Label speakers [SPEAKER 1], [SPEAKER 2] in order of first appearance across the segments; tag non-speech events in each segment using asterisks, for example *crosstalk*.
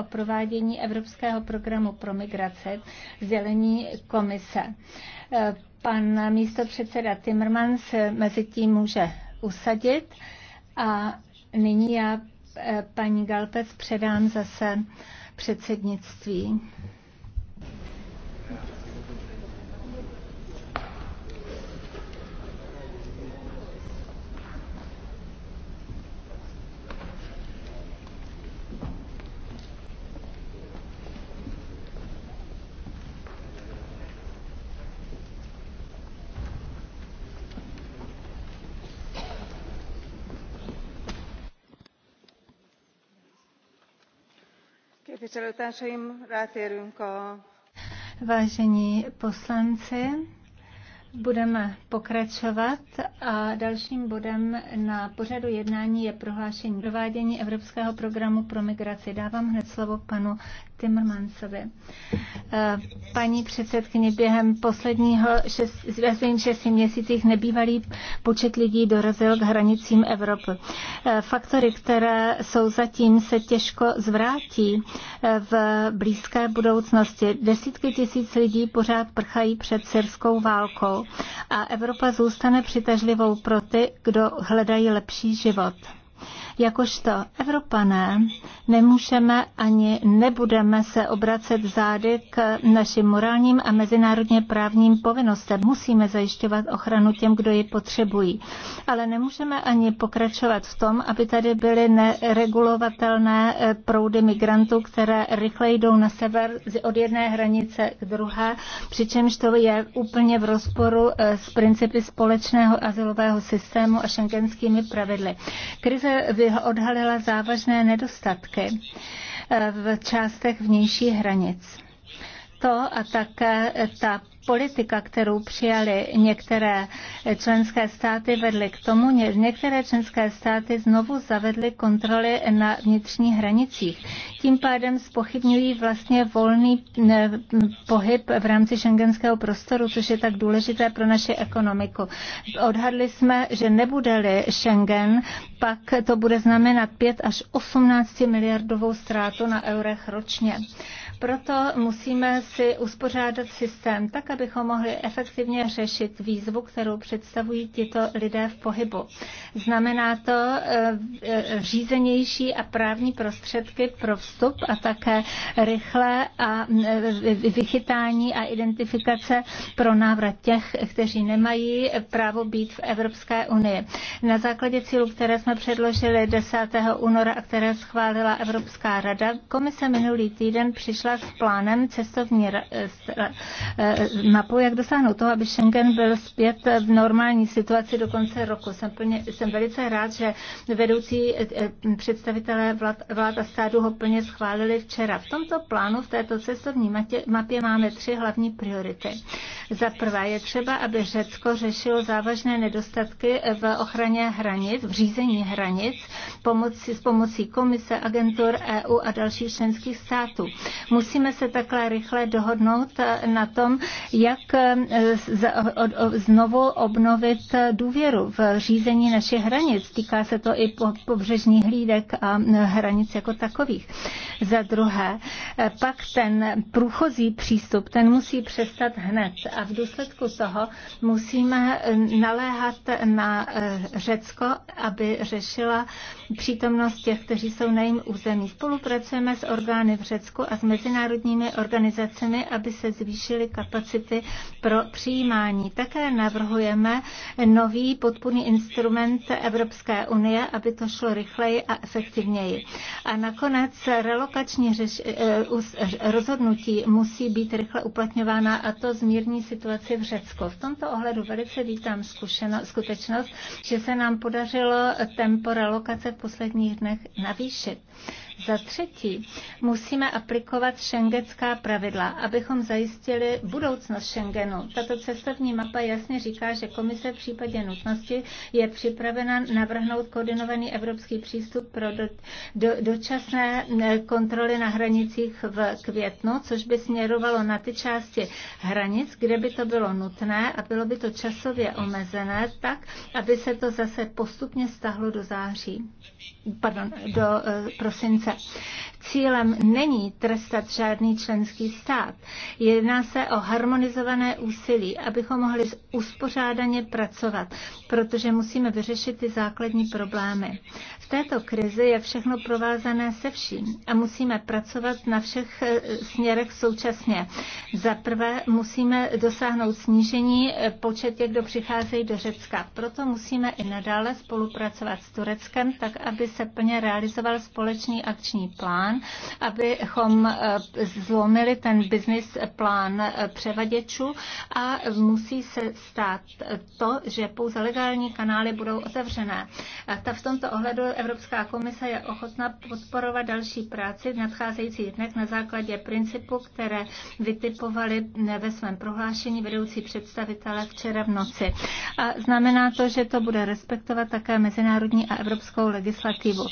[SPEAKER 1] o provádění Evropského programu pro migrace, zelení komise. Pan místopředseda Timmermans mezi tím může usadit a nyní já eh, paní Galpec předám zase předsednictví. Vážení poslanci, Budeme pokračovat a dalším bodem na pořadu jednání je prohlášení provádění Evropského programu pro migraci. Dávám hned slovo panu Timmermansovi. Eh, paní předsedkyně, během posledního šest, šesti měsících nebývalý počet lidí dorazil k hranicím Evropy. Eh, faktory, které jsou zatím, se těžko zvrátí eh, v blízké budoucnosti. Desítky tisíc lidí pořád prchají před syrskou válkou a Evropa zůstane přitažlivou pro ty, kdo hledají lepší život. Jakožto Evropané nemůžeme ani nebudeme se obracet zády k našim morálním a mezinárodně právním povinnostem. Musíme zajišťovat ochranu těm, kdo ji potřebují. Ale nemůžeme ani pokračovat v tom, aby tady byly neregulovatelné eh, proudy migrantů, které rychle jdou na sever od jedné hranice k druhé, přičemž to je úplně v rozporu eh, s principy společného azylového systému a šengenskými pravidly. Krize vy odhalila závažné nedostatky eh, v částech vnějších hranic to a také ta politika, kterou přijali některé členské státy, vedly k tomu, některé členské státy znovu zavedly kontroly na vnitřních hranicích. Tím pádem spochybňují vlastně volný pohyb v rámci šengenského prostoru, což je tak důležité pro naši ekonomiku. Odhadli jsme, že nebude-li Schengen, pak to bude znamenat 5 až 18 miliardovou ztrátu na eurech ročně. Proto musíme si uspořádat systém tak, abychom mohli efektivně řešit výzvu, kterou představují tito lidé v pohybu. Znamená to eh, řízenější a právní prostředky pro vstup a také rychlé a eh, vychytání a identifikace pro návrat těch, kteří nemají právo být v Evropské unii. Na základě cílů, které jsme předložili 10. února a které schválila Evropská rada, komise minulý týden přišla s plánem cestovní eh, mapu, jak dosáhnout toho, aby Schengen byl zpět v normální situaci do konce roku. Jsem, plně, jsem velice rád, že vedoucí eh, eh, představitelé vlád, a stádu ho plně schválili včera. V tomto plánu, v této cestovní mapě máme tři hlavní priority. Za prvé je třeba, aby Řecko řešilo závažné nedostatky v ochraně hranic, v řízení hranic, pomoci, s pomocí komise, agentur EU a dalších členských států musíme se takhle rychle dohodnout na tom, jak eh, znovu obnovit důvěru v řízení našich hranic. Týká se to i pobřežních hlídek a hranic jako takových. Za druhé, eh, pak ten průchozí přístup, ten musí přestat hned a v důsledku toho musíme eh, naléhat na Řecko, aby řešila přítomnost těch, kteří jsou na jejím území. Spolupracujeme s orgány v Řecku a s mezi mezinárodními organizacemi, aby se zvýšily kapacity pro přijímání. Také navrhujeme nový podpůrný instrument Evropské unie, aby to šlo rychleji a efektivněji. A nakonec relokační řeš, eh, rozhodnutí musí být rychle uplatňována a to zmírní situaci v Řecku. V tomto ohledu velice vítám zkušeno, skutečnost, že se nám podařilo tempo relokace v posledních dnech navýšit. Za třetí, musíme aplikovat šengenská pravidla, abychom zajistili budoucnost Schengenu. Tato cestovní mapa jasně říká, že komise v případě nutnosti je připravena navrhnout koordinovaný evropský přístup pro do, do, dočasné eh, kontroly na hranicích v květnu, což by směrovalo na ty části hranic, kde by to bylo nutné a bylo by to časově omezené tak, aby se to zase postupně stahlo do září, pardon, do eh, prosince sankce. Cílem není trestat žádný členský stát. Jedná se o harmonizované úsilí, abychom mohli uspořádaně pracovat, protože musíme vyřešit ty základní problémy. V této krizi je všechno provázané se vším a musíme pracovat na všech eh, směrech současně. Za prvé musíme dosáhnout snížení eh, počet těch, kdo přicházejí do Řecka. Proto musíme i nadále spolupracovat s Tureckem, tak aby se plně realizoval společný akt akční plán, abychom eh, zlomili ten business plán eh, převaděčů a musí se stát eh, to, že pouze legální kanály budou otevřené. Ta v tomto ohledu Evropská komise je ochotna podporovat další práci v nadcházejících dnech na základě principu, které vytipovali ve svém prohlášení vedoucí představitele včera v noci. A znamená to, že to bude respektovat také mezinárodní a evropskou legislativu.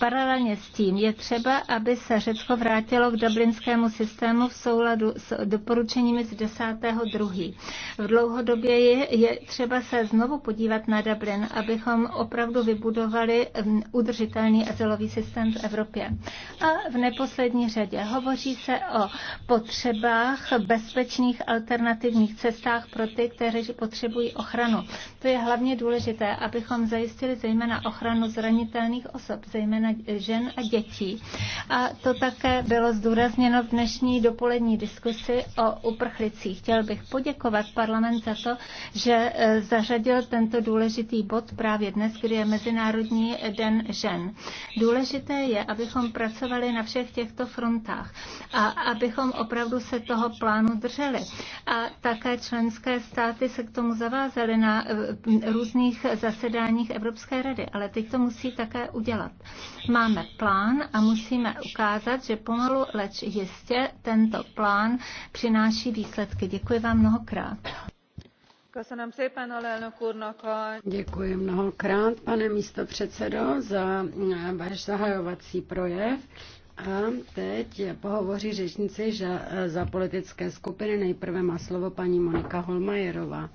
[SPEAKER 1] Paralelně s tím je je třeba, aby se Řecko vrátilo k dublinskému systému v souladu s doporučeními z 10.2. V dlouhodobě je, je třeba se znovu podívat na Dublin, abychom opravdu vybudovali um, udržitelný azylový systém v Evropě. A v neposlední řadě hovoří se o potřebách bezpečných alternativních cestách pro ty, kteří potřebují ochranu. To je hlavně důležité, abychom zajistili zejména ochranu zranitelných osob, zejména žen a dětí dětí. A to také bylo zdůrazněno v dnešní dopolední diskusi o uprchlicích. Chtěl bych poděkovat parlament za to, že e, zařadil tento důležitý bod právě dnes, kdy je Mezinárodní den žen. Důležité je, abychom pracovali na všech těchto frontách a abychom opravdu se toho plánu drželi. A také členské státy se k tomu zavázaly na e, různých zasedáních Evropské rady, ale teď to musí také udělat. Máme plán a musíme ukázat, že pomalu, leč jistě, tento plán přináší výsledky. Děkuji vám mnohokrát. Děkuji
[SPEAKER 2] mnohokrát, pane místopředsedo, za eh, váš zahajovací projev. A teď pohovoří řečnici že eh, za politické skupiny. Nejprve má slovo paní Monika Holmajerová.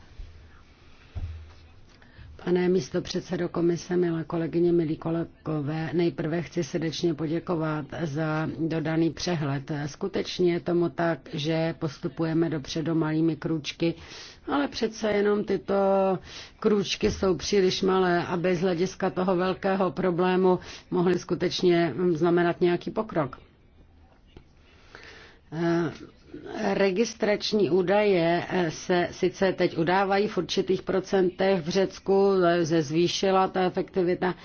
[SPEAKER 2] Pane místo předsedo komise, milé kolegyně, milí kolegové, nejprve chci srdečně poděkovat za dodaný přehled. Skutečně je tomu tak, že postupujeme dopředu malými krůčky, ale přece jenom tyto krůčky jsou příliš malé, aby z hlediska toho velkého problému mohly skutečně znamenat nějaký pokrok. Registrační údaje eh, se sice teď udávají v určitých procentech v Řecku, eh, se zvýšila ta efektivita,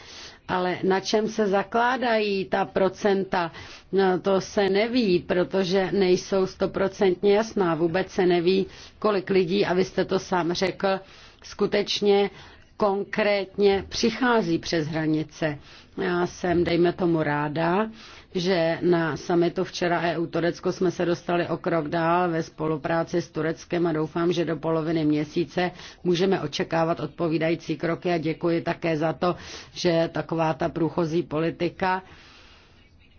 [SPEAKER 2] ale na čem se zakládají ta procenta, no, to se neví, protože nejsou stoprocentně jasná. Vůbec se neví, kolik lidí, a vy jste to sám řekl, skutečně konkrétně přichází přes hranice. Já jsem, dejme tomu, ráda, že na summitu včera EU Turecko jsme se dostali o krok dál ve spolupráci s Tureckem a doufám, že do poloviny měsíce můžeme očekávat odpovídající kroky a děkuji také za to, že taková ta průchozí politika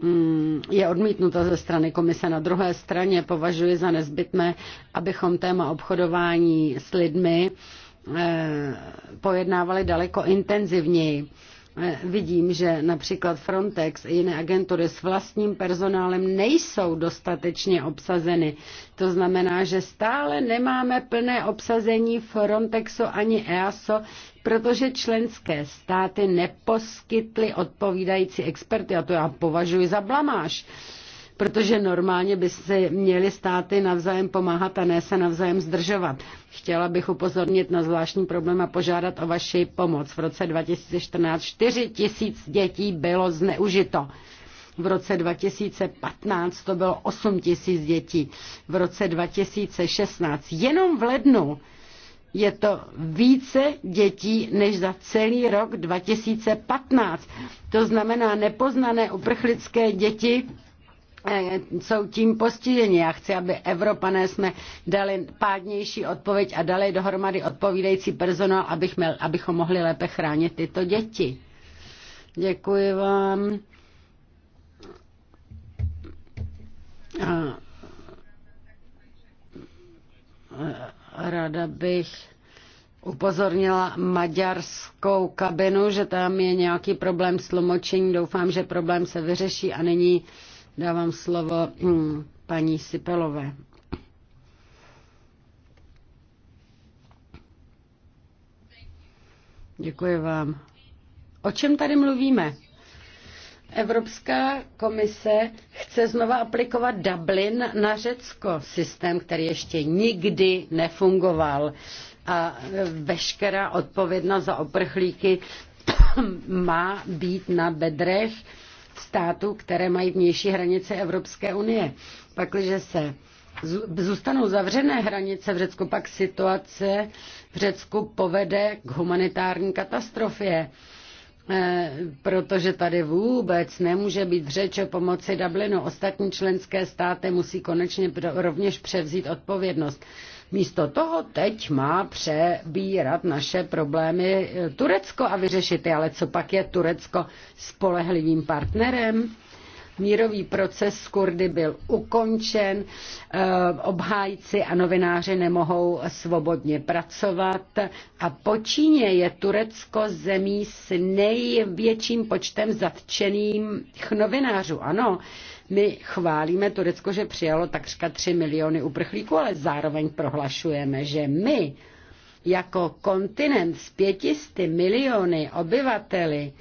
[SPEAKER 2] mm, je odmítnuta ze strany komise. Na druhé straně považuji za nezbytné, abychom téma obchodování s lidmi eh, pojednávali daleko intenzivněji Eh, vidím, že například Frontex i jiné agentury s vlastním personálem nejsou dostatečně obsazeny. To znamená, že stále nemáme plné obsazení Frontexu ani EASO, protože členské státy neposkytly odpovídající experty a to já považuji za blamáž protože normálně by se měly státy navzájem pomáhat a ne se navzájem zdržovat. Chtěla bych upozornit na zvláštní problém a požádat o vaši pomoc. V roce 2014 4 tisíc dětí bylo zneužito. V roce 2015 to bylo 8 tisíc dětí. V roce 2016 jenom v lednu je to více dětí než za celý rok 2015. To znamená, nepoznané uprchlické děti Eh, jsou tím postiženi. Já chci, aby Evropané jsme dali pádnější odpověď a dali dohromady odpovídající personál, abych měl, abychom mohli lépe chránit tyto děti. Děkuji vám. A eh, ráda bych upozornila maďarskou kabinu, že tam je nějaký problém s tlumočením. Doufám, že problém se vyřeší a není Dávám slovo mm, paní Sipelové. Děkuji vám. O čem tady mluvíme? Evropská komise chce znova aplikovat Dublin na Řecko, systém, který ještě nikdy nefungoval. A e, veškerá odpovědnost za oprchlíky *coughs* má být na bedrech států, které mají vnější hranice Evropské unie. Pakliže se zůstanou zavřené hranice v Řecku, pak situace v Řecku povede k humanitární katastrofě e, protože tady vůbec nemůže být řeč o pomoci Dublinu. Ostatní členské státy musí konečně rovněž převzít odpovědnost. Místo toho teď má přebírat naše problémy eh, Turecko a vyřešit je, ale co pak je Turecko spolehlivým partnerem? mírový proces s Kurdy byl ukončen, eh, obhájci a novináři nemohou svobodně pracovat a po Číně je Turecko zemí s největším počtem zatčených novinářů. Ano, my chválíme Turecko, že přijalo takřka 3 miliony uprchlíků, ale zároveň prohlašujeme, že my jako kontinent s 500 miliony obyvateli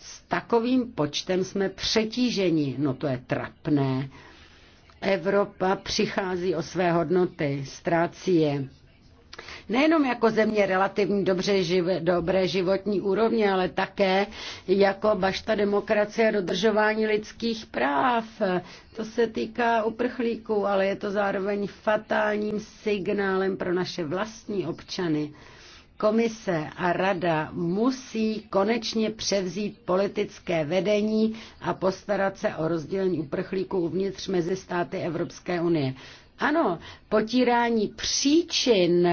[SPEAKER 2] s takovým počtem jsme přetíženi. No to je trapné. Evropa přichází o své hodnoty, ztrácí je nejenom jako země relativně dobře živ, dobré životní úrovně, ale také jako bašta demokracie a dodržování lidských práv. To se týká uprchlíků, ale je to zároveň fatálním signálem pro naše vlastní občany. Komise a rada musí konečně převzít politické vedení a postarat se o rozdělení uprchlíků uvnitř mezi státy Evropské unie. Ano, potírání příčin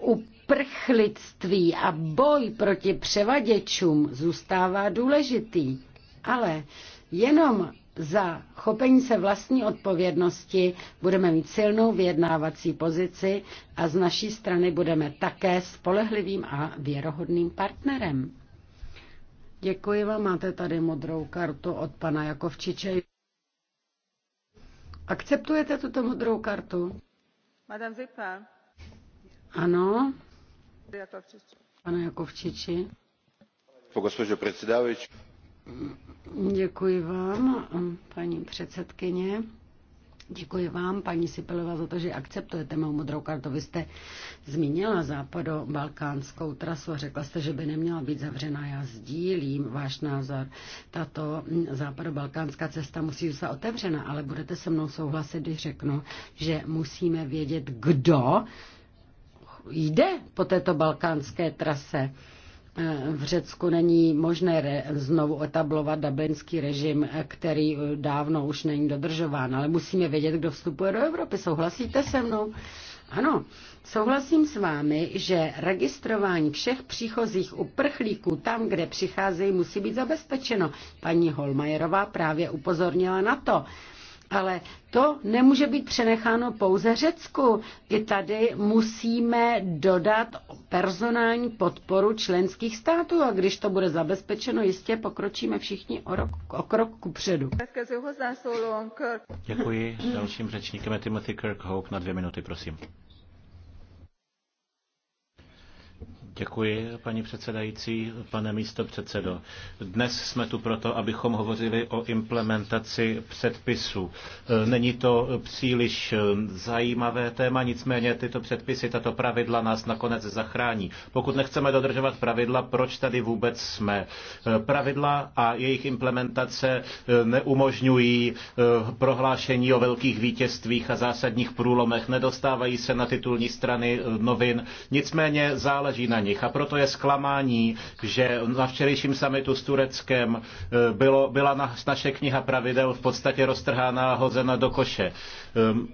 [SPEAKER 2] uprchlictví a boj proti převaděčům zůstává důležitý, ale jenom za chopení se vlastní odpovědnosti budeme mít silnou vyjednávací pozici a z naší strany budeme také spolehlivým a věrohodným partnerem. Děkuji vám, máte tady modrou kartu od pana Jakovčiče. Akceptujete tuto modrou kartu?
[SPEAKER 3] Madame Zipa.
[SPEAKER 2] Ano. Pane Jakovčiči.
[SPEAKER 4] Gospođo předsedávající.
[SPEAKER 2] Děkuji vám, paní předsedkyně. Děkuji vám, paní Sipelová, za to, že akceptujete mou modrou kartu. Vy jste zmínila západo-balkánskou trasu a řekla jste, že by neměla být zavřena. Já sdílím váš názor. Tato západo-balkánská cesta musí zůstat otevřena, ale budete se mnou souhlasit, když řeknu, že musíme vědět, kdo jde po této balkánské trase v Řecku není možné znovu etablovat dublinský režim, který dávno už není dodržován, ale musíme vědět, kdo vstupuje do Evropy. Souhlasíte se mnou? Ano, souhlasím s vámi, že registrování všech příchozích uprchlíků tam, kde přicházejí, musí být zabezpečeno. Paní Holmajerová právě upozornila na to, ale to nemůže být přenecháno pouze Řecku. I tady musíme dodat personální podporu členských států a když to bude zabezpečeno, jistě pokročíme všichni o, rok, o krok ku předu.
[SPEAKER 5] Děkuji. Dalším řečníkem je Timothy Kirkhope na dvě minuty, prosím. Děkuji, paní předsedající, pane místo předsedo. Dnes jsme tu proto, abychom hovořili o implementaci předpisů. Není to příliš zajímavé téma, nicméně tyto předpisy, tato pravidla nás nakonec zachrání. Pokud nechceme dodržovat pravidla, proč tady vůbec jsme? Pravidla a jejich implementace neumožňují prohlášení o velkých vítězstvích a zásadních průlomech, nedostávají se na titulní strany novin, nicméně záleží na ně nich. A proto je zklamání, že na včerejším samitu s Tureckem eh, bylo, byla naše kniha pravidel v podstatě roztrhána a hozena do koše. Ehm,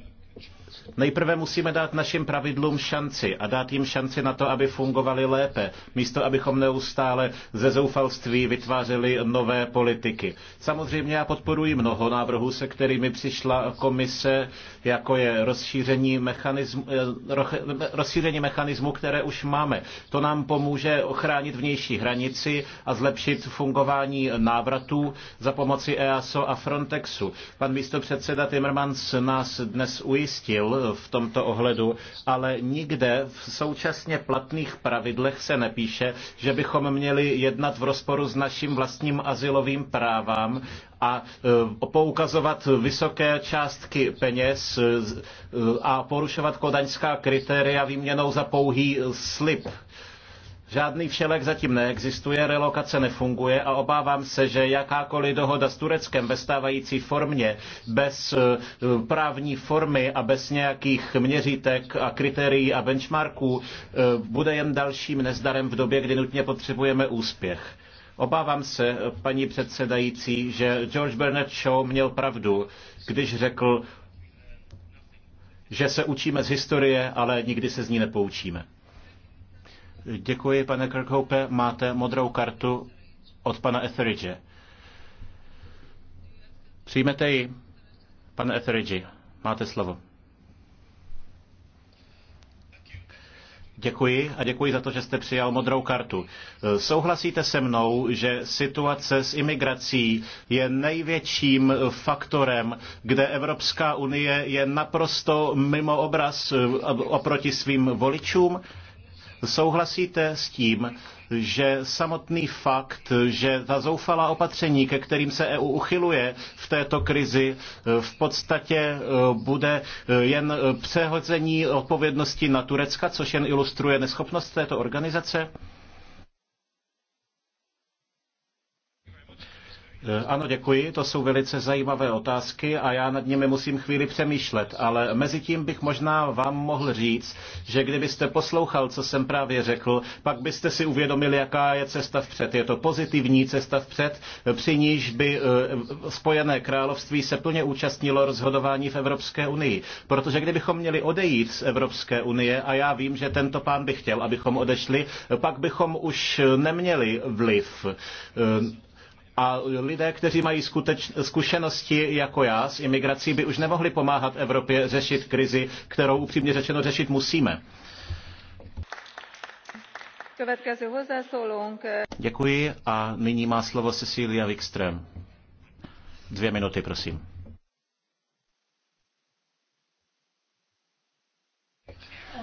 [SPEAKER 5] Nejprve musíme dát našim pravidlům šanci a dát jim šanci na to, aby fungovaly lépe, místo abychom neustále ze zoufalství vytvářeli nové politiky. Samozřejmě já podporuji mnoho návrhů, se kterými přišla komise, jako je rozšíření mechanismu, eh, rozšíření mechanismu které už máme. To nám pomůže ochránit vnější hranici a zlepšit fungování návratů za pomoci EASO a Frontexu. Pan místopředseda Timmermans nás dnes ujistil, v tomto ohledu, ale nikde v současně platných pravidlech se nepíše, že bychom měli jednat v rozporu s naším vlastním asilovým právem a e, poukazovat vysoké částky peněz e, e, a porušovat kodaňská kritéria výměnou za pouhý slib. Žádný všelek zatím neexistuje, relokace nefunguje a obávám se, že jakákoliv dohoda s Tureckem ve stávající formě, bez eh, právní formy a bez nějakých měřítek a kritérií a benchmarků eh, bude jen dalším nezdarem v době, kdy nutně potřebujeme úspěch. Obávám se, paní předsedající, že George Bernard Shaw měl pravdu, když řekl, že se učíme z historie, ale nikdy se z ní nepoučíme. Děkuji, pane Kirkhope. Máte modrou kartu od pana Etheridge. Přijmete ji? Pane Etheridge, máte slovo. Děkuji a děkuji za to, že jste přijal modrou kartu. Souhlasíte se mnou, že situace s imigrací je největším faktorem, kde Evropská unie je naprosto mimo obraz oproti svým voličům? Souhlasíte s tím, že samotný fakt, že ta zoufalá opatření, ke kterým se EU uchyluje v této krizi, v podstatě eh, bude eh, jen eh, přehození odpovědnosti na Turecka, což jen ilustruje neschopnost této organizace? Eh, ano, děkuji, to jsou velice zajímavé otázky a já nad nimi musím chvíli přemýšlet, ale mezi tím bych možná vám mohl říct, že kdybyste poslouchal, co jsem právě řekl, pak byste si uvědomili, jaká je cesta vpřed. Je to pozitivní cesta vpřed, při níž by eh, Spojené království se plně účastnilo rozhodování v Evropské unii. Protože kdybychom měli odejít z Evropské unie, a já vím, že tento pán by chtěl, abychom odešli, pak bychom už neměli vliv eh, a lidé, kteří mají skuteč, zkušenosti jako já s imigrací, by už nemohli pomáhat Evropě řešit krizi, kterou upřímně řečeno řešit musíme.
[SPEAKER 3] Eh,
[SPEAKER 5] Děkuji a nyní má slovo Cecilia Wikström. Dvě minuty, prosím.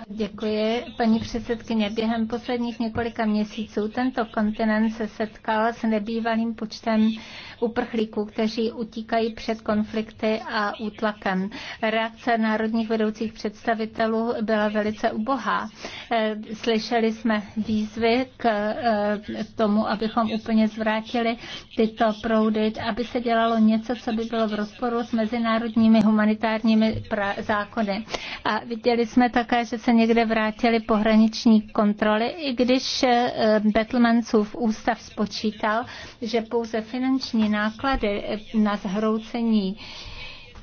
[SPEAKER 1] Děkuji, paní předsedkyně. Během posledních několika měsíců tento kontinent se setkal s nebývalým počtem uprchlíků, kteří utíkají před konflikty a útlakem. Reakce národních vedoucích představitelů byla velice ubohá. Eh, slyšeli jsme výzvy k eh, tomu, abychom úplně zvrátili tyto proudy, aby se dělalo něco, co by bylo v rozporu s mezinárodními humanitárními zákony. A viděli jsme také, že se někde vrátili pohraniční kontroly, i když eh, betlmancův ústav spočítal, že pouze finanční náklady eh, na zhroucení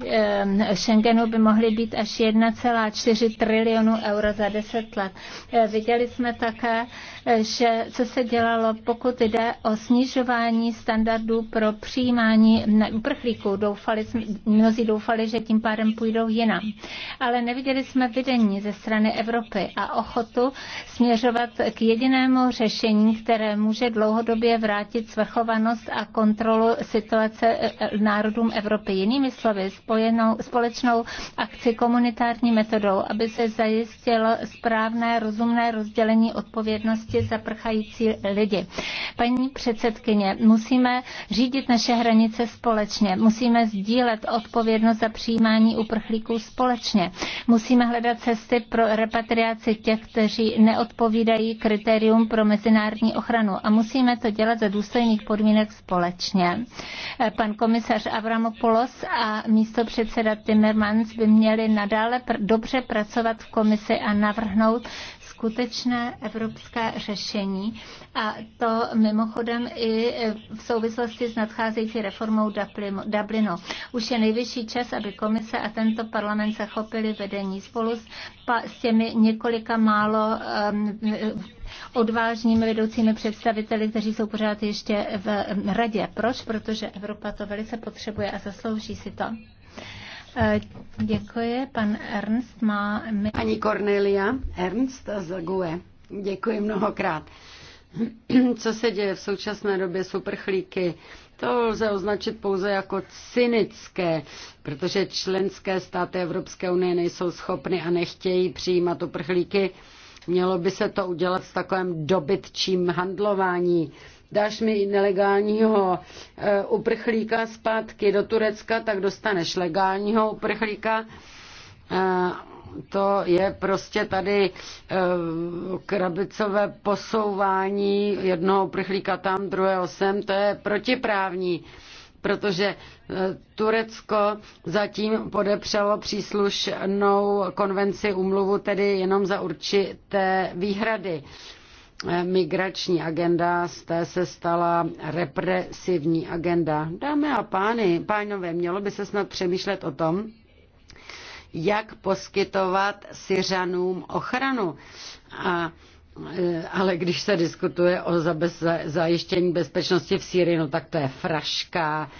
[SPEAKER 1] Ehm, Schengenu by mohly být až 1,4 trilionu euro za 10 let. Eh, viděli jsme také, eh, že co se dělalo, pokud jde o snižování standardů pro přijímání uprchlíků. Doufali jsme, mnozí doufali, že tím pádem půjdou jinam. Ale neviděli jsme vedení ze strany Evropy a ochotu směřovat k jedinému řešení, které může dlouhodobě vrátit svrchovanost a kontrolu situace eh, národům Evropy. Jinými slovy, spojenou, společnou akci komunitární metodou, aby se zajistilo správné, rozumné rozdělení odpovědnosti za prchající lidi. Paní předsedkyně, musíme řídit naše hranice společně, musíme sdílet odpovědnost za přijímání uprchlíků společně, musíme hledat cesty pro repatriaci těch, kteří neodpovídají kritérium pro mezinárodní ochranu a musíme to dělat za důstojných podmínek společně. Pan komisař Avramopoulos a místo místopředseda Timmermans by měli nadále pr- dobře pracovat v komisi a navrhnout skutečné evropské řešení a to mimochodem i e, v souvislosti s nadcházející reformou Dublinu. Už je nejvyšší čas, aby komise a tento parlament zachopili chopili vedení spolu s, pa, s těmi několika málo um, odvážnými vedoucími představiteli, kteří jsou pořád ještě v radě. Proč? Protože Evropa to velice potřebuje a zaslouží si to. Eh, děkuji, pan Ernst má... Paní Cornelia Ernst z
[SPEAKER 2] GUE. Děkuji mnohokrát. Co se děje v současné době s uprchlíky? To lze označit pouze jako cynické, protože členské státy Evropské unie nejsou schopny a nechtějí přijímat uprchlíky. Mělo by se to udělat s takovým dobytčím handlování dáš mi nelegálního eh, uprchlíka zpátky do Turecka, tak dostaneš legálního uprchlíka. Eh, to je prostě tady eh, krabicové posouvání jednoho uprchlíka tam, druhého sem, to je protiprávní protože Turecko zatím podepřelo příslušnou konvenci umluvu tedy jenom za určité výhrady migrační agenda z té se stala represivní agenda. Dámy a pány, pánové, mělo by se snad přemýšlet o tom, jak poskytovat Syřanům ochranu. A eh, ale když se diskutuje o zajištění bezpečnosti v Syrii, no tak to je fraška.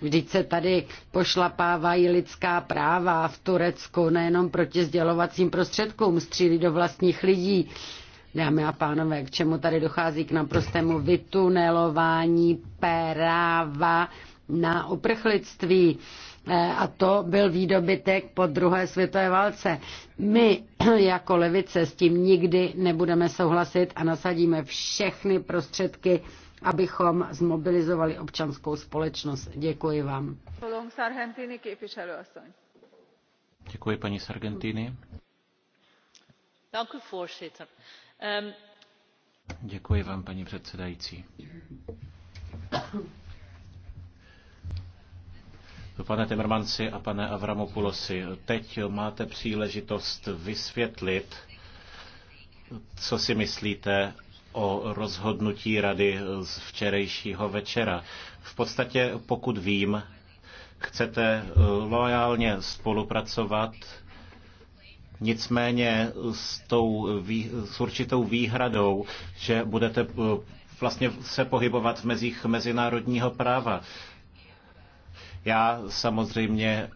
[SPEAKER 2] Vždyť se tady pošlapávají lidská práva v Turecku, nejenom proti sdělovacím prostředkům, střílí do vlastních lidí. Dámy a pánové, k čemu tady dochází k naprostému vytunelování práva na uprchlictví. Eh, a to byl výdobytek po druhé světové válce. My *clears throat* jako levice s tím nikdy nebudeme souhlasit a nasadíme všechny prostředky, abychom zmobilizovali občanskou společnost. Děkuji vám.
[SPEAKER 5] Děkuji paní Sargentini. Um, Děkuji vám, paní předsedající. Pane Timmermansi a pane Avramopulosi, teď máte příležitost vysvětlit, co si myslíte o rozhodnutí rady z včerejšího večera. V podstatě, pokud vím, chcete loajálně spolupracovat nicméně s, tou, s určitou výhradou, že budete eh, vlastně se pohybovat v mezích mezinárodního práva. Já samozřejmě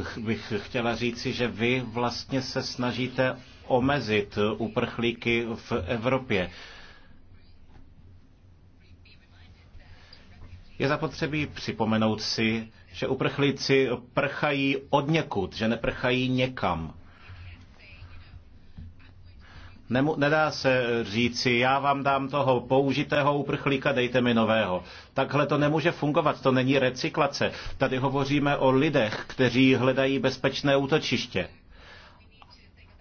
[SPEAKER 5] eh, bych chtěla říci, že vy vlastně se snažíte omezit eh, uprchlíky v Evropě. Je zapotřebí připomenout si, že uprchlíci prchají od někud, že neprchají někam. Nemu, nedá se říci, já vám dám toho použitého uprchlíka, dejte mi nového. Takhle to nemůže fungovat, to není recyklace. Tady hovoříme o lidech, kteří hledají bezpečné útočiště.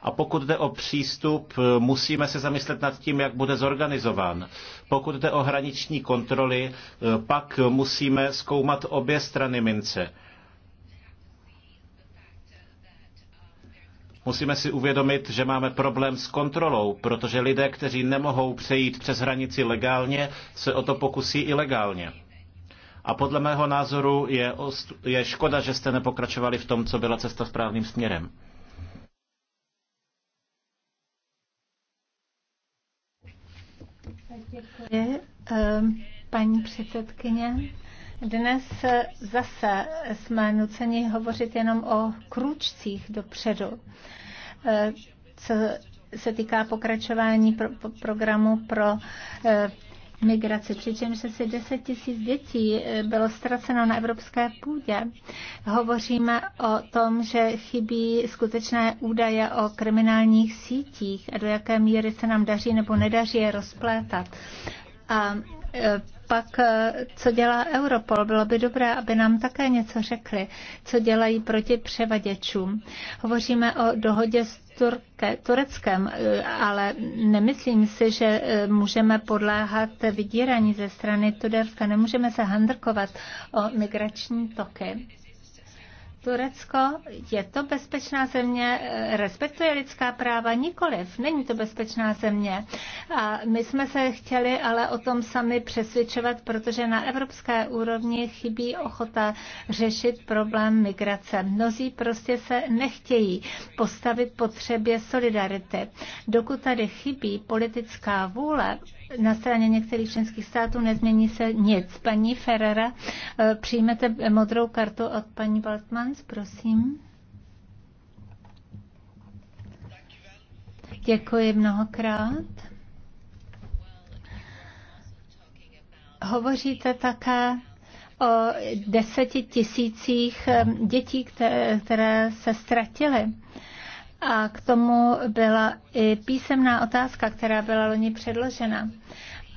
[SPEAKER 5] A pokud jde o přístup, eh, musíme se zamyslet nad tím, jak bude zorganizován. Pokud jde o hraniční kontroly, eh, pak musíme zkoumat obě strany mince. Musíme si uvědomit, že máme problém s kontrolou, protože lidé, kteří nemohou přejít přes hranici legálně, se o to pokusí ilegálně. A podle mého názoru je, je škoda, že jste nepokračovali v tom, co byla cesta správným směrem.
[SPEAKER 1] Děkuji, ehm, paní předsedkyně. Dnes eh, zase jsme nuceni hovořit jenom o kručcích dopředu. Eh, co se týká pokračování pro, programu pro eh, migraci, přičemž asi 10 tisíc dětí eh, bylo ztraceno na evropské půdě. Hovoříme o tom, že chybí skutečné údaje o kriminálních sítích a do jaké míry se nám daří nebo nedaří je rozplétat. A pak eh, co dělá Europol. Bylo by dobré, aby nám také něco řekli, co dělají proti převaděčům. Hovoříme o dohodě s Turke, Tureckem, eh, ale nemyslím si, že eh, můžeme podléhat vydíraní ze strany Turecka. Nemůžeme se handrkovat o migrační toky Turecko, je to bezpečná země, eh, respektuje lidská práva? Nikoliv, není to bezpečná země. A my jsme se chtěli ale o tom sami přesvědčovat, protože na evropské úrovni chybí ochota řešit problém migrace. Mnozí prostě se nechtějí postavit potřebě solidarity. Dokud tady chybí politická vůle, na straně některých členských států nezmění se nic. Paní Ferrera, eh, přijmete modrou kartu od paní Baltmans, prosím. Děkuji mnohokrát. Hovoříte také o deseti tisících eh, dětí, které se ztratily. A k tomu byla i písemná otázka, která byla loni předložena.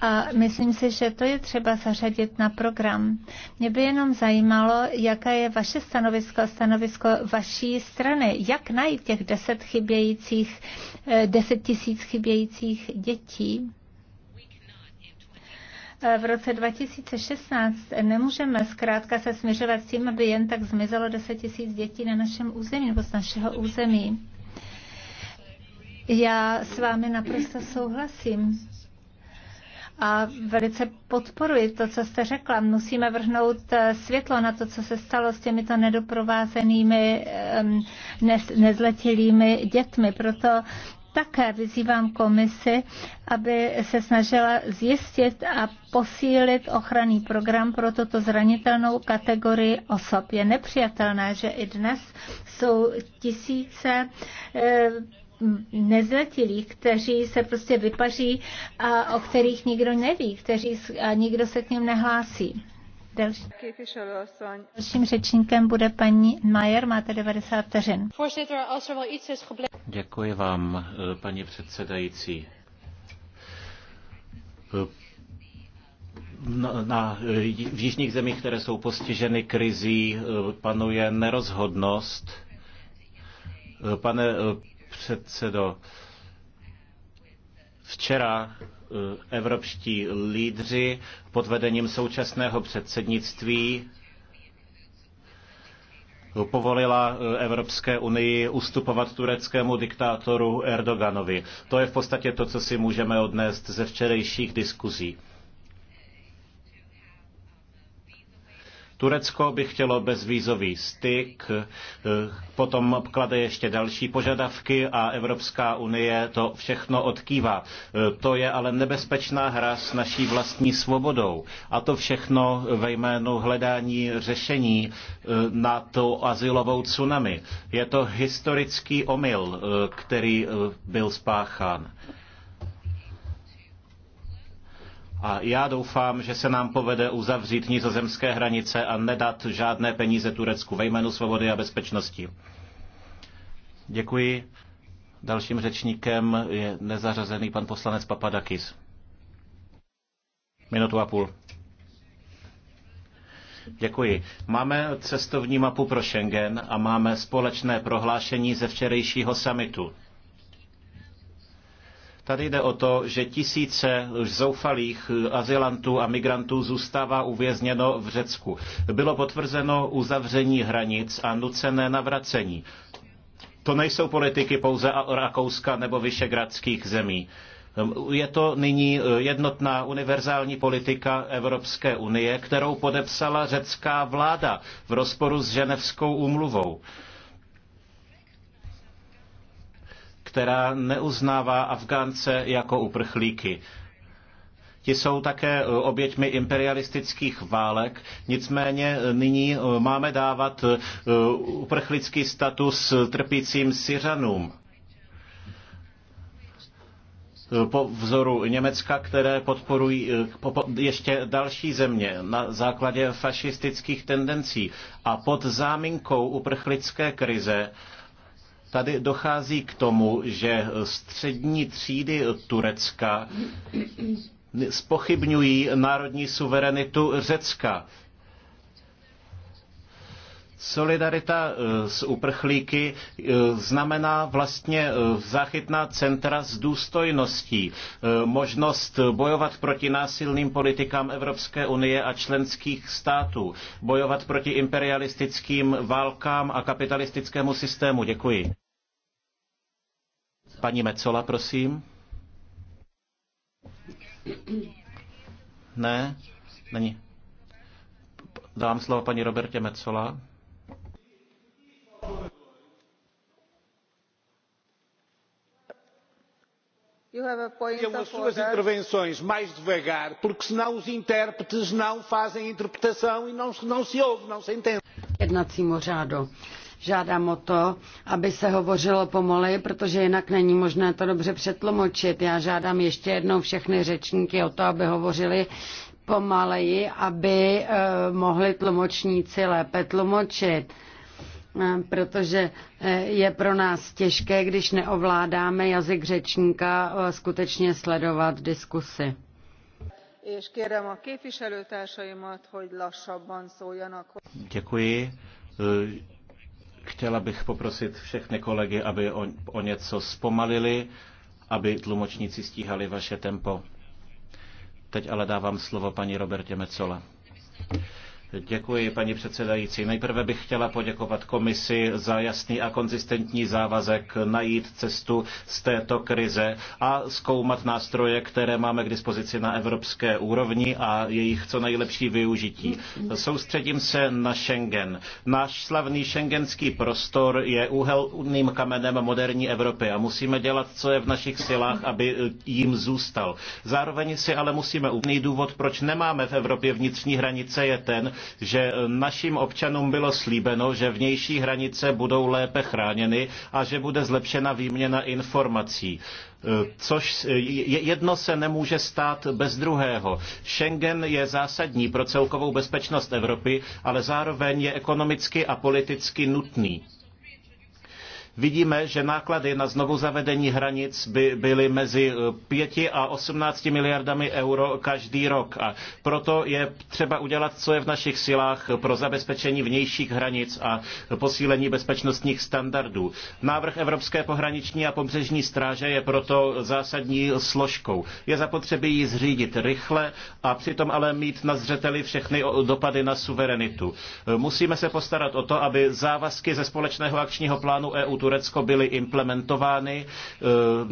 [SPEAKER 1] A myslím si, že to je třeba zařadit na program. Mě by jenom zajímalo, jaké je vaše stanovisko, stanovisko vaší strany. Jak najít těch deset chybějících, eh, deset tisíc chybějících dětí? Eh, v roce 2016 nemůžeme zkrátka se směřovat s tím, aby jen tak zmizelo 10 tisíc dětí na našem území nebo z našeho území. Já s vámi naprosto souhlasím a velice podporuji to, co jste řekla. Musíme vrhnout eh, světlo na to, co se stalo s těmito nedoprovázenými nezletilými dětmi. Proto také vyzývám komisi, aby se snažila zjistit a posílit ochranný program pro toto zranitelnou kategorii osob. Je nepřijatelné, že i dnes jsou tisíce eh, nezletilých, kteří se prostě vypaří a o kterých nikdo neví, kteří a nikdo se k něm nehlásí. Dalším řečníkem bude paní Majer, máte 90 vteřin. Er
[SPEAKER 5] Děkuji vám, eh, paní předsedající. Eh, na, na, eh, v jižních zemích, které jsou postiženy krizí, panuje nerozhodnost. Pane předsedo. Včera eh, evropští lídři pod vedením současného předsednictví povolila eh, Evropské unii ustupovat tureckému diktátoru Erdoganovi. To je v podstatě to, co si můžeme odnést ze včerejších diskuzí. Turecko by chtělo bezvýzový styk, eh, potom klade ještě další požadavky a Evropská unie to všechno odkývá. Eh, to je ale nebezpečná hra s naší vlastní svobodou. A to všechno ve jménu hledání řešení eh, na tu asilovou tsunami. Je to historický omyl, který byl spáchán. A já doufám, že se nám povede uzavřít nizozemské hranice a nedat žádné peníze Turecku ve jménu svobody a bezpečnosti. Děkuji. Dalším řečníkem je nezařazený pan poslanec Papadakis. Minutu a půl. Děkuji. Máme cestovní mapu pro Schengen a máme společné prohlášení ze včerejšího samitu. Tady jde o to, že tisíce zoufalých azylantů a migrantů zůstává uvězněno v Řecku. Bylo potvrzeno uzavření hranic a nucené navracení. To nejsou politiky pouze Rakouska nebo vyšegradských zemí. Je to nyní jednotná univerzální politika Evropské unie, kterou podepsala řecká vláda v rozporu s ženevskou úmluvou. která neuznává Afgánce jako uprchlíky. Ti jsou také eh, oběťmi imperialistických válek, nicméně eh, nyní eh, máme dávat uprchlický status trpícím Syřanům po vzoru Německa, které podporují ještě další země na základě fašistických tendencí. A pod záminkou uprchlické krize Tady dochází k tomu, že střední třídy Turecka spochybňují národní suverenitu Řecka Solidarita eh, s uprchlíky eh, znamená vlastně eh, záchytná centra s důstojností, možnost bojovat proti násilným politikám Evropské unie a členských států, bojovat proti imperialistickým válkám a kapitalistickému systému. Děkuji. Paní Mecola, prosím. Ne, není. Dám slovo paní Robertě Mecola.
[SPEAKER 3] tenham as suas
[SPEAKER 5] intervenções mais devagar porque senão os intérpretes não fazem a interpretação e não, não se ouve, não se entende. Jednacímu
[SPEAKER 2] řádu. Žádám o to, aby se hovořilo pomalej, protože jinak není možné to dobře přetlumočit. Já žádám ještě jednou všechny řečníky o to, aby hovořili pomaleji, aby eh, mohli tlumočníci lépe tlumočit protože e, je pro nás těžké, když neovládáme jazyk řečníka, e, skutečně sledovat diskusy.
[SPEAKER 5] Děkuji. E, chtěla bych poprosit všechny kolegy, aby o, o něco zpomalili, aby tlumočníci stíhali vaše tempo. Teď ale dávám slovo paní Robertě Mecola. Děkuji, paní předsedající. Nejprve bych chtěla poděkovat komisi za jasný a konzistentní závazek najít cestu z této krize a zkoumat nástroje, které máme k dispozici na evropské úrovni a jejich co nejlepší využití. Soustředím se na Schengen. Náš slavný schengenský prostor je úhelným kamenem moderní Evropy a musíme dělat, co je v našich silách, aby jim zůstal. Zároveň si ale musíme úplný důvod, proč nemáme v Evropě vnitřní hranice, je ten, že našim občanům bylo slíbeno, že vnější hranice budou lépe chráněny a že bude zlepšena výměna informací. Což jedno se nemůže stát bez druhého. Schengen je zásadní pro celkovou bezpečnost Evropy, ale zároveň je ekonomicky a politicky nutný vidíme, že náklady na znovu zavedení hranic by byly mezi 5 eh, a 18 miliardami euro každý rok. A proto je třeba udělat, co je v našich silách pro zabezpečení vnějších hranic a posílení bezpečnostních standardů. Návrh Evropské pohraniční a pobřežní stráže je proto zásadní složkou. Je zapotřebí ji zřídit rychle a přitom ale mít na zřeteli všechny dopady na suverenitu. Eh, musíme se postarat o to, aby závazky ze společného akčního plánu EU Turecko byly implementovány e,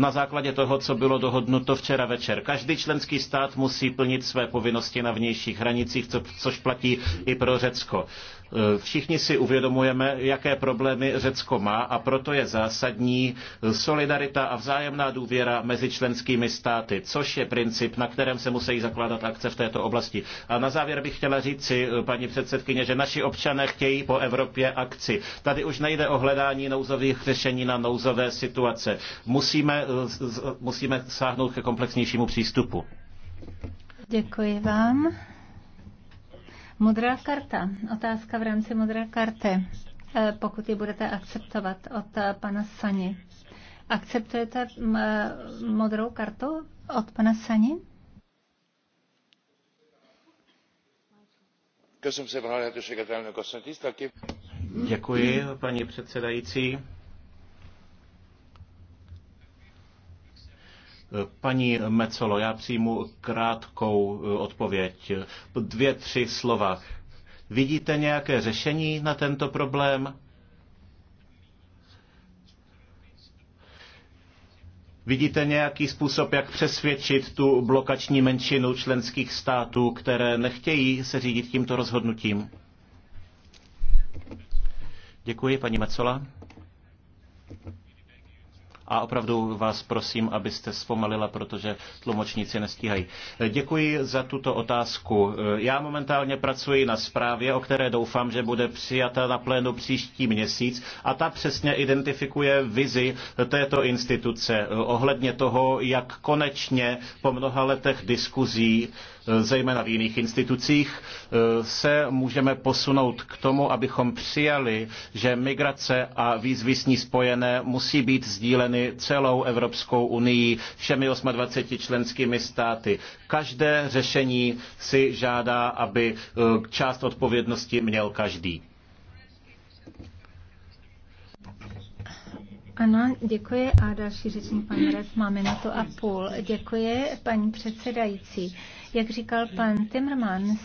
[SPEAKER 5] na základě toho, co bylo dohodnuto včera večer. Každý členský stát musí plnit své povinnosti na vnějších hranicích, což platí i pro Řecko. Eh, všichni si uvědomujeme, jaké problémy Řecko má a proto je zásadní eh, solidarita a vzájemná důvěra mezi členskými státy, což je princip, na kterém se musí zakládat akce v této oblasti. A na závěr bych chtěla říci, eh, paní předsedkyně, že naši občané chtějí po Evropě akci. Tady už nejde o hledání nouzových řešení na nouzové situace. Musíme, musíme sáhnout ke komplexnějšímu přístupu.
[SPEAKER 1] Děkuji vám. Modrá karta. Otázka v rámci modré karty, e, pokud ji budete akceptovat od e, pana Sani. Akceptujete e, modrou kartu od pana Sani?
[SPEAKER 5] Děkuji, paní předsedající. Paní Mecolo, já přijmu krátkou eh, odpověď. Dvě, tři slova. Vidíte nějaké řešení na tento problém? Vidíte nějaký způsob, jak přesvědčit tu blokační menšinu členských států, které nechtějí se řídit tímto rozhodnutím? Děkuji, paní Mecola. A opravdu vás prosím, abyste zpomalila, protože tlumočníci nestíhají. Děkuji za tuto otázku. Já momentálně pracuji na zprávě, o které doufám, že bude přijata na plénu příští měsíc a ta přesně identifikuje vizi této instituce ohledně toho, jak konečně po mnoha letech diskuzí zejména v jiných institucích, se můžeme posunout k tomu, abychom přijali, že migrace a výzvy s ní spojené musí být sdíleny schváleny celou Evropskou unii, všemi 28 členskými státy. Každé řešení si žádá, aby eh, část odpovědnosti měl každý.
[SPEAKER 1] Ano, děkuji. A další řečník, pan Rev, máme na to a půl. Děkuji, paní předsedající. Jak říkal pan Timmermans,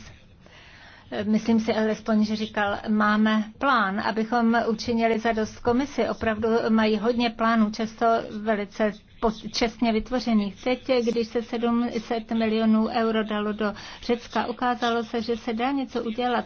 [SPEAKER 1] myslím si alespoň, že říkal, máme plán, abychom učinili zadost komisi. Opravdu mají hodně plánů, často velice čestně vytvořených. Teď, když se 700 milionů euro dalo do Řecka, ukázalo se, že se dá něco udělat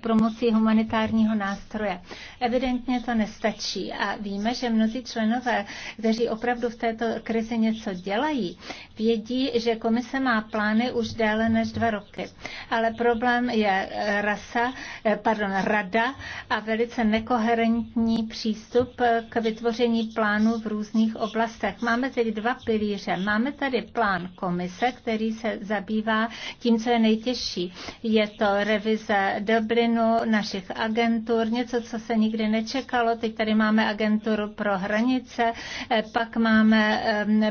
[SPEAKER 1] promocí humanitárního nástroje. Evidentně to nestačí a víme, že mnozí členové, kteří opravdu v této krizi něco dělají, vědí, že komise má plány už déle než dva roky. Ale problém je eh, rasa, eh, pardon, rada a velice nekoherentní přístup eh, k vytvoření plánů v různých oblastech. Máme tedy dva pilíře. Máme tady plán komise, který se zabývá tím, co je nejtěžší. Je to revize Dublinu, našich agentur, něco, co se nikdy nečekalo. Teď tady máme agenturu pro hranice, eh, pak máme ehm,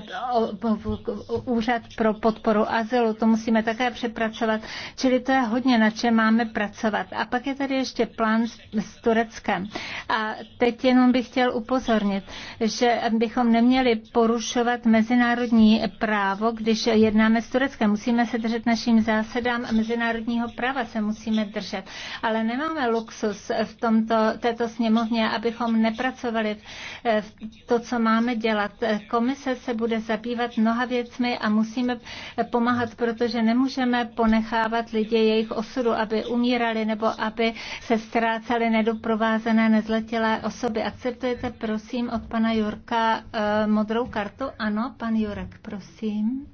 [SPEAKER 1] úřad pro podporu azylu, to musíme také přepracovat. Čili to je hodně, na čem máme pracovat. A pak je tady ještě plán s, s Tureckem. A teď jenom bych chtěl upozornit, že bychom neměli porušovat porušovat mezinárodní právo, když jednáme s Tureckem. Musíme se držet našim zásadám a mezinárodního práva se musíme držet. Ale nemáme luxus v tomto, této sněmovně, abychom nepracovali eh, v to, co máme dělat. Komise se bude zabývat mnoha věcmi a musíme eh, pomáhat, protože nemůžeme ponechávat lidi jejich osudu, aby umírali nebo aby se ztrácely nedoprovázené nezletilé osoby. Akceptujete prosím od pana Jurka eh, modrou kartu? Ano, pan Jurek, prosím.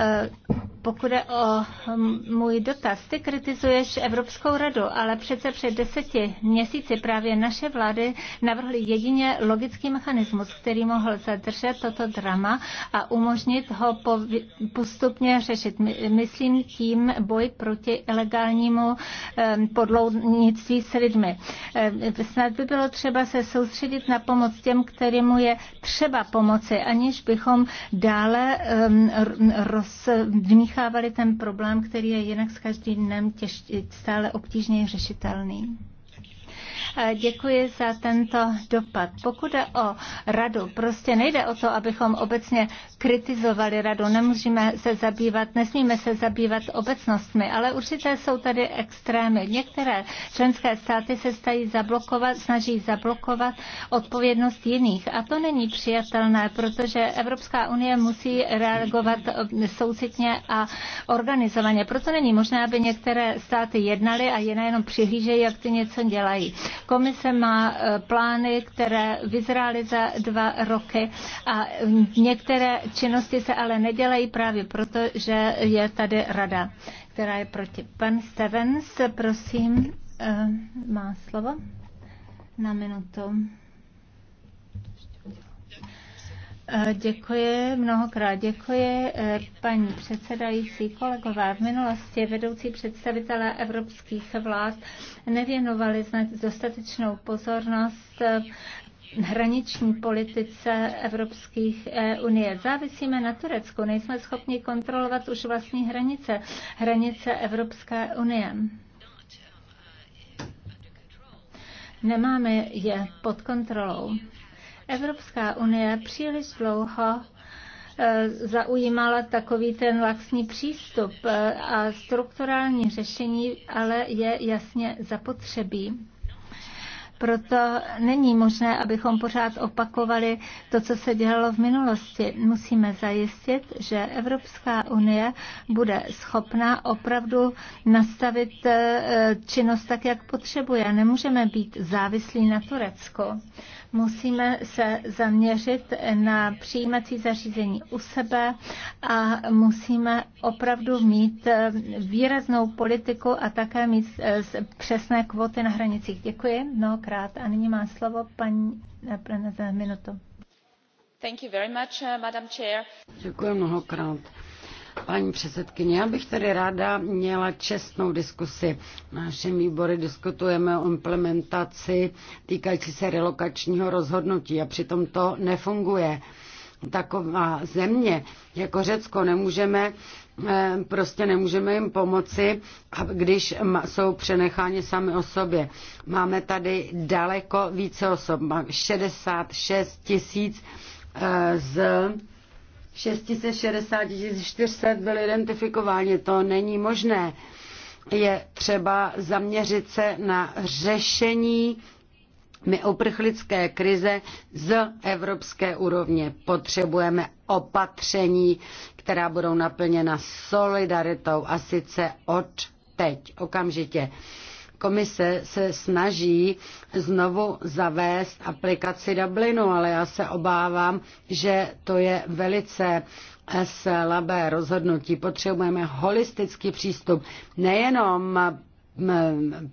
[SPEAKER 1] Eh, pokud je o hm, můj dotaz, ty kritizuješ Evropskou radu, ale přece před deseti měsíci právě naše vlády navrhly jedině logický mechanismus, který mohl zadržet toto drama a umožnit ho postupně řešit. Myslím tím boj proti ilegálnímu hm, podloudnictví s lidmi. Eh, snad by bylo třeba se soustředit na pomoc těm, kterému je třeba pomoci, aniž bychom dále hm, roz vmíchávali ten problém, který je jinak s každým dnem těž, stále obtížněji řešitelný. Děkuji za tento dopad. Pokud je o radu, prostě nejde o to, abychom obecně kritizovali radu. Nemůžeme se zabývat, nesmíme se zabývat obecnostmi, ale určité jsou tady extrémy. Některé členské státy se stají zablokovat, snaží zablokovat odpovědnost jiných. A to není přijatelné, protože Evropská unie musí reagovat soucitně a organizovaně. Proto není možné, aby některé státy jednaly a jiné jenom přihlížejí, jak ty něco dělají. Komise má e, plány, které vyzrály za dva roky a některé činnosti se ale nedělají právě proto, že je tady rada, která je proti. Pan Stevens, prosím, e, má slovo na minutu. Eh, děkuji, mnohokrát děkuji. Eh, paní předsedající, kolegové, v minulosti vedoucí představitelé evropských vlád nevěnovali dostatečnou pozornost eh, hraniční politice Evropských unie. Závisíme na Turecku, nejsme schopni kontrolovat už vlastní hranice, hranice Evropské unie. Nemáme je pod kontrolou. Evropská unie příliš dlouho eh, zaujímala takový ten laxní přístup eh, a strukturální řešení ale je jasně zapotřebí. Proto není možné, abychom pořád opakovali to, co se dělalo v minulosti. Musíme zajistit, že Evropská unie bude schopná opravdu nastavit eh, činnost tak, jak potřebuje. Nemůžeme být závislí na Turecku. Musíme se zaměřit na přijímací zařízení u sebe a musíme opravdu mít eh, výraznou politiku a také mít eh, přesné kvoty na hranicích. Děkuji mnohokrát. A nyní má slovo paní eh, Prene za minutu.
[SPEAKER 2] Thank
[SPEAKER 3] you very much, Madam Chair.
[SPEAKER 2] Děkuji mnohokrát. Paní předsedkyně, já bych tady ráda měla čestnou diskusi. Naše výbory výboru diskutujeme o implementaci týkající se relokačního rozhodnutí a přitom to nefunguje. Taková země jako Řecko nemůžeme eh, prostě nemůžeme jim pomoci, když jsou přenecháni sami o sobě. Máme tady daleko více osob, 66 tisíc eh, z 660 400 byli identifikováni. To není možné. Je třeba zaměřit se na řešení uprchlické krize z evropské úrovně. Potřebujeme opatření, která budou naplněna solidaritou a sice od teď, okamžitě. Komise se snaží znovu zavést aplikaci Dublinu, ale já se obávám, že to je velice slabé rozhodnutí. Potřebujeme holistický přístup, nejenom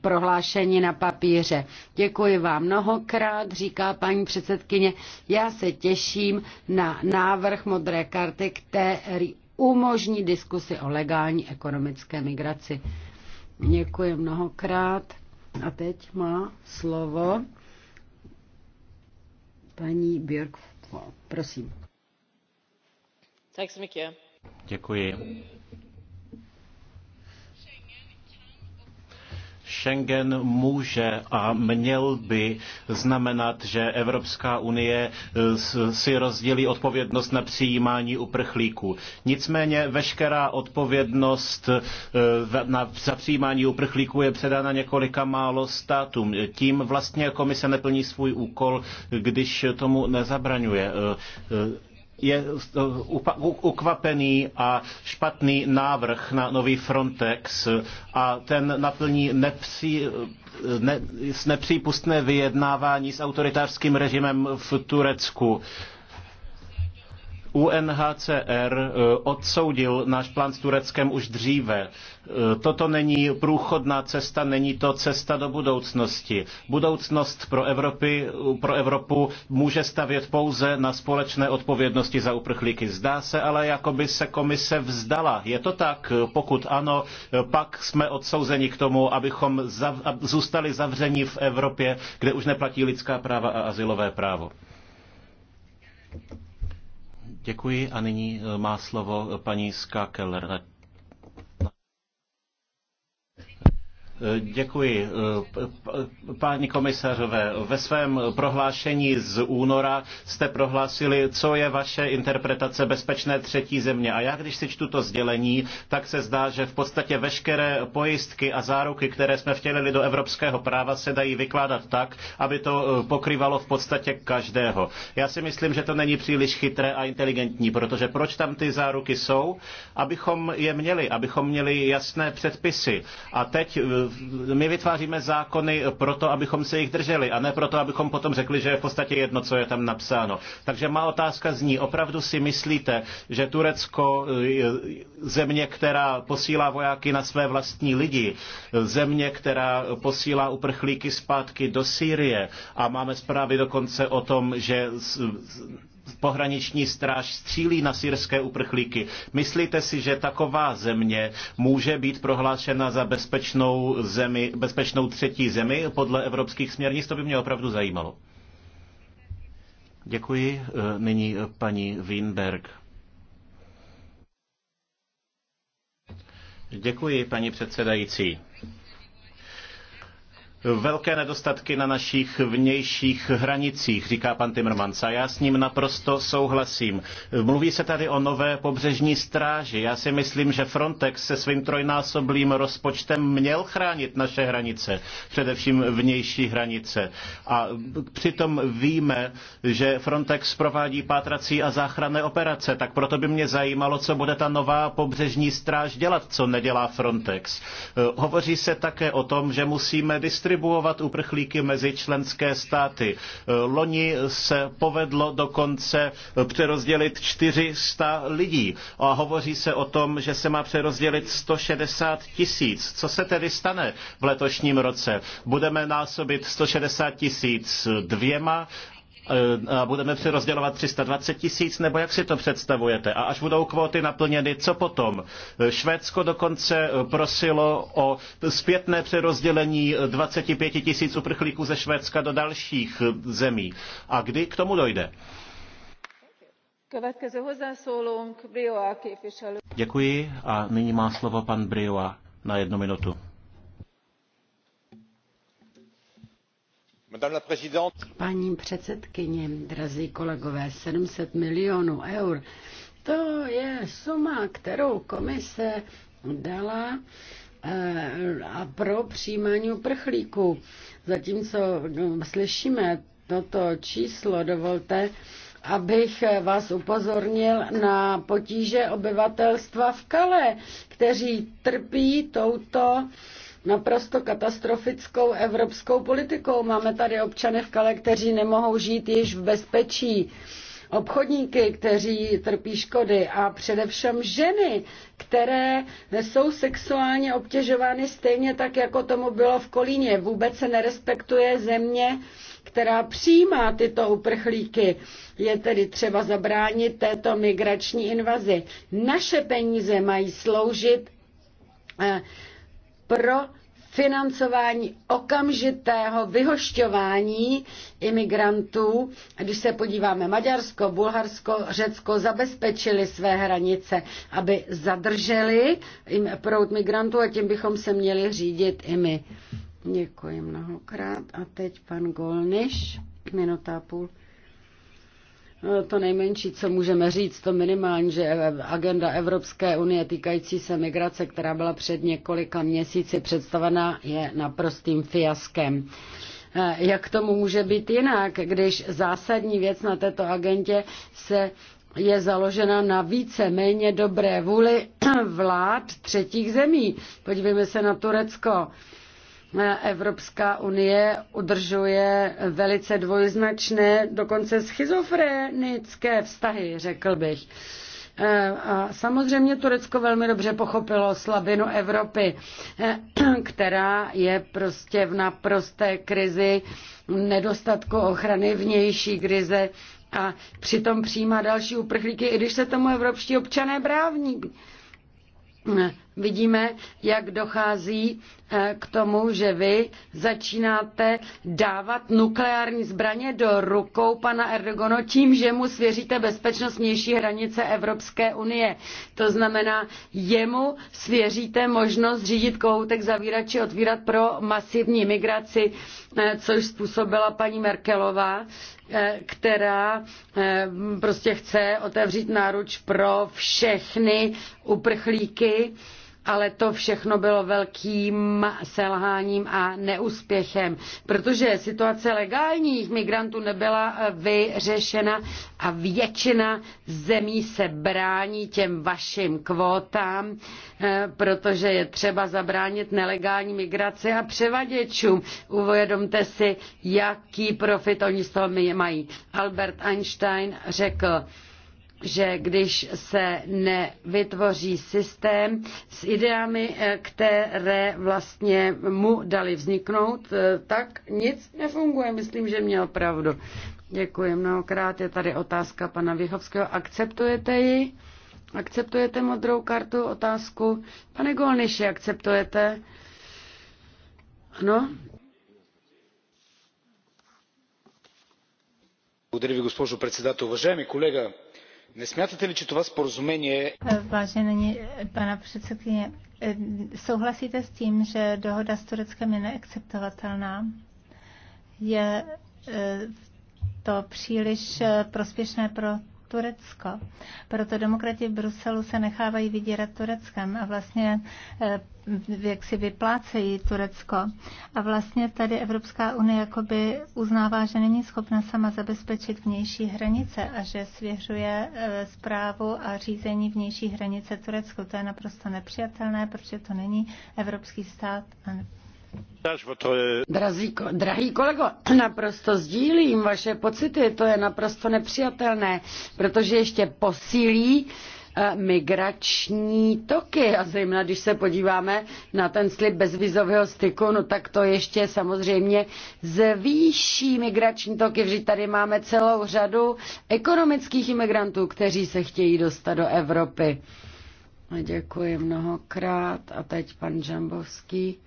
[SPEAKER 2] prohlášení na papíře. Děkuji vám mnohokrát, říká paní předsedkyně. Já se těším na návrh modré karty, který umožní diskusi o legální ekonomické migraci. Děkuji mnohokrát. A teď má slovo paní Björk.
[SPEAKER 5] Prosím. Tak Děkuji. Schengen může a měl by znamenat, že Evropská unie eh, si rozdělí odpovědnost na přijímání uprchlíků. Nicméně veškerá odpovědnost eh, za přijímání uprchlíků je předána několika málo státům. Tím vlastně komise neplní svůj úkol, když tomu nezabraňuje. Eh, je eh, ukvapený a špatný návrh na nový Frontex a ten naplní nepří, eh, ne, nepřípustné vyjednávání s autoritářským režimem v Turecku UNHCR eh, odsoudil náš plán s Tureckem už dříve. Eh, toto není průchodná cesta, není to cesta do budoucnosti. Budoucnost pro, Evropy, eh, pro Evropu může stavět pouze na společné odpovědnosti za uprchlíky. Zdá se ale, jako by se komise vzdala. Je to tak? Pokud ano, pak jsme odsouzeni k tomu, abychom zav, zůstali zavřeni v Evropě, kde už neplatí lidská práva a asilové právo. Děkuji a nyní eh, má slovo eh, paní Ska Keller Děkuji. Páni komisařové, ve svém prohlášení z února jste prohlásili, co je vaše interpretace bezpečné třetí země. A já, když si čtu to sdělení, tak se zdá, že v podstatě veškeré pojistky a záruky, které jsme vtělili do evropského práva, se dají vykládat tak, aby to eh, pokrývalo v podstatě každého. Já si myslím, že to není příliš chytré a inteligentní, protože proč tam ty záruky jsou? Abychom je měli, abychom měli jasné předpisy. A teď eh, Eh, my vytváříme zákony proto, abychom se jich drželi a ne proto, abychom potom řekli, že je v podstatě jedno, co je tam napsáno. Takže má otázka zní, opravdu si myslíte, že Turecko, eh, země, která posílá vojáky na své vlastní lidi, eh, země, která posílá uprchlíky zpátky do Sýrie a máme zprávy dokonce o tom, že pohraniční stráž střílí na syrské uprchlíky. Myslíte si, že taková země může být prohlášena za bezpečnou, zemi, bezpečnou třetí zemi podle evropských směrnic? To by mě opravdu zajímalo. Děkuji. E, nyní e, paní Winberg. Děkuji, paní předsedající velké nedostatky na našich vnějších hranicích, říká pan Timmermans. A já s ním naprosto souhlasím. Mluví se tady o nové pobřežní stráži. Já si myslím, že Frontex se svým trojnásoblým rozpočtem měl chránit naše hranice, především vnější hranice. A přitom víme, že Frontex provádí pátrací a záchranné operace, tak proto by mě zajímalo, co bude ta nová pobřežní stráž dělat, co nedělá Frontex. Hovoří se také o tom, že musíme distribuovat distribuovat uprchlíky mezi členské státy. Loni se povedlo dokonce přerozdělit 400 lidí a hovoří se o tom, že se má přerozdělit 160 tisíc. Co se tedy stane v letošním roce? Budeme násobit 160 tisíc dvěma Eh, a budeme přerozdělovat 320 tisíc, nebo jak si to představujete? A až budou kvóty naplněny, co potom? Eh, Švédsko dokonce eh, prosilo o zpětné přerozdělení 25 tisíc uprchlíků ze Švédska do dalších zemí. A kdy k tomu dojde? Děkuji a nyní má slovo pan Brioa na jednu minutu.
[SPEAKER 2] Paní předsedkyně, drazí kolegové, 700 milionů eur, to je suma, kterou komise dala eh, a pro přijímání uprchlíků. Zatímco no, slyšíme toto číslo, dovolte, abych vás upozornil na potíže obyvatelstva v Kale, kteří trpí touto naprosto katastrofickou evropskou politikou. Máme tady občany v Kale, kteří nemohou žít již v bezpečí obchodníky, kteří trpí škody a především ženy, které jsou sexuálně obtěžovány stejně tak, jako tomu bylo v Kolíně. Vůbec se nerespektuje země, která přijímá tyto uprchlíky. Je tedy třeba zabránit této migrační invazi. Naše peníze mají sloužit eh, pro financování okamžitého vyhošťování imigrantů. Když se podíváme, Maďarsko, Bulharsko, Řecko zabezpečili své hranice, aby zadrželi proud migrantů a tím bychom se měli řídit i my. Děkuji mnohokrát. A teď pan Golniš, minuta a půl to nejmenší, co můžeme říct, to minimální, že agenda Evropské unie týkající se migrace, která byla před několika měsíci představena, je naprostým fiaskem. Eh, jak tomu může být jinak, když zásadní věc na této agentě se je založena na více méně dobré vůli *clears throat* vlád třetích zemí. Podívejme se na Turecko. Evropská unie udržuje velice dvojznačné, dokonce schizofrenické vztahy, řekl bych. E, a samozřejmě Turecko velmi dobře pochopilo slabinu Evropy, e, která je prostě v naprosté krizi nedostatku ochrany vnější krize a přitom přijímá další uprchlíky, i když se tomu evropští občané brávní. E, vidíme, jak dochází eh, k tomu, že vy začínáte dávat nukleární zbraně do rukou pana Erdogano tím, že mu svěříte bezpečnost hranice Evropské unie. To znamená, jemu svěříte možnost řídit kohoutek, zavírat či otvírat pro masivní migraci, eh, což způsobila paní Merkelová eh, která prostě chce otevřít náruč pro všechny uprchlíky ale to všechno bylo velkým selháním a neúspěchem, protože situace legálních migrantů nebyla eh, vyřešena a většina zemí se brání těm vašim kvótám, eh, protože je třeba zabránit nelegální migraci a převaděčům. Uvědomte si, jaký profit oni z toho mají. Albert Einstein řekl, že když se nevytvoří systém s ideami, eh, které vlastně mu dali vzniknout, eh, tak nic nefunguje. Myslím, že měl pravdu. Děkuji mnohokrát. Je tady otázka pana Vychovského. Akceptujete ji? Akceptujete modrou kartu, otázku? Pane Golniši, akceptujete? Ano?
[SPEAKER 4] Благодаря ви, госпожо председател. Уважаеми колега, Не смятате ли, че това споразумение...
[SPEAKER 1] Vážený pana předsedkyně, souhlasíte s tím, že dohoda s Tureckem je neakceptovatelná? Je eh, to příliš eh, prospěšné pro Turecko. Proto demokrati v Bruselu se nechávají vydírat Tureckem a vlastně eh, jak si vyplácejí Turecko. A vlastně tady Evropská unie jakoby uznává, že není schopna sama zabezpečit vnější hranice a že svěřuje zprávu eh, a řízení vnější hranice Turecku. To je naprosto nepřijatelné, protože to není evropský stát a drahý kolego, *clears throat* naprosto sdílím
[SPEAKER 2] vaše pocity, to je naprosto nepřijatelné, protože ještě posílí eh, migrační toky a zejména když se podíváme na ten slib bezvizového styku, no tak to ještě samozřejmě zvýší migrační toky, vždyť tady máme celou řadu ekonomických imigrantů, kteří se chtějí dostat do Evropy. Děkuji mnohokrát a teď pan Žambovský.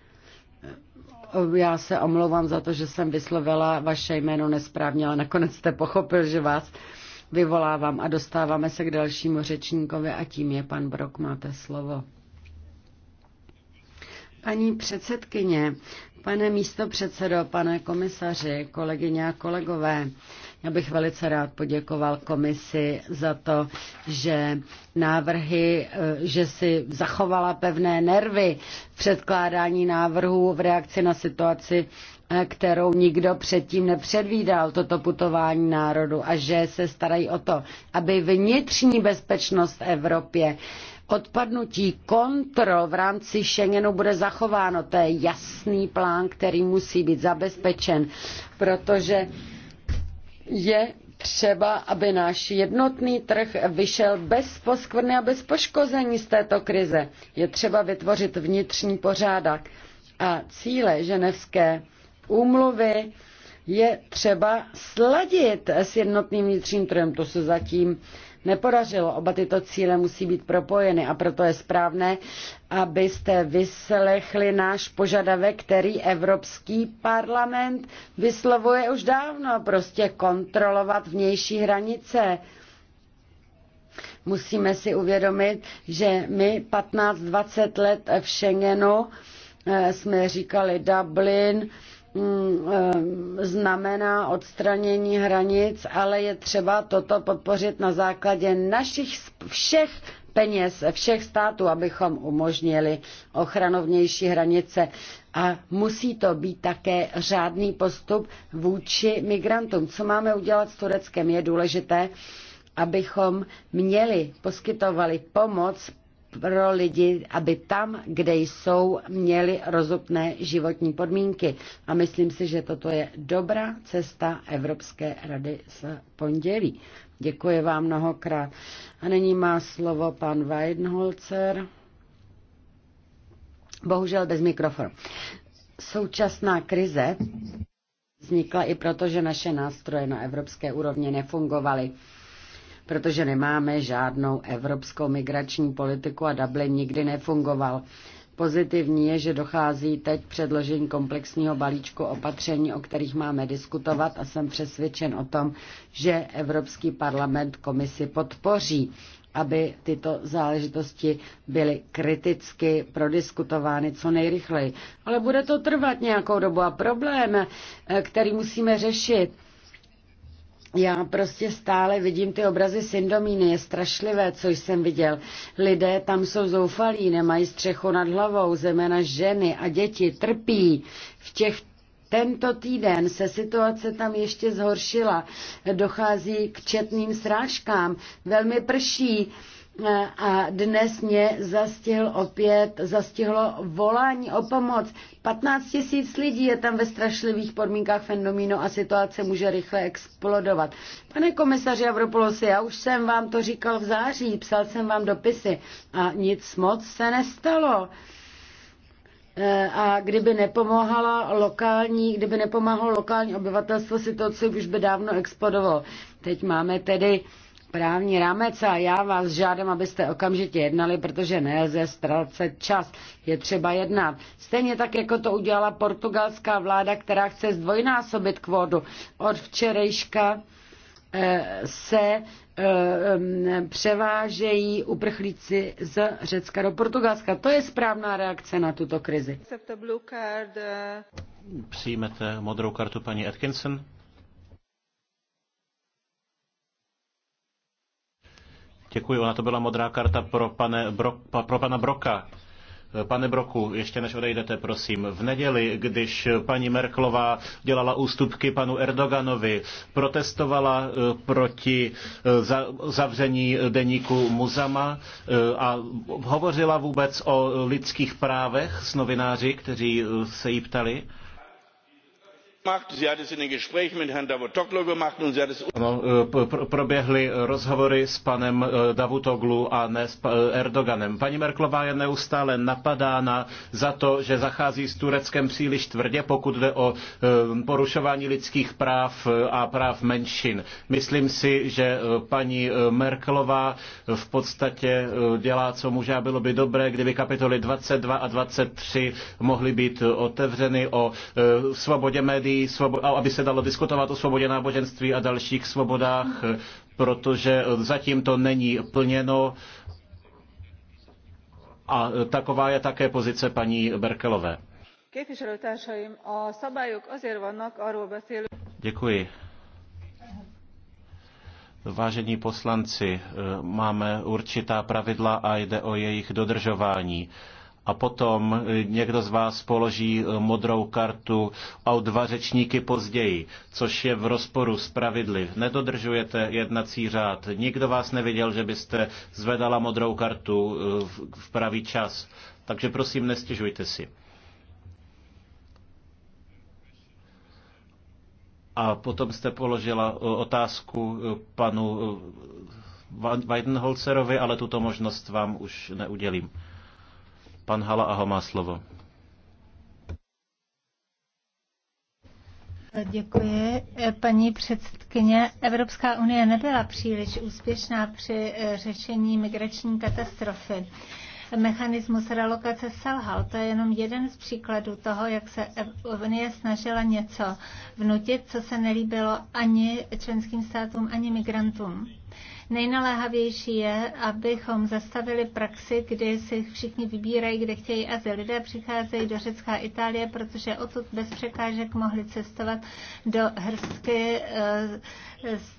[SPEAKER 2] Já se omlouvám za to, že jsem vyslovila vaše jméno nesprávně, ale nakonec jste pochopil, že vás vyvolávám a dostáváme se k dalšímu řečníkovi a tím je pan Brok, máte slovo. Paní předsedkyně, pane místopředsedo, pane komisaři, kolegyně a kolegové, já bych velice rád poděkoval komisi za to, že návrhy, eh, že si zachovala pevné nervy v předkládání návrhů v reakci na situaci eh, kterou nikdo předtím nepředvídal, toto putování národu a že se starají o to, aby vnitřní bezpečnost v Evropě odpadnutí kontrol v rámci Schengenu bude zachováno. To je jasný plán, který musí být zabezpečen, protože je třeba, aby náš jednotný trh vyšel bez poskvrny a bez poškození z této krize. Je třeba vytvořit vnitřní pořádek. A cíle ženevské úmluvy je třeba sladit s jednotným vnitřním trhem. To se zatím nepodařilo. Oba tyto cíle musí být propojeny a proto je správné, abyste vyslechli náš požadavek, který Evropský parlament vyslovuje už dávno, prostě kontrolovat vnější hranice musíme si uvědomit, že my 15-20 let v Schengenu eh, jsme říkali Dublin, Mm, eh, znamená odstranění hranic, ale je třeba toto podpořit na základě našich všech peněz všech států, abychom umožnili ochranu vnější hranice. A musí to být také řádný postup vůči migrantům. Co máme udělat s Tureckem je důležité, abychom měli, poskytovali pomoc pro lidi, aby tam, kde jsou, měli rozumné životní podmínky. A myslím si, že toto je dobrá cesta Evropské rady z pondělí. Děkuji vám mnohokrát. A nyní má slovo pan Weidenholzer. Bohužel bez mikrofonu. Současná krize vznikla i proto, že naše nástroje na evropské úrovni nefungovaly protože nemáme žádnou evropskou migrační politiku a Dublin nikdy nefungoval. Pozitivní je, že dochází teď předložení komplexního balíčku opatření, o kterých máme diskutovat a jsem přesvědčen o tom, že Evropský parlament komisi podpoří aby tyto záležitosti byly kriticky prodiskutovány co nejrychleji. Ale bude to trvat nějakou dobu a problém, eh, který musíme řešit, já prostě stále vidím ty obrazy syndomíny, je strašlivé, co jsem viděl. Lidé tam jsou zoufalí, nemají střechu nad hlavou, zejména ženy a děti trpí. V těch tento týden se situace tam ještě zhoršila. Dochází k četným srážkám, velmi prší Eh, a dnes mě zastihl opět, zastihlo volání o pomoc. 15 tisíc lidí je tam ve strašlivých podmínkách fenomínu a situace může rychle explodovat. Pane komisaři Avropolosi, já už jsem vám to říkal v září, psal jsem vám dopisy a nic moc se nestalo eh, a kdyby nepomáhalo lokální, kdyby nepomáhalo lokální obyvatelstvo, situace už by dávno explodovalo. Teď máme tedy právní rámec a já vás žádám, abyste okamžitě jednali, protože nelze ztrácet čas. Je třeba jednat. Stejně tak, jako to udělala portugalská vláda, která chce zdvojnásobit kvódu. Od včerejška eh, se eh, převážejí uprchlíci z Řecka do Portugalska. To je správná reakce na tuto krizi.
[SPEAKER 3] Eh?
[SPEAKER 5] Přijmete modrou kartu paní Atkinson? Děkuji, ona to byla modrá karta pro, pane Bro, pro pana Broka. Pane Broku, ještě než odejdete, prosím, v neděli, když paní Merklová dělala ústupky panu Erdoganovi, protestovala eh, proti eh, zavření deníku Muzama eh, a hovořila vůbec o lidských právech s novináři, kteří se jí ptali? ano, proběhly rozhovory s panem eh, Davutoglu a ne s eh, Erdoganem. Paní Merklová je neustále napadána za to, že zachází s Tureckem příliš tvrdě, pokud jde o eh, porušování lidských práv a práv menšin. Myslím si, že paní Merklová v podstatě dělá, co může a bylo by dobré, kdyby kapitoly 22 a 23 mohly být otevřeny o svobodě médií aby se dalo diskutovat o svobodě náboženství a dalších svobodách, protože zatím to není plněno. A taková je také pozice paní Berkelové. Děkuji. Vážení poslanci, máme určitá pravidla a jde o jejich dodržování a potom e, někdo z vás položí e, modrou kartu a o dva řečníky později, což je v rozporu s pravidly. Nedodržujete jednací řád. Nikdo vás neviděl, že byste zvedala modrou kartu e, v pravý čas. Takže prosím, nestěžujte si. A potom jste položila otázku panu Weidenholzerovi, ale tuto možnost vám už neudělím. Pan Hala Aho má slovo.
[SPEAKER 1] Děkuji. Paní předsedkyně, Evropská unie nebyla příliš úspěšná při eh, řešení migrační katastrofy mechanismus relokace selhal. To je jenom jeden z příkladů toho, jak se Unie snažila něco vnutit, co se nelíbilo ani členským státům, ani migrantům. Nejnaléhavější je, abychom zastavili praxi, kdy si všichni vybírají, kde chtějí azyl. Lidé přicházejí do Řecka a Itálie, protože odtud bez překážek mohli cestovat do hrstky eh,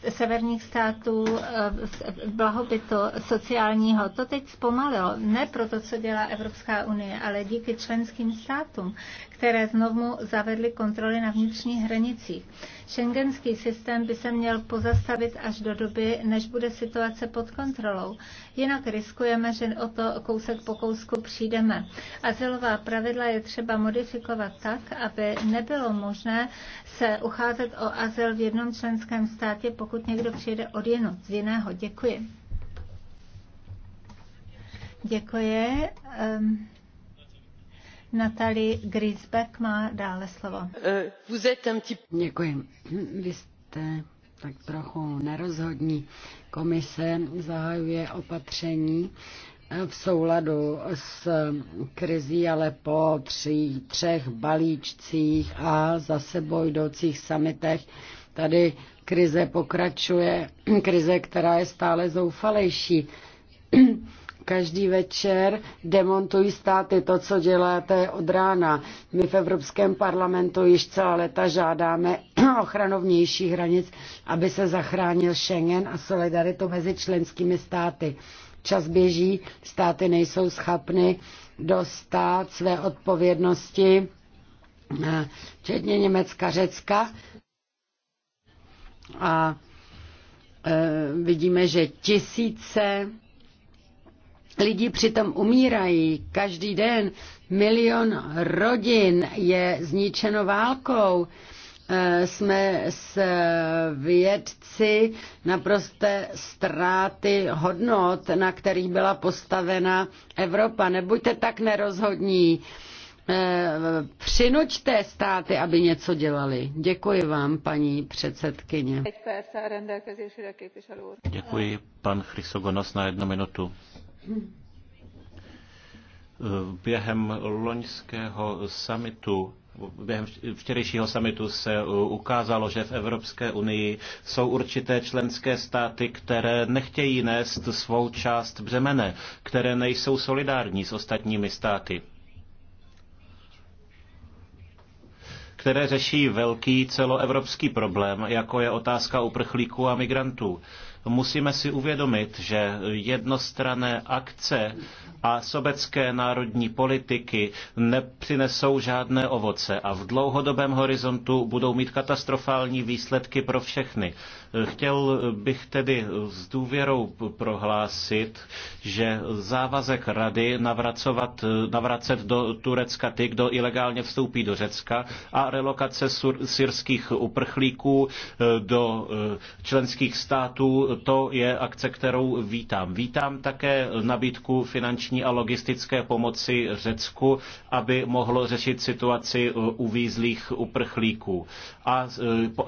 [SPEAKER 1] severních států eh, blahobytu sociálního. To teď zpomalilo. Ne proto, co dělá Evropská unie, ale díky členským státům, které znovu zavedly kontroly na vnitřních hranicích. Schengenský systém by se měl pozastavit až do doby, než bude situace pod kontrolou. Jinak riskujeme, že o to kousek po kousku přijdeme. Azylová pravidla je třeba modifikovat tak, aby nebylo možné se ucházet o azyl v jednom členském státě, pokud někdo přijede od jinut, z jiného. Děkuji. Děkuji. Um... Natalie Grisbeck má dále slovo.
[SPEAKER 2] Eh, Děkuji. Vy jste tak trochu nerozhodní. Komise zahajuje opatření eh, v souladu s krizí, ale po tří, třech balíčcích a za sebou jdoucích samitech tady krize pokračuje, *clears throat* krize, která je stále zoufalejší. *clears throat* každý večer demontují státy to, co děláte od rána. My v Evropském parlamentu již celá léta žádáme *clears throat* ochranu vnějších hranic, aby se zachránil Schengen a solidaritu mezi členskými státy. Čas běží, státy nejsou schopny dostat své odpovědnosti, eh, včetně Německa, Řecka. A e, vidíme, že tisíce Lidi přitom umírají každý den. Milion rodin je zničeno válkou. Eh, jsme s eh, vědci naprosté ztráty hodnot, na kterých byla postavena Evropa. Nebuďte tak nerozhodní. Eh, Přinučte státy, aby něco dělali. Děkuji vám, paní předsedkyně.
[SPEAKER 5] Děkuji, pan Chrysogonos, na jednu minutu. Během loňského summitu během včerejšího samitu se ukázalo, že v Evropské unii jsou určité členské státy, které nechtějí nést svou část břemene, které nejsou solidární s ostatními státy. které řeší velký celoevropský problém, jako je otázka uprchlíků a migrantů musíme si uvědomit, že jednostrané akce a sobecké národní politiky nepřinesou žádné ovoce a v dlouhodobém horizontu budou mít katastrofální výsledky pro všechny. Chtěl bych tedy s důvěrou prohlásit, že závazek rady navracovat, navracet do Turecka ty, kdo ilegálně vstoupí do Řecka a relokace sur, syrských uprchlíků eh, do eh, členských států, to je akce, kterou vítám. Vítám také nabídku finanční a logistické pomoci Řecku, aby mohlo řešit situaci uvízlých uprchlíků a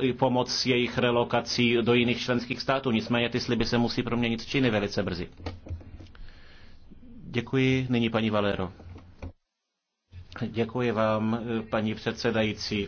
[SPEAKER 5] eh, pomoc jejich relokací do jiných členských států. Nicméně ty sliby se musí proměnit činy velice brzy. Děkuji. Nyní paní Valero. Děkuji vám, paní předsedající.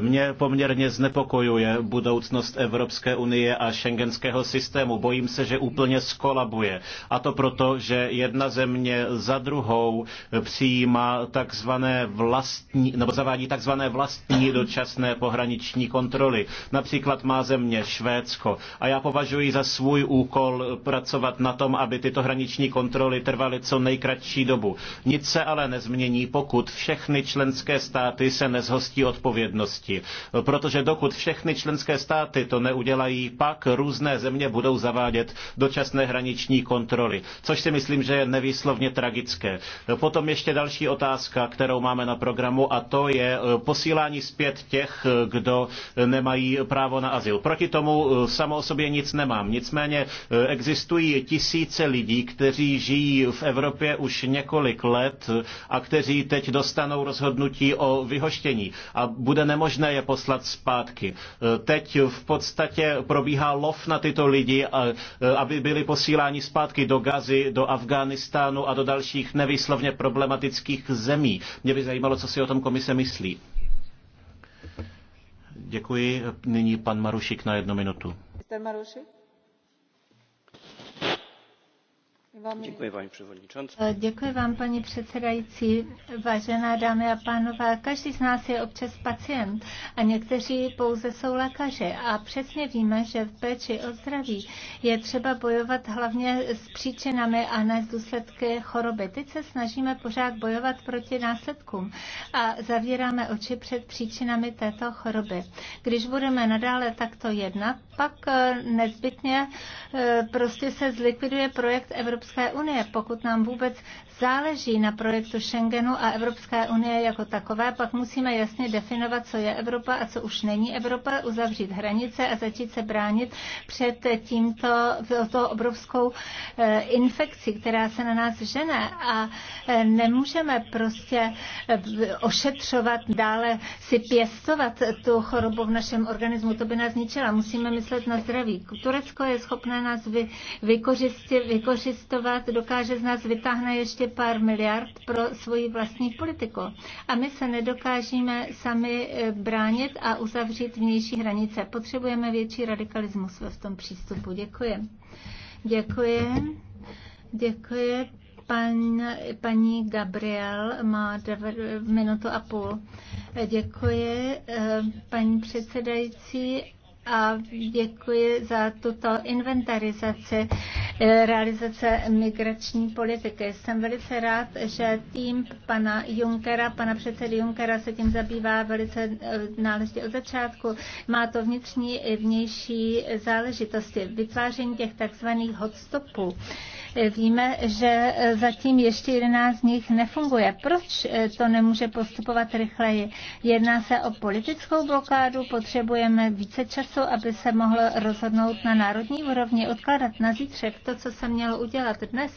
[SPEAKER 5] Mě poměrně znepokojuje budoucnost Evropské unie a šengenského systému. Bojím se, že úplně skolabuje. A to proto, že jedna země za druhou přijímá takzvané vlastní, nebo zavádí takzvané vlastní dočasné pohraniční kontroly. Například má země Švédsko. A já považuji za svůj úkol pracovat na tom, aby tyto hraniční kontroly trvaly co nejkratší dobu. Nic se ale nezmění, pokud všechny členské státy se nezhostí odpovědnosti. Protože dokud všechny členské státy to neudělají, pak různé země budou zavádět dočasné hraniční kontroly, což si myslím, že je nevýslovně tragické. Potom ještě další otázka, kterou máme na programu, a to je posílání zpět těch, kdo nemají právo na azyl. Proti tomu samo o sobě nic nemám. Nicméně existují tisíce lidí, kteří žijí v Evropě už několik let a kteří teď dostávají dostanou rozhodnutí o vyhoštění a bude nemožné je poslat zpátky. E, teď v podstatě probíhá lov na tyto lidi, e, aby byli posíláni zpátky do Gazy, do Afghánistánu a do dalších nevýslovně problematických zemí. Mě by zajímalo, co si o tom komise myslí. Děkuji. Nyní pan Marušik na jednu
[SPEAKER 1] minutu.
[SPEAKER 3] Marušik? Děkuji, paní
[SPEAKER 1] předsedající. Eh, děkuji vám, paní předsedající. Vážená dámy a pánové, každý z nás je občas pacient a někteří pouze jsou lékaři. A přesně víme, že v péči o zdraví je třeba bojovat hlavně s příčinami a ne s důsledky choroby. Teď se snažíme pořád bojovat proti následkům a zavíráme oči před příčinami této choroby. Když budeme nadále takto jednat, pak eh, nezbytně eh, prostě se zlikviduje projekt Evropské Evropské unie. Pokud nám vůbec záleží na projektu Schengenu a Evropské unie jako takové, pak musíme jasně definovat, co je Evropa a co už není Evropa, uzavřít hranice a začít se bránit před tímto to obrovskou eh, infekcí, která se na nás žene. A eh, nemůžeme prostě eh, ošetřovat dále, si pěstovat tu chorobu v našem organismu. To by nás zničila. Musíme myslet na zdraví. Turecko je schopné nás vy, vykořistit, vykořistit investovat, dokáže z nás vytáhne ještě pár miliard pro svoji vlastní politiku. A my se nedokážeme sami eh, bránit a uzavřít vnější hranice. Potřebujeme větší radikalismus v tom přístupu. Děkuji. Děkuji. Děkuji. Pan, paní Gabriel má dv, minutu a půl. Děkuji, eh, paní předsedající a děkuji za tuto inventarizaci eh, realizace migrační politiky. Jsem velice rád, že tým pana Junkera, pana předsedy Junkera se tím zabývá velice eh, náležitě od začátku. Má to vnitřní i vnější záležitosti. Vytváření těch takzvaných hotstopů Víme, že zatím ještě 11 z nich nefunguje. Proč to nemůže postupovat rychleji? Jedná se o politickou blokádu, potřebujeme více času, aby se mohlo rozhodnout na národní úrovni, odkládat na zítřek to, co se mělo udělat dnes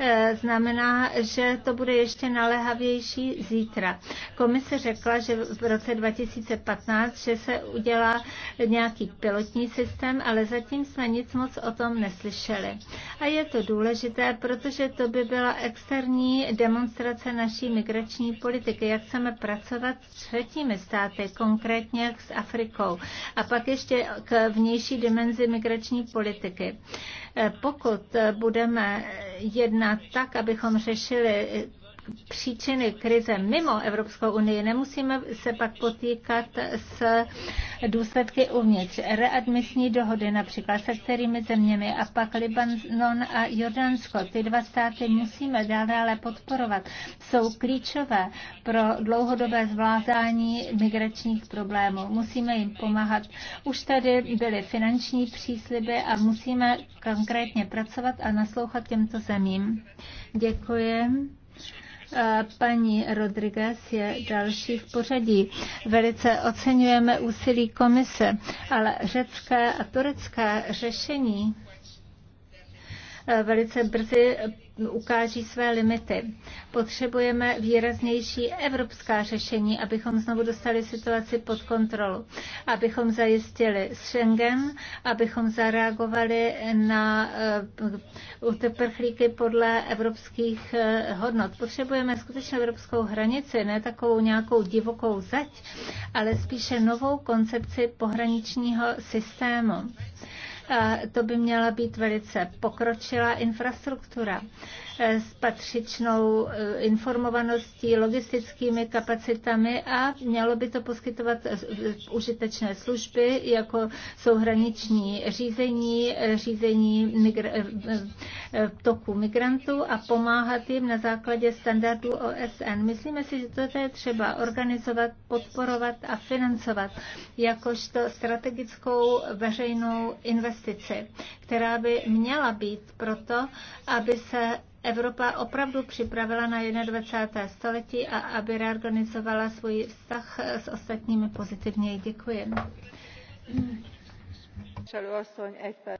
[SPEAKER 1] Eh, znamená, že to bude ještě naléhavější zítra. Komise řekla, že v roce 2015, že se udělá nějaký pilotní systém, ale zatím jsme nic moc o tom neslyšeli. A je to důležité, protože to by byla externí demonstrace naší migrační politiky, jak chceme pracovat s třetími státy, konkrétně s Afrikou. A pak ještě k vnější dimenzi migrační politiky. Eh, pokud budeme jednat jednat tak, abychom řešili příčiny krize mimo Evropskou unii, nemusíme se pak potýkat s důsledky uvnitř. Readmisní dohody například se kterými zeměmi a pak Libanon a Jordánsko. Ty dva státy musíme dále podporovat. Jsou klíčové pro dlouhodobé zvládání migračních problémů. Musíme jim pomáhat. Už tady byly finanční přísliby a musíme konkrétně pracovat a naslouchat těmto zemím. Děkuji. Eh, paní Rodriguez je další v pořadí. Velice oceňujeme úsilí komise, ale řecké a turecké řešení Eh, velice brzy ukáží své limity. Potřebujeme výraznější evropská řešení, abychom znovu dostali situaci pod kontrolu, abychom zajistili Schengen, abychom zareagovali na eh, uteprchlíky podle evropských eh, hodnot. Potřebujeme skutečně evropskou hranici, ne takovou nějakou divokou zeď, ale spíše novou koncepci pohraničního systému to by měla být velice pokročilá infrastruktura s patřičnou eh, informovaností, logistickými kapacitami a mělo by to poskytovat eh, eh, užitečné služby, jako jsou hraniční řízení, řízení migr- toku migrantů a pomáhat jim na základě standardů OSN. Myslíme si, že toto je třeba organizovat, podporovat a financovat jakožto strategickou veřejnou investici, která by měla být proto, aby se Evropa opravdu připravila na 21. století a aby reorganizovala svůj vztah s ostatními pozitivně. Děkuji.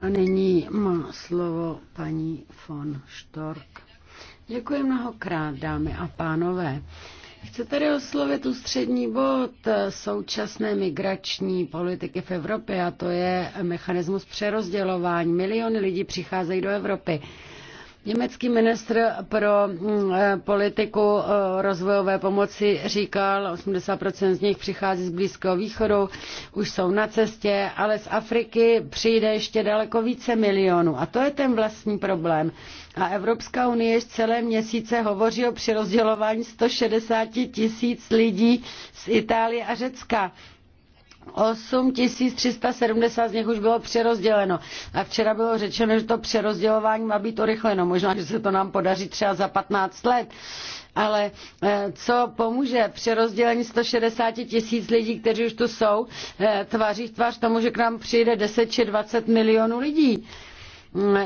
[SPEAKER 1] A nyní
[SPEAKER 2] má slovo paní von Stork. Děkuji mnohokrát, dámy a pánové. Chci tedy oslovit ústřední bod současné migrační politiky v Evropě a to je mechanismus přerozdělování. Miliony lidí přicházejí do Evropy. Německý ministr pro mm, eh, politiku eh, rozvojové pomoci říkal, 80% z nich přichází z Blízkého východu, už jsou na cestě, ale z Afriky přijde ještě daleko více milionů. A to je ten vlastní problém. A Evropská unie již celé měsíce hovoří o přirozdělování 160 tisíc lidí z Itálie a Řecka 8370 z nich už bylo přerozděleno. A včera bylo řečeno, že to přerozdělování má být urychleno. Možná, že se to nám podaří třeba za 15 let. Ale eh, co pomůže přerozdělení 160 tisíc lidí, kteří už tu jsou, eh, tváří v tvář tomu, že k nám přijde 10 či 20 milionů lidí? Mm,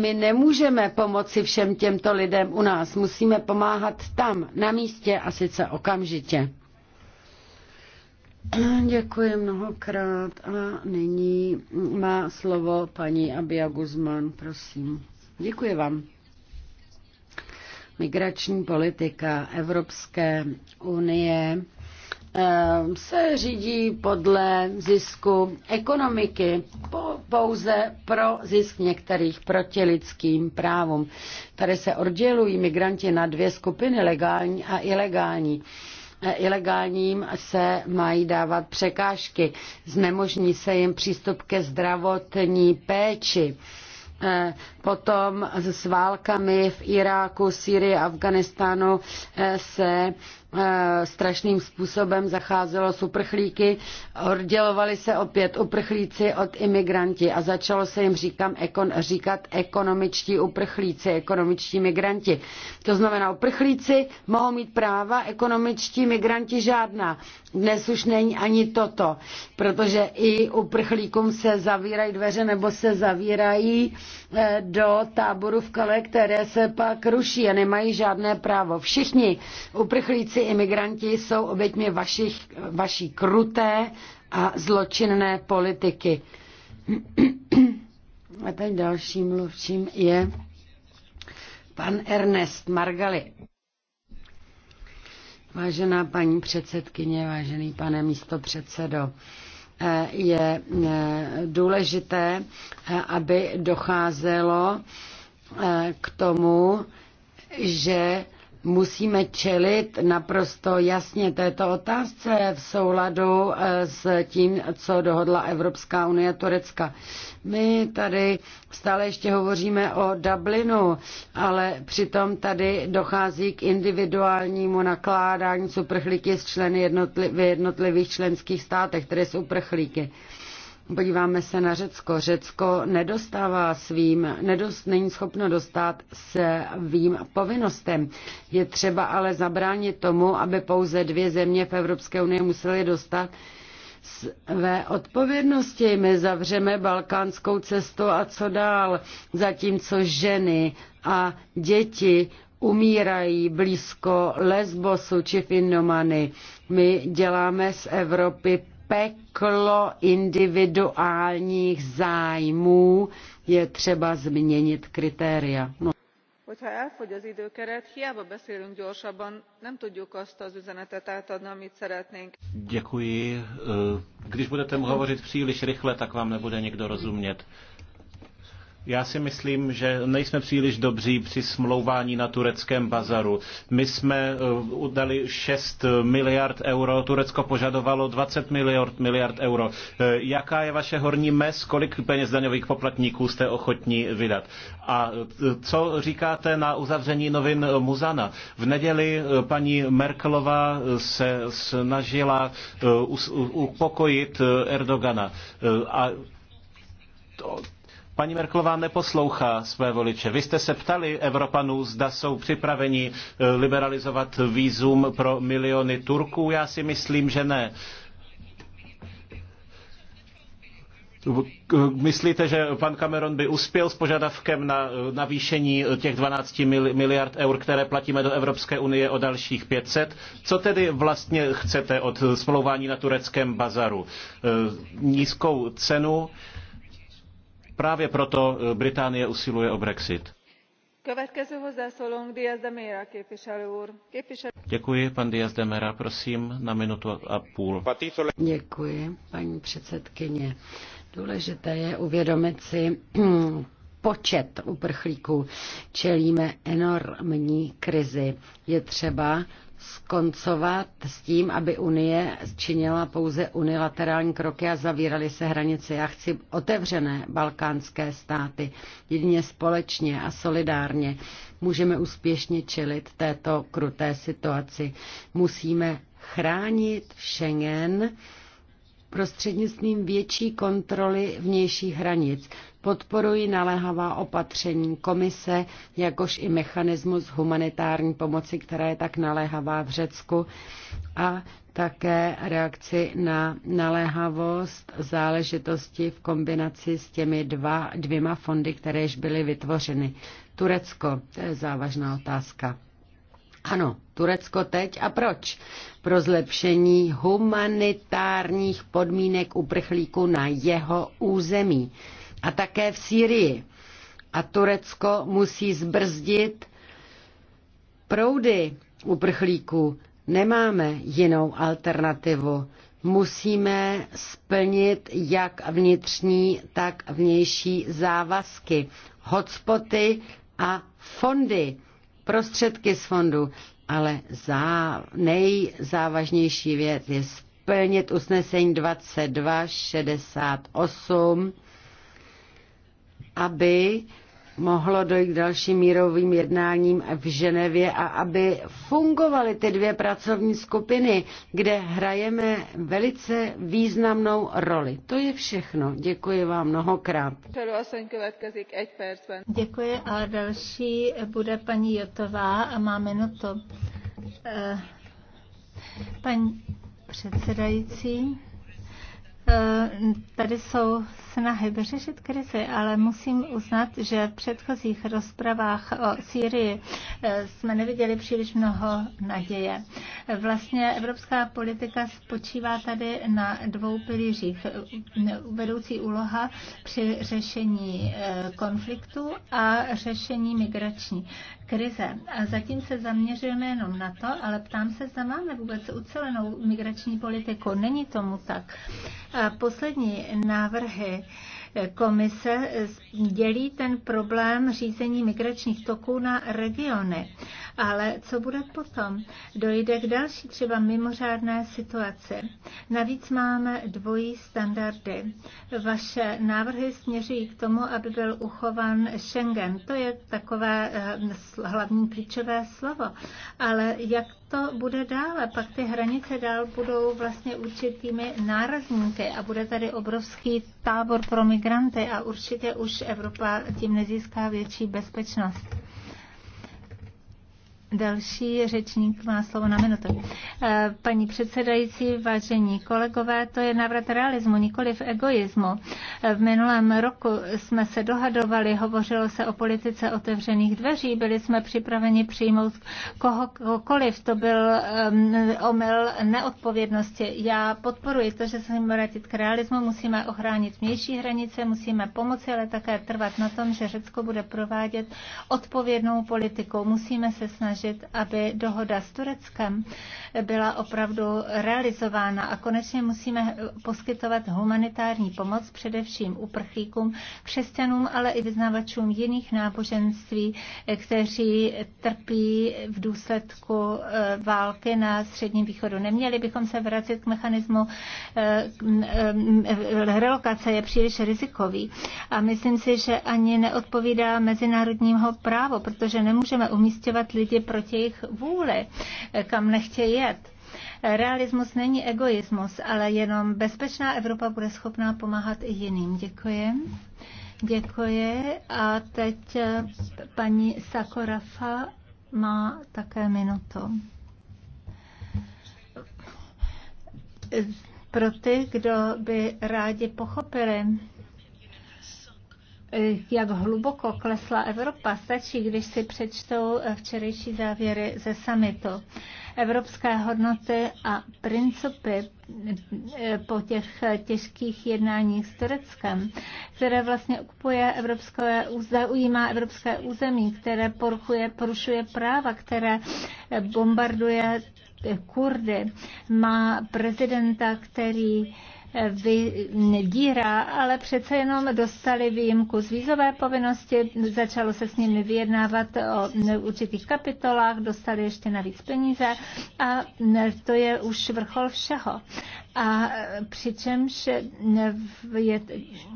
[SPEAKER 2] my nemůžeme pomoci všem těmto lidem u nás. Musíme pomáhat tam, na místě a sice okamžitě. Děkuji mnohokrát a nyní má slovo paní Abia Guzman, prosím. Děkuji vám. Migrační politika Evropské unie eh, se řídí podle zisku ekonomiky, pouze pro zisk některých proti lidským právům. Tady se oddělují migranti na dvě skupiny, legální a ilegální ilegálním se mají dávat překážky. Znemožní se jim přístup ke zdravotní péči eh, potom s válkami v Iráku, Sýrii, Afganistánu eh, se Eh, strašným způsobem zacházelo s uprchlíky, oddělovali se opět uprchlíci od imigranti a začalo se jim říkám, ekon, říkat ekonomičtí uprchlíci, ekonomičtí migranti. To znamená, uprchlíci mohou mít práva, ekonomičtí migranti žádná. Dnes už není ani toto, protože i uprchlíkům se zavírají dveře nebo se zavírají Eh, do táboru v Kale, které se pak ruší a nemají žádné právo. Všichni uprchlíci, imigranti jsou oběťmi vašich, vaší kruté a zločinné politiky. *clears throat* A teď dalším mluvčím je pan Ernest Margali. Vážená paní předsedkyně, vážený pane místopředsedo, je eh, důležité, eh, aby docházelo eh, k tomu, že musíme čelit naprosto jasně této otázce v souladu eh, s tím, co dohodla Evropská unie Turecka. My tady stále ještě hovoříme o Dublinu, ale přitom tady dochází k individuálnímu nakládání s uprchlíky z členy jednotli- v jednotlivých členských státech, které jsou uprchlíky. Podíváme se na Řecko. Řecko nedostává svým, nedost, není schopno dostat se vým povinnostem. Je třeba ale zabránit tomu, aby pouze dvě země v Evropské unii musely dostat své odpovědnosti. My zavřeme balkánskou cestu a co dál, zatímco ženy a děti umírají blízko Lesbosu či Finnomany. My děláme z Evropy peklo individuálních zájmů, je třeba změnit kritéria. No.
[SPEAKER 3] Hogyha elfogy az időkeret, hiába beszélünk gyorsabban, nem tudjuk azt az üzenetet átadni, amit szeretnénk.
[SPEAKER 5] Děkuji. Když budete hovořit příliš rychle, tak vám nebude někdo rozumět. Já si myslím, že nejsme příliš dobří při smlouvání na tureckém bazaru. My jsme eh, udali 6 miliard euro, Turecko požadovalo 20 miliard, miliard euro. Eh, jaká je vaše horní mez, kolik peněz daňových poplatníků jste ochotní vydat? A eh, co říkáte na uzavření novin Muzana? V neděli paní Merkelová se snažila upokojit Erdogana. A Paní Merklová neposlouchá své voliče. Vy jste se ptali Evropanů, zda jsou připraveni eh, liberalizovat výzum pro miliony Turků. Já si myslím, že ne. Myslíte, že pan Cameron by uspěl s požadavkem na eh, navýšení eh, těch 12 miliard eur, které platíme do Evropské unie o dalších 500? Co tedy vlastně chcete od smlouvání na tureckém bazaru? Nízkou cenu? Právě proto eh, Británie usiluje o Brexit. Děkuji, pan Díaz de Mera, prosím, na minutu a půl. Děkuji, paní předsedkyně. Důležité je
[SPEAKER 2] uvědomit si *clears throat* počet uprchlíků. Čelíme enormní krizi. Je třeba skoncovat s tím, aby Unie činila pouze unilaterální kroky a zavíraly se hranice. Já chci otevřené balkánské státy. Jedině společně a solidárně můžeme úspěšně čelit této kruté situaci. Musíme chránit Schengen, prostřednictvím větší kontroly vnějších hranic. Podporují naléhavá opatření komise, jakož i mechanismus humanitární pomoci, která je tak naléhavá v Řecku, a také reakci na naléhavost záležitosti v kombinaci s těmi dva, dvěma fondy, které již byly vytvořeny. Turecko, to je závažná otázka. Ano, Turecko teď a proč? Pro zlepšení humanitárních podmínek uprchlíků na jeho území a také v Sýrii. A Turecko musí zbrzdit proudy uprchlíků. Nemáme jinou alternativu. Musíme splnit jak vnitřní, tak vnější závazky, hotspoty a fondy prostředky z fondu, ale zá, nejzávažnější věc je splnit usnesení 2268, aby mohlo dojít k dalším mírovým jednáním v Ženevě a aby fungovaly ty dvě pracovní skupiny, kde hrajeme velice významnou roli. To je všechno. Děkuji vám mnohokrát.
[SPEAKER 1] Děkuji a další bude paní Jotová a má minutu. Eh, paní předsedající, Eh, tady jsou snahy vyřešit krizi, ale musím uznat, že v předchozích rozpravách o Sýrii eh, jsme neviděli příliš mnoho naděje. Vlastně evropská politika spočívá tady na dvou pilířích. Vedoucí úloha při řešení eh, konfliktu a řešení migrační krize. A zatím se zaměřujeme jenom na to, ale ptám se, zda máme vůbec ucelenou migrační politiku. Není tomu tak. A poslední návrhy Komise dělí ten problém řízení migračních toků na regiony. Ale co bude potom? Dojde k další třeba mimořádné situaci. Navíc máme dvojí standardy. Vaše návrhy směřují k tomu, aby byl uchován Schengen. To je takové eh, hlavní klíčové slovo. Ale jak to bude dále? Pak ty hranice dál budou vlastně určitými nárazníky a bude tady obrovský tábor pro migranty migranty a určitě už Evropa tím nezíská větší bezpečnost. Další řečník má slovo na minutu. Eh, paní předsedající, vážení kolegové, to je návrat realismu, nikoli v egoismu. Eh, v minulém roku jsme se dohadovali, hovořilo se o politice otevřených dveří, byli jsme připraveni přijmout kohokoliv. To byl um, omyl neodpovědnosti. Já podporuji to, že se musíme vrátit k realismu, musíme ochránit vnější hranice, musíme pomoci, ale také trvat na tom, že Řecko bude provádět odpovědnou politiku. Musíme se snažit snažit, aby dohoda s Tureckem byla opravdu realizována a konečně musíme poskytovat humanitární pomoc především uprchlíkům, křesťanům, ale i vyznavačům jiných náboženství, kteří trpí v důsledku eh, války na Středním východu. Neměli bychom se vracet k mechanismu eh, mm, eh, relokace je příliš rizikový a myslím si, že ani neodpovídá mezinárodního právu, protože nemůžeme umístěvat lidi proti jejich vůli, kam nechtějí jet. Realismus není egoismus, ale jenom bezpečná Evropa bude schopná pomáhat i jiným. Děkuji. Děkuji. A teď eh, paní Sakorafa má také minutu. Pro ty, kdo by rádi pochopili, Eh, jak hluboko klesla Evropa, stačí, když si přečtou eh, včerejší závěry ze summitu. Evropské hodnoty a principy eh, po těch těžkých jednáních s Tureckem, které vlastně okupuje evropské, zaujímá evropské území, které poruchuje, porušuje práva, které bombarduje Kurdy, má prezidenta, který vydírá, ale přece jenom dostali výjimku z vízové povinnosti, začalo se s nimi vyjednávat o určitých kapitolách, dostali ještě navíc peníze a to je už vrchol všeho. A přičemž je,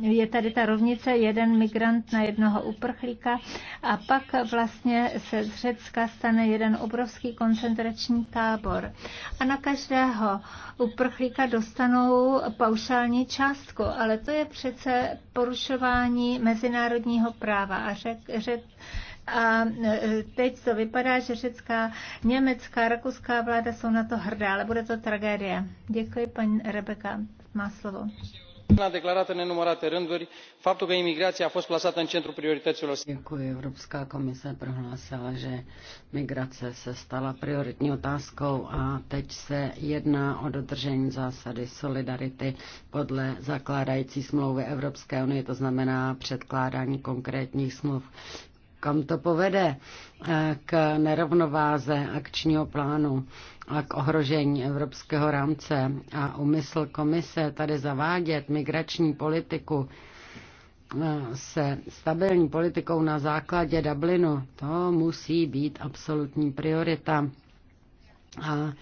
[SPEAKER 1] je tady ta rovnice jeden migrant na jednoho uprchlíka a pak vlastně se z Řecka stane jeden obrovský koncentrační tábor. A na každého uprchlíka dostanou paušální částku, ale to je přece porušování mezinárodního práva. A řek, řek, a e, teď to vypadá, že řecká, německá, rakouská vláda jsou na to hrdá, ale bude to tragédie. Děkuji, paní Rebeka. Má slovo
[SPEAKER 4] a declarat în nenumărate rânduri faptul
[SPEAKER 2] că imigrația a fost plasată în centrul priorităților. Děkuji. Evropská komise prohlásila, že migrace se stala prioritní otázkou a teď se jedná o dodržení zásady solidarity podle zakládající smlouvy Evropské unie, to znamená předkládání konkrétních smluv kam to povede eh, k nerovnováze akčního plánu a k ohrožení evropského rámce a umysl komise tady zavádět migrační politiku eh, se stabilní politikou na základě Dublinu, to musí být absolutní priorita. A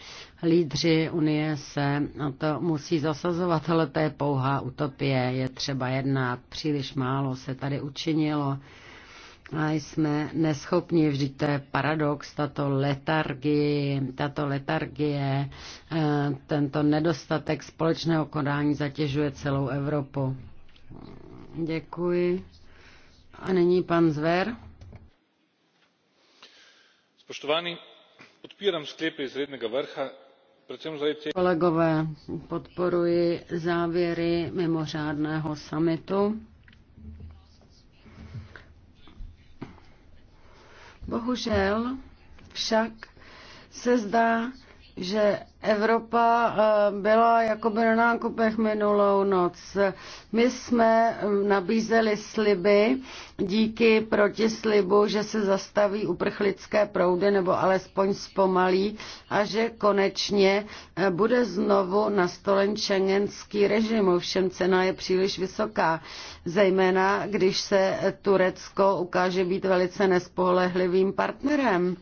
[SPEAKER 2] lídři Unie se na to musí zasazovat, ale to je pouhá utopie, je třeba jednat, příliš málo se tady učinilo a jsme neschopni, vždyť to je paradox, tato letargie, tato letargie, eh, tento nedostatek společného konání zatěžuje celou Evropu. Děkuji. A nyní pan Zver.
[SPEAKER 4] Spoštovaný, Podpírám sklepy z vrha, vrcha, Kolegové,
[SPEAKER 2] podporuji závěry mimořádného summitu Bohužel však se zdá, že Evropa eh, byla jako by na nákupech minulou noc. My jsme eh, nabízeli sliby díky protislibu, že se zastaví uprchlické proudy nebo alespoň zpomalí a že konečně eh, bude znovu nastolen šengenský režim. Ovšem cena je příliš vysoká, zejména když se Turecko ukáže být velice nespolehlivým partnerem.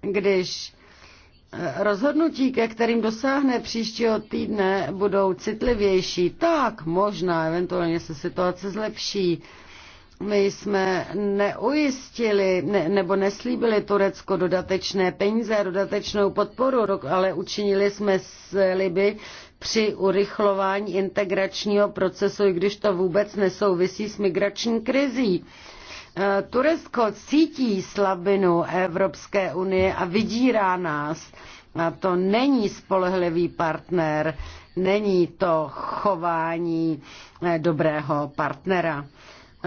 [SPEAKER 2] Když Rozhodnutí, ke kterým dosáhne příštího týdne, budou citlivější. Tak, možná, eventuálně se situace zlepší. My jsme neujistili ne, nebo neslíbili Turecko dodatečné peníze, dodatečnou podporu, ale učinili jsme sliby při urychlování integračního procesu, i když to vůbec nesouvisí s migrační krizí. Eh, Turecko cítí slabinu Evropské unie a vydírá nás. A to není spolehlivý partner, není to chování eh, dobrého partnera.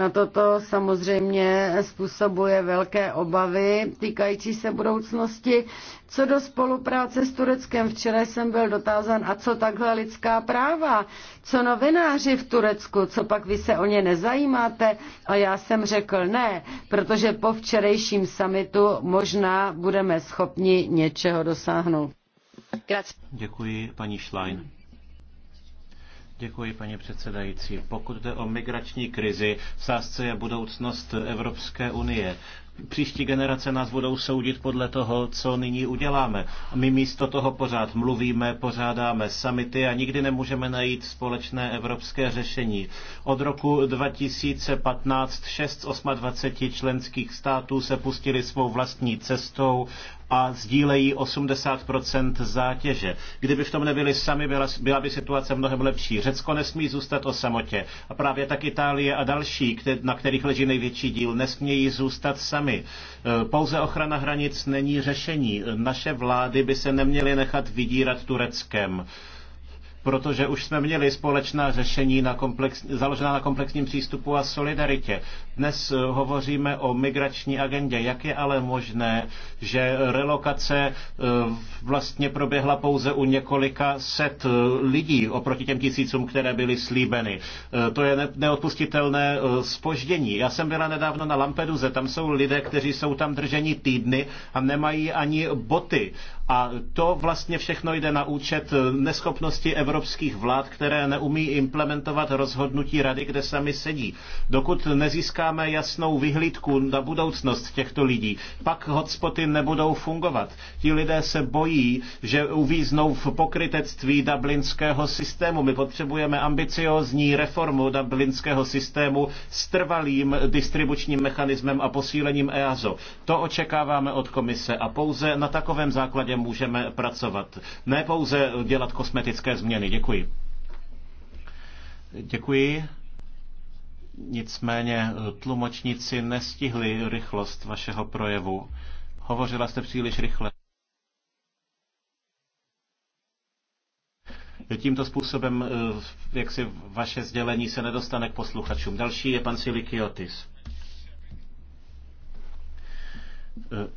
[SPEAKER 2] A toto samozřejmě způsobuje velké obavy týkající se budoucnosti. Co do spolupráce s Tureckem, včera jsem byl dotázan, a co takhle lidská práva? Co novináři v Turecku, co pak vy se o ně nezajímáte? A já jsem řekl ne, protože po včerejším samitu možná budeme schopni něčeho dosáhnout.
[SPEAKER 5] Děkuji, paní Schlein. Děkuji, paní předsedající. Pokud jde o migrační krizi, v sázce je budoucnost Evropské unie příští generace nás budou soudit podle toho, co nyní uděláme. A my místo toho pořád mluvíme, pořádáme samity a nikdy nemůžeme najít společné evropské řešení. Od roku 2015 6 z 28 členských států se pustili svou vlastní cestou a sdílejí 80% zátěže. Kdyby v tom nebyli sami, byla, byla by situace mnohem lepší. Řecko nesmí zůstat o samotě. A právě tak Itálie a další, na kterých leží největší díl, nesmějí zůstat sami zemi. Eh, Pouze ochrana hranic není řešení. Naše vlády by se neměly nechat vydírat Tureckem protože už jsme měli společná řešení na komplex, založená na komplexním přístupu a solidaritě. Dnes eh, hovoříme o migrační agendě. Jak je ale možné, že relokace eh, vlastně proběhla pouze u několika set eh, lidí oproti těm tisícům, které byly slíbeny? To je neodpustitelné spoždění. Já jsem byla nedávno na Lampeduze, tam jsou lidé, kteří jsou tam drženi týdny a nemají ani boty. A to vlastně všechno jde na účet eh, neschopnosti evropských vlád, které neumí implementovat rozhodnutí rady, kde sami sedí. Dokud nezískáme jasnou vyhlídku na budoucnost těchto lidí, pak hotspoty nebudou fungovat. Ti lidé se bojí, že uvíznou v pokrytectví dublinského systému. My potřebujeme ambiciózní reformu dublinského systému s trvalým distribučním mechanismem a posílením EASO. To očekáváme od komise a pouze na takovém základě základě můžeme pracovat. Ne pouze dělat kosmetické změny. Děkuji. Děkuji. Nicméně eh, tlumočníci nestihli rychlost vašeho projevu. Hovořila jste příliš rychle. Tímto způsobem, eh, jak si vaše sdělení se nedostane k posluchačům. Další je pan Silikiotis.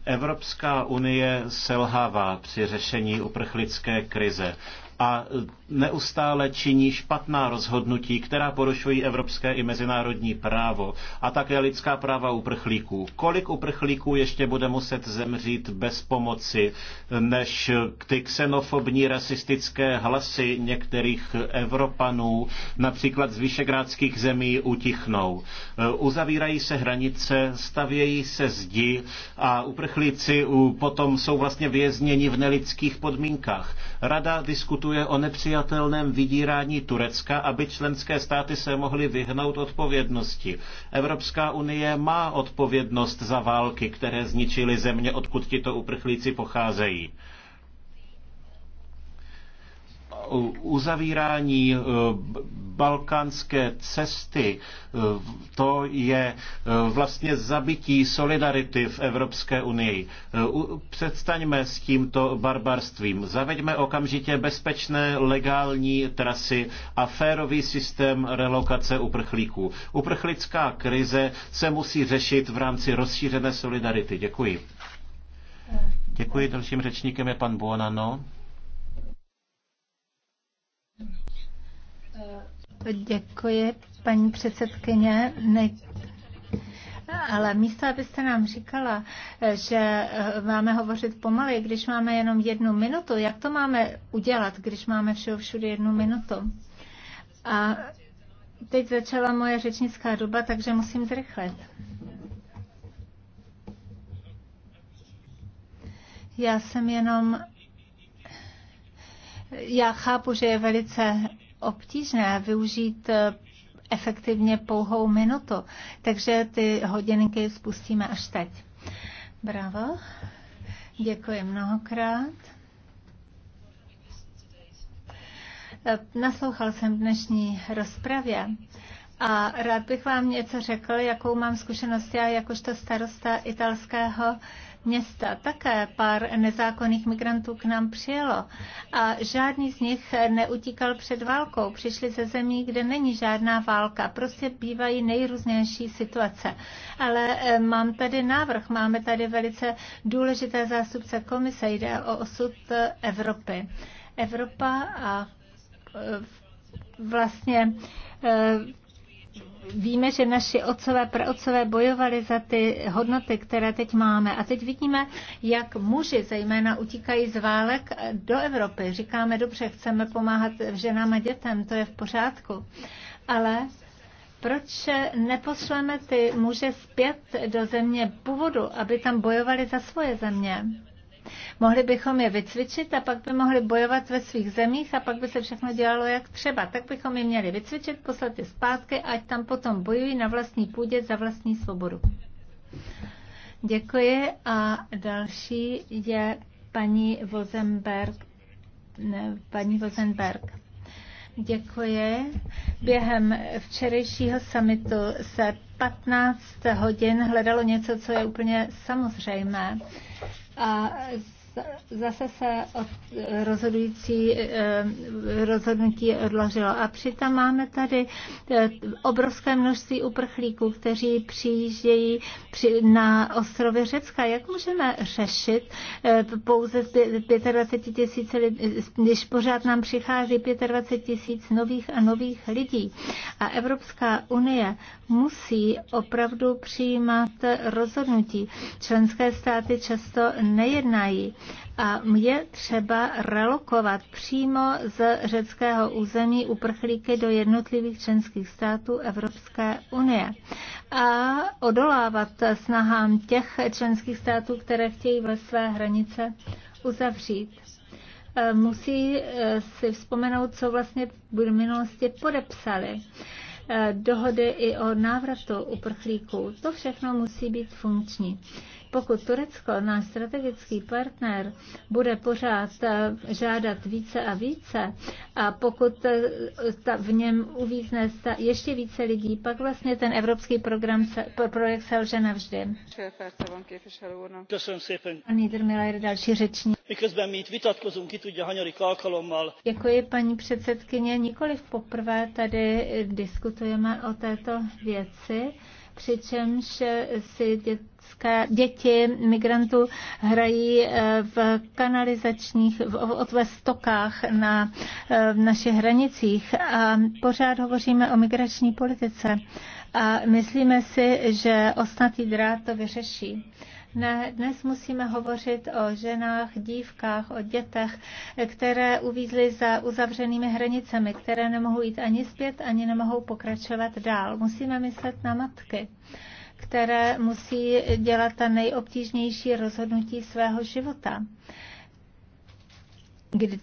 [SPEAKER 5] Evropská unie selhává při řešení uprchlické krize a neustále činí špatná rozhodnutí, která porušují evropské i mezinárodní právo a také lidská práva uprchlíků. Kolik uprchlíků ještě bude muset zemřít bez pomoci, než ty xenofobní rasistické hlasy některých Evropanů, například z vyšegrádských zemí, utichnou. Uzavírají se hranice, stavějí se zdi a uprchlíci potom jsou vlastně vězněni v nelidských podmínkách. Rada diskutuje o nepřijatelnosti nepřijatelném vydírání Turecka, aby členské státy se mohly vyhnout odpovědnosti. Evropská unie má odpovědnost za války, které zničily země, odkud tito uprchlíci pocházejí uzavírání eh, balkánské cesty, eh, to je eh, vlastně zabití solidarity v Evropské unii. Předstaňme s tímto barbarstvím. Zaveďme okamžitě bezpečné legální trasy a férový systém relokace uprchlíků. Uprchlická krize se musí řešit v rámci rozšířené solidarity. Děkuji. Děkuji. Dalším řečníkem je pan Buonanno.
[SPEAKER 1] Děkuji, paní předsedkyně. Ne... Ale místo, abyste nám říkala, že eh, máme hovořit pomaleji, když máme jenom jednu minutu, jak to máme udělat, když máme všeho všude jednu minutu? A teď začala moje řečnická doba, takže musím zrychlit. Já jsem jenom já chápu, že je velice obtížné využít eh, efektivně pouhou minutu, takže ty hodinky spustíme až teď. Bravo. Děkuji mnohokrát. Eh, naslouchal jsem dnešní rozpravě a rád bych vám něco řekl, jakou mám zkušenost já jakožto starosta italského města. Také pár nezákonných migrantů k nám přijelo a žádný z nich neutíkal před válkou. Přišli ze zemí, kde není žádná válka. Prostě bývají nejrůznější situace. Ale eh, mám tady návrh, máme tady velice důležité zástupce komise, jde o osud eh, Evropy. Evropa a eh, vlastně víme, že naši otcové, praotcové bojovali za ty hodnoty, které teď máme. A teď vidíme, jak muži zejména utíkají z válek do Evropy. Říkáme, dobře, chceme pomáhat ženám a dětem, to je v pořádku. Ale proč neposleme ty muže zpět do země původu, aby tam bojovali za svoje země? Mohli bychom je vycvičit a pak by mohli bojovat ve svých zemích a pak by se všechno dělalo jak třeba. Tak bychom je měli vycvičit, poslat je zpátky, ať tam potom bojují na vlastní půdě za vlastní svobodu. Děkuji a další je paní Vozenberg. Ne, paní Vozenberg. Děkuji. Během včerejšího samitu se 15 hodin hledalo něco, co je úplně samozřejmé a zase se od, rozhodující eh, rozhodnutí odložilo. A přitom máme tady eh, obrovské množství uprchlíků, kteří přijíždějí při, na ostrovy Řecka. Jak můžeme řešit eh, pouze 25 tisíc, když pořád nám přichází 25 tisíc nových a nových lidí. A Evropská unie musí opravdu přijímat rozhodnutí. Členské státy často nejednají a je třeba relokovat přímo z řeckého území uprchlíky do jednotlivých členských států Evropské unie a odolávat snahám těch členských států, které chtějí ve své hranice uzavřít e, musí e, si vzpomenout, co vlastně v minulosti podepsali. E, dohody i o návratu uprchlíků. To všechno musí být funkční. Pokud Turecko, náš strategický partner, bude pořád eh, žádat více a více a pokud eh, ta, v něm uvízne ta, ještě více lidí, pak vlastně ten evropský program se, projekt lže navždy. další řečník. Děkuji, paní předsedkyně. Nikoliv poprvé tady diskutujeme o této věci, přičemž si dětská, děti migrantů hrají eh, v kanalizačních, v, stokách na eh, v našich hranicích a pořád hovoříme o migrační politice a myslíme si, že osnatý drát to vyřeší. Ne, dnes musíme hovořit o ženách, dívkách, o dětech, které uvízly za uzavřenými hranicemi, které nemohou jít ani zpět, ani nemohou pokračovat dál. Musíme myslet na matky které musí dělat ta nejobtížnější rozhodnutí svého života. Kdy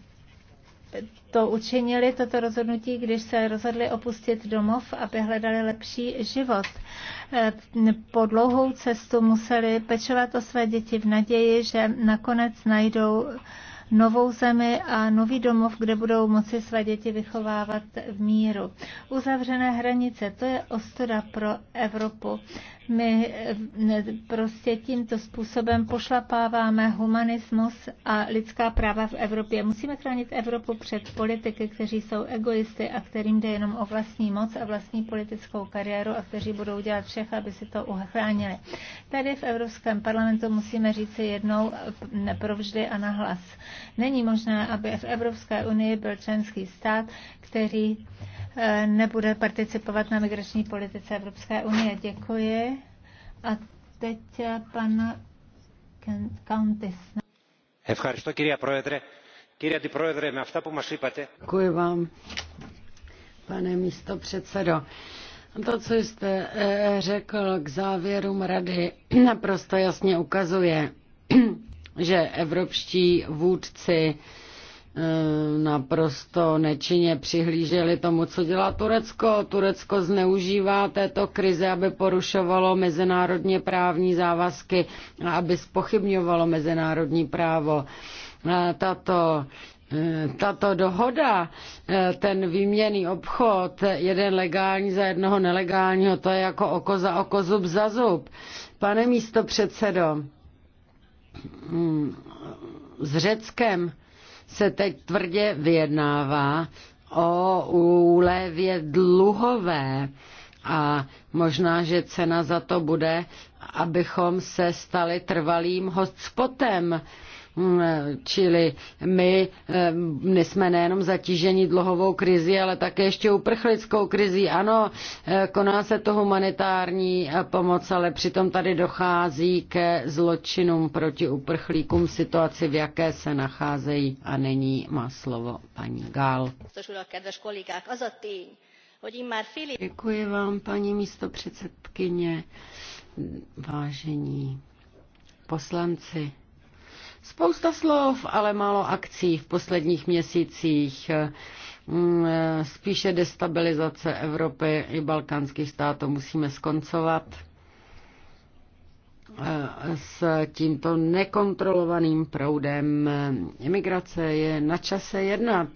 [SPEAKER 1] to učinili, toto rozhodnutí, když se rozhodli opustit domov, aby hledali lepší život. Po dlouhou cestu museli pečovat o své děti v naději, že nakonec najdou novou zemi a nový domov, kde budou moci své děti vychovávat v míru. Uzavřené hranice, to je ostuda pro Evropu. My eh, prostě tímto způsobem pošlapáváme humanismus a lidská práva v Evropě. Musíme chránit Evropu před politiky, kteří jsou egoisty a kterým jde jenom o vlastní moc a vlastní politickou kariéru a kteří budou dělat všech, aby si to uchránili. Tady v Evropském parlamentu musíme říct si jednou neprovždy eh, a nahlas. Není možné, aby v Evropské unii byl členský stát, který E, nebude participovat na migrační politice Evropské unie. Děkuji. A teď e, pan Kantis. Děkuji vám,
[SPEAKER 2] pane místo předsedo. To, co jste e, řekl k závěrům rady, naprosto jasně ukazuje, že evropští vůdci Eh, naprosto nečinně přihlíželi tomu, co dělá Turecko. Turecko zneužívá této krize, aby porušovalo mezinárodně právní závazky a aby spochybňovalo mezinárodní právo. Eh, tato eh, tato dohoda, ten výměný obchod, jeden legální za jednoho nelegálního, to je jako oko za oko, zub za zub. Pane místo předsedo, hm, s Řeckem se teď tvrdě vyjednává o úlevě dluhové a možná, že cena za to bude, abychom se stali trvalým hotspotem Mm, čili my nejsme eh, nejenom zatíženi dluhovou krizi, ale také ještě uprchlickou krizi. Ano, eh, koná se to humanitární eh, pomoc, ale přitom tady dochází ke zločinům proti uprchlíkům situaci, v jaké se nacházejí. A není má slovo paní Gál. Děkuji vám, paní místopředsedkyně, vážení poslanci. Spousta slov, ale málo akcí v posledních měsících. Mm, spíše destabilizace Evropy i balkánských států musíme skoncovat eh, s tímto nekontrolovaným proudem imigrace je na čase jednat.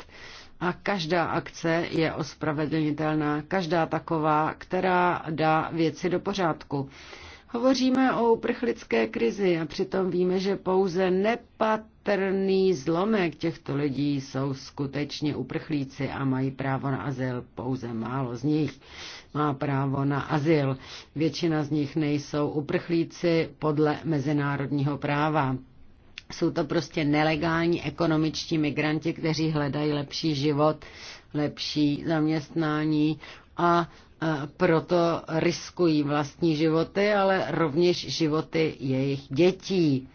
[SPEAKER 2] A každá akce je ospravedlnitelná, každá taková, která dá věci do pořádku. Hovoříme o uprchlické krizi a přitom víme, že pouze nepatrný zlomek těchto lidí jsou skutečně uprchlíci a mají právo na azyl. Pouze málo z nich má právo na azyl. Většina z nich nejsou uprchlíci podle mezinárodního práva. Jsou to prostě nelegální ekonomičtí migranti, kteří hledají lepší život, lepší zaměstnání a proto riskují vlastní životy, ale rovněž životy jejich dětí.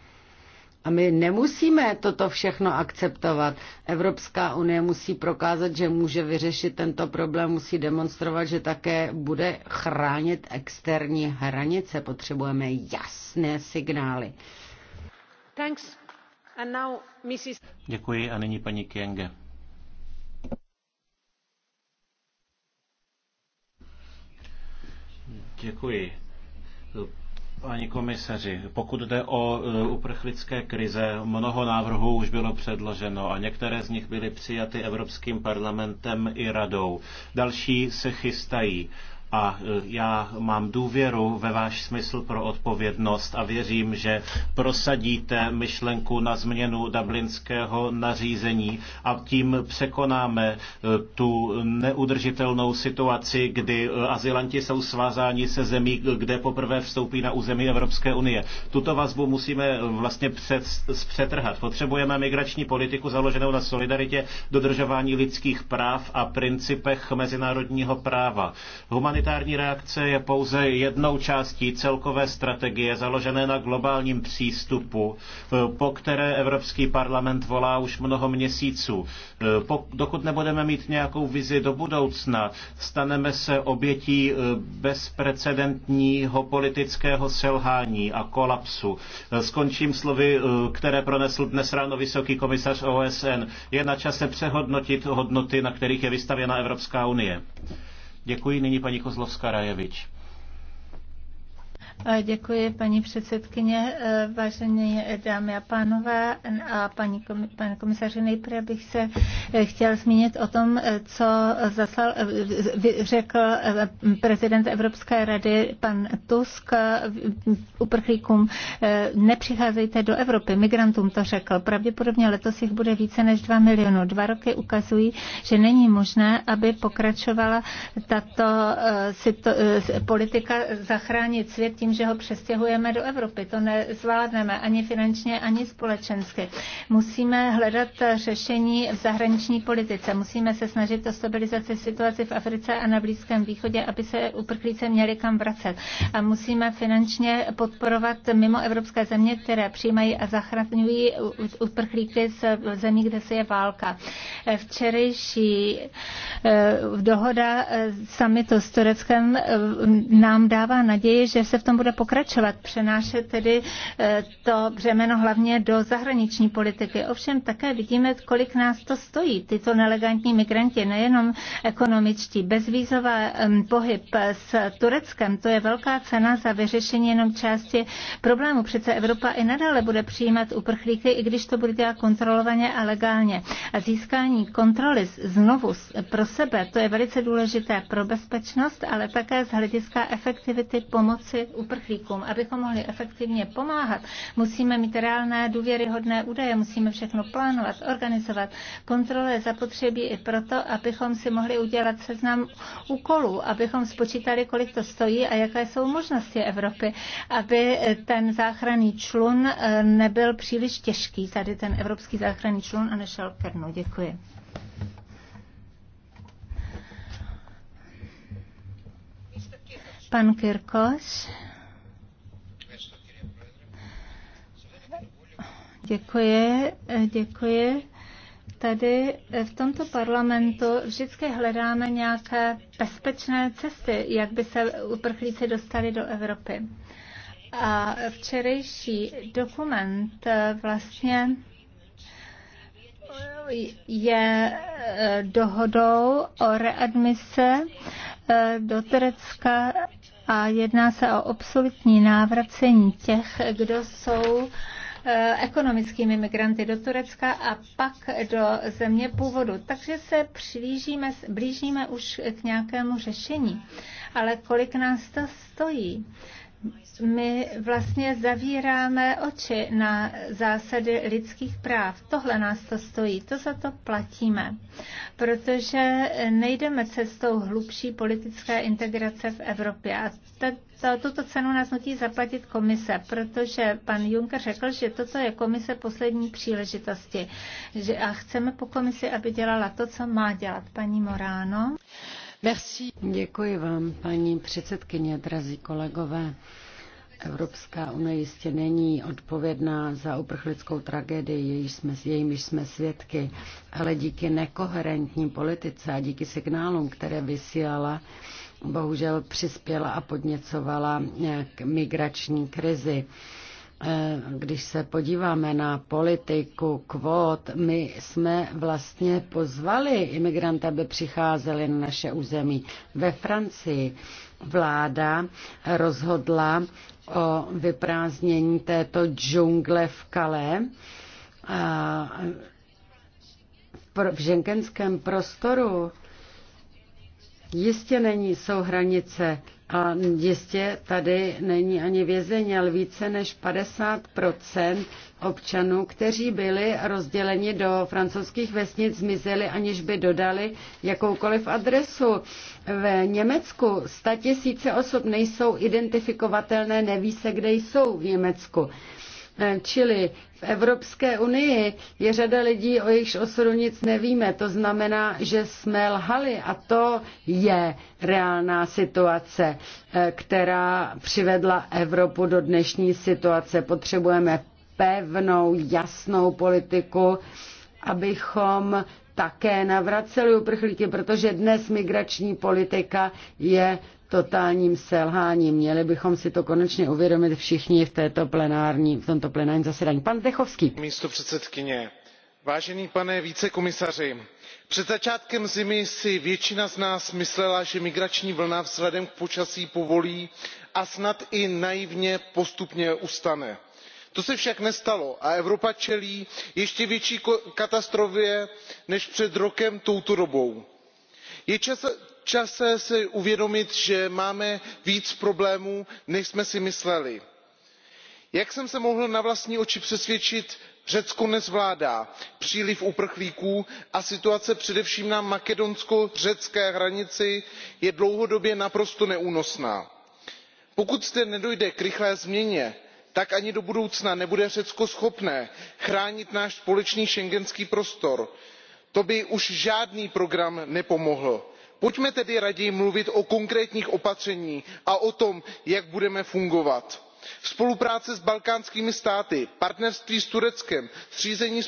[SPEAKER 2] A my nemusíme toto všechno akceptovat. Evropská unie musí prokázat, že může vyřešit tento problém, musí demonstrovat, že také bude chránit externí hranice. Potřebujeme jasné signály.
[SPEAKER 5] Děkuji a nyní paní Kienge. Děkuji. Páni komisaři, pokud jde o e, uprchlické krize, mnoho návrhů už bylo předloženo a některé z nich byly přijaty Evropským parlamentem i radou. Další se chystají a e, já mám důvěru ve váš smysl pro odpovědnost a věřím, že prosadíte myšlenku na změnu dublinského nařízení a tím překonáme e, tu neudržitelnou situaci, kdy e, azylanti jsou svázáni se zemí, kde poprvé vstoupí na území Evropské unie. Tuto vazbu musíme vlastně přetrhat. Potřebujeme migrační politiku založenou na solidaritě, dodržování lidských práv a principech mezinárodního práva. Humanit humanitární reakce je pouze jednou částí celkové strategie založené na globálním přístupu, eh, po které Evropský parlament volá už mnoho měsíců. Eh, dokud nebudeme mít nějakou vizi do budoucna, staneme se obětí eh, bezprecedentního politického selhání a kolapsu. Skončím slovy, které pronesl dnes ráno vysoký komisař OSN. Je na čase přehodnotit hodnoty, na kterých je vystavěna Evropská unie. Děkuji nyní paní Kozlovská Rajevič.
[SPEAKER 1] Eh, děkuji, paní předsedkyně, eh, vážené dámy a pánové a paní pane komisaři. Nejprve bych se eh, chtěl zmínit o tom, co zaslal, řekl prezident Evropské rady pan Tusk uprchlíkům. Nepřicházejte do Evropy, migrantům to řekl. Pravděpodobně letos jich bude více než 2 milionů. Dva roky ukazují, že není možné, aby pokračovala tato politika zachránit svět tím, že ho přestěhujeme do Evropy. To nezvládneme ani finančně, ani společensky. Musíme hledat řešení v zahraniční politice. Musíme se snažit o stabilizaci situaci v Africe a na Blízkém východě, aby se uprchlíci měli kam vracet. A musíme finančně podporovat mimo evropské země, které přijímají a zachraňují uprchlíky z zemí, kde se je válka. Včerejší eh, dohoda eh, samitu s Tureckem eh, nám dává naději, že se v tom bude pokračovat, přenášet tedy eh, to břemeno hlavně do zahraniční politiky. Ovšem také vidíme, kolik nás to stojí, tyto nelegantní migranti, nejenom ekonomičtí. Bezvízová pohyb s Tureckem, to je velká cena za vyřešení jenom části problému. Přece Evropa i nadále bude přijímat uprchlíky, i když to bude dělat kontrolovaně a legálně. A získání kontroly znovu pro sebe, to je velice důležité pro bezpečnost, ale také z hlediska efektivity pomoci uprchlíkům uprchlíkům. Abychom mohli efektivně pomáhat, musíme mít reálné důvěryhodné údaje, musíme všechno plánovat, organizovat. Kontrole zapotřebí i proto, abychom si mohli udělat seznam úkolů, abychom spočítali, kolik to stojí a jaké jsou možnosti Evropy, aby ten záchranný člun eh, nebyl příliš těžký, tady ten evropský záchranný člun a nešel ke dnu. Děkuji. Pan Kirkos. Děkuji, eh, děkuji. Tady eh, v tomto parlamentu vždycky hledáme nějaké bezpečné cesty, jak by se uprchlíci dostali do Evropy. A včerejší dokument eh, vlastně je dohodou o readmise do Turecka a jedná se o absolutní návracení těch, kdo jsou Eh, ekonomickými migranty do Turecka a pak do země původu. Takže se přiblížíme, blížíme už k nějakému řešení. Ale kolik nás to stojí? my vlastně zavíráme oči na zásady lidských práv. Tohle nás to stojí, to za to platíme, protože nejdeme cestou hlubší politické integrace v Evropě. A to, tuto cenu nás nutí zaplatit komise, protože pan Juncker řekl, že toto je komise poslední příležitosti že, a chceme po komisi, aby dělala to, co má dělat. Paní Moráno.
[SPEAKER 2] Merci. Děkuji vám, paní předsedkyně, drazí kolegové. Evropská unie jistě není odpovědná za uprchlickou tragédii, jejíž jsme, jejímž jsme svědky, ale díky nekoherentní politice a díky signálům, které vysílala, bohužel přispěla a podněcovala eh, k migrační krizi. Eh, když se podíváme na politiku kvót, my jsme vlastně pozvali imigranty, aby přicházeli na naše území. Ve Francii vláda rozhodla o vyprázdnění této džungle v Kale. v ženkenském prostoru Jistě není, jsou hranice a jistě tady není ani vězení, ale více než 50 občanů, kteří byli rozděleni do francouzských vesnic, zmizeli, aniž by dodali jakoukoliv adresu. V Německu statisíce osob nejsou identifikovatelné, neví se, kde jsou v Německu. Eh, čili v Evropské unii je řada lidí, o jejichž osudu nic nevíme. To znamená, že jsme lhali a to je reálná situace, eh, která přivedla Evropu do dnešní situace. Potřebujeme pevnou, jasnou politiku, abychom také navraceli uprchlíky, protože dnes migrační politika je totálním selháním. Měli bychom si to konečně uvědomit všichni v, této plenární, v tomto plenárním zasedání. Pan Techovský.
[SPEAKER 4] Místo předsedkyně. Vážený pane vícekomisaři, před začátkem zimy si většina z nás myslela, že migrační vlna vzhledem k počasí povolí a snad i naivně postupně ustane. To se však nestalo a Evropa čelí ještě větší katastrofě než před rokem touto dobou. Je čas čase si uvědomit že máme více problémů než jsme si mysleli. jak jsem se mohl na vlastní oči přesvědčit řecko nezvládá příliv uprchlíků a situace především na makedonsko řecké hranici je dlouhodobě naprosto neúnosná. pokud zde nedojde k rychlé změně tak ani do budoucna nebude řecko schopné chránit náš společný schengenský prostor. to by už žádný program nepomohl pojďme tedy raději mluvit o konkrétních opatřeních a o tom jak budeme fungovat. spolupráce s balkánskými státy partnerství s tureckem zřízení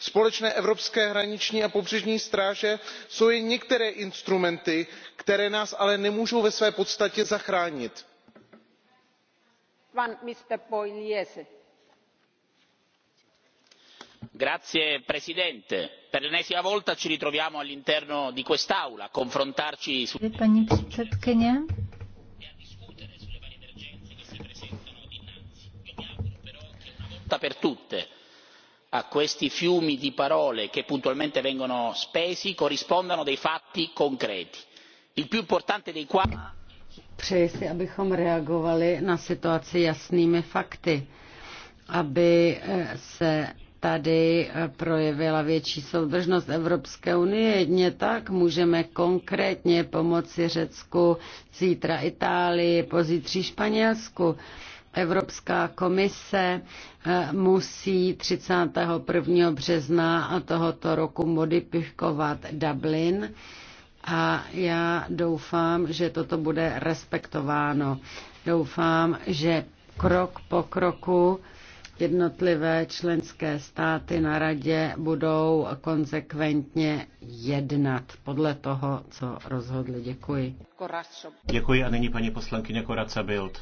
[SPEAKER 4] společné evropské hraniční a pobřežní stráže jsou jen některé instrumenty které nás ale nemůžou ve své podstatě zachránit
[SPEAKER 1] signor presidente onorevoli colleghi per l'ennesima volta ci ritroviamo all'interno di
[SPEAKER 6] quest'aula a confrontarci.
[SPEAKER 1] paní předsedkyně a questi fiumi di parole che puntualmente vengono spesi corrispondano dei fatti concreti il più importante dei quali.
[SPEAKER 2] přeji si abychom reagovali na situaci jasnými fakty aby eh, se tady eh, projevila větší soudržnost Evropské unie. Jedně tak můžeme konkrétně pomoci Řecku, zítra Itálii, pozítří Španělsku. Evropská komise eh, musí 31. března a tohoto roku modifikovat Dublin a já doufám, že toto bude respektováno. Doufám, že krok po kroku jednotlivé členské státy na radě budou konsekventně jednat podle toho, co rozhodli. Děkuji.
[SPEAKER 5] Děkuji a nyní paní poslankyně Koraca Bild.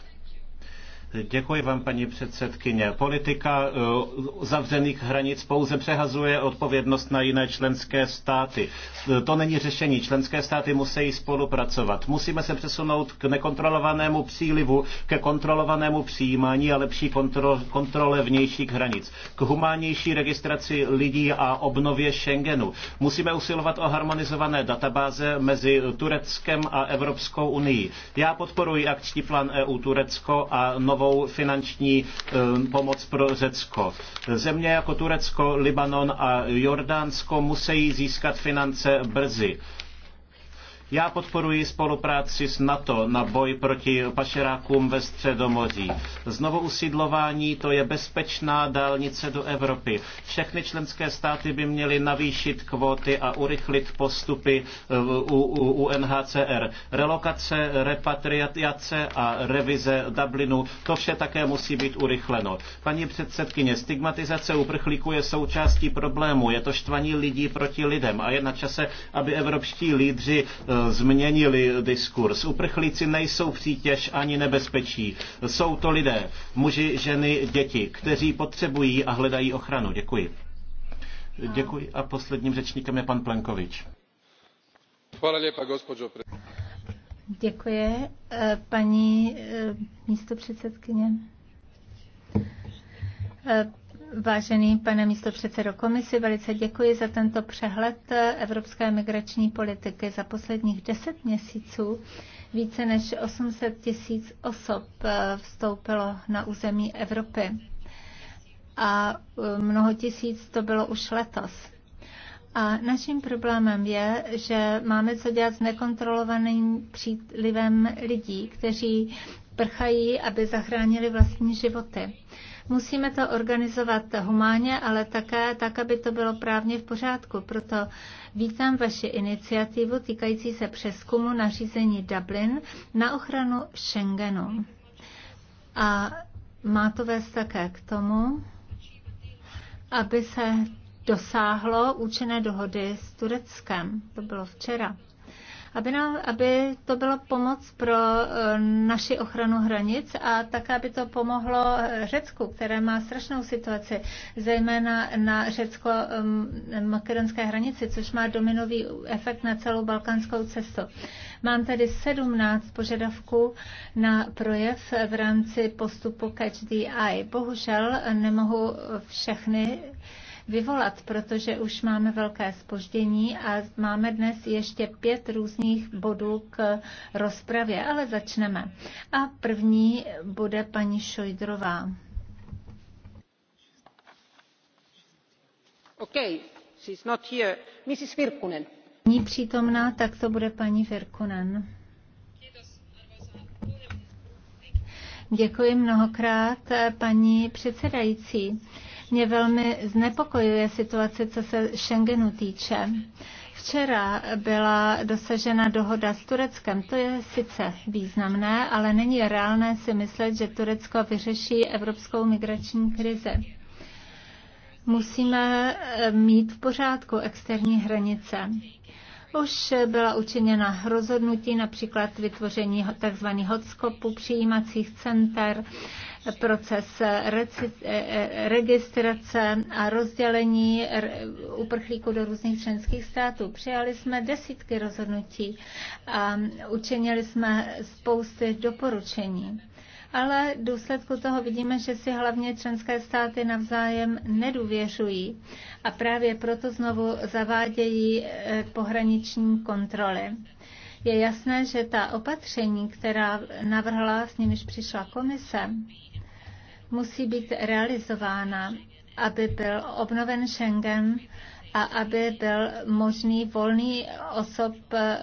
[SPEAKER 5] Děkuji vám, paní předsedkyně. Politika eh, zavřených hranic pouze přehazuje odpovědnost na jiné členské státy. To není řešení. Členské státy musí spolupracovat. Musíme se přesunout k nekontrolovanému přílivu, ke kontrolovanému přijímání a lepší kontrole vnějších hranic. K humánnější registraci lidí a obnově Schengenu. Musíme usilovat o harmonizované databáze mezi Tureckem a Evropskou unii. Já podporuji akční plán EU Turecko a novou novou finanční eh, pomoc pro Řecko. Země jako Turecko, Libanon a Jordánsko musí získat finance brzy. Já podporuji spolupráci s NATO na boj proti pašerákům ve Středomoří. Znovu usídlování to je bezpečná dálnice do Evropy. Všechny členské státy by měly navýšit kvóty a urychlit postupy eh, u, UNHCR. Relokace, repatriace a revize Dublinu, to vše také musí být urychleno. Paní předsedkyně, stigmatizace uprchlíků je součástí problému. Je to štvaní lidí proti lidem a je na čase, aby evropští lídři eh, změnili diskurs. Uprchlíci nejsou přítěž ani nebezpečí. Jsou to lidé, muži, ženy, děti, kteří potřebují a hledají ochranu. Děkuji. Děkuji a posledním řečníkem je pan Plenkovič.
[SPEAKER 1] Děkuji, e, paní e, místo Vážený pane místopředsedo komisi, velice děkuji za tento přehled evropské migrační politiky za posledních deset měsíců. Více než 800 tisíc osob eh, vstoupilo na území Evropy a eh, mnoho tisíc to bylo už letos. A naším problémem je, že máme co dělat s nekontrolovaným přílivem lidí, kteří prchají, aby zachránili vlastní životy. Musíme to organizovat humánně, ale také tak, aby to bylo právně v pořádku. Proto vítám vaši iniciativu týkající se přeskumu nařízení Dublin na ochranu Schengenu. A má to vést také k tomu, aby se dosáhlo účinné dohody s Tureckem. To bylo včera aby, nám, aby to bylo pomoc pro eh, naši ochranu hranic a také, aby to pomohlo eh, Řecku, které má strašnou situaci, zejména na řecko-makedonské ehm, hranici, což má dominový efekt na celou balkánskou cestu. Mám tady 17 požadavků na projev v rámci postupu Catch the Eye. Bohužel nemohu všechny vyvolat, protože už máme velké spoždění a máme dnes ještě pět různých bodů k rozpravě, ale začneme. A první bude paní Šojdrová.
[SPEAKER 3] OK, she's not here. Mrs. Virkunen.
[SPEAKER 1] Ní přítomná, tak to bude paní Virkunen. Děkuji mnohokrát, paní předsedající. Mě velmi znepokojuje situace, co se Schengenu týče. Včera byla dosažena dohoda s Tureckem. To je sice významné, ale není reálné si myslet, že Turecko vyřeší evropskou migrační krizi. Musíme eh, mít v pořádku externí hranice. Už byla učiněna rozhodnutí, například vytvoření tzv. hotskopu přijímacích center, proces e- e- registrace a rozdělení uprchlíků do různých členských států. Přijali jsme desítky rozhodnutí a učinili jsme spousty doporučení ale v důsledku toho vidíme, že si hlavně členské státy navzájem nedůvěřují a právě proto znovu zavádějí e, pohraniční kontroly. Je jasné, že ta opatření, která navrhla, s nimiž přišla komise, musí být realizována, aby byl obnoven Schengen a aby byl možný volný osob, eh,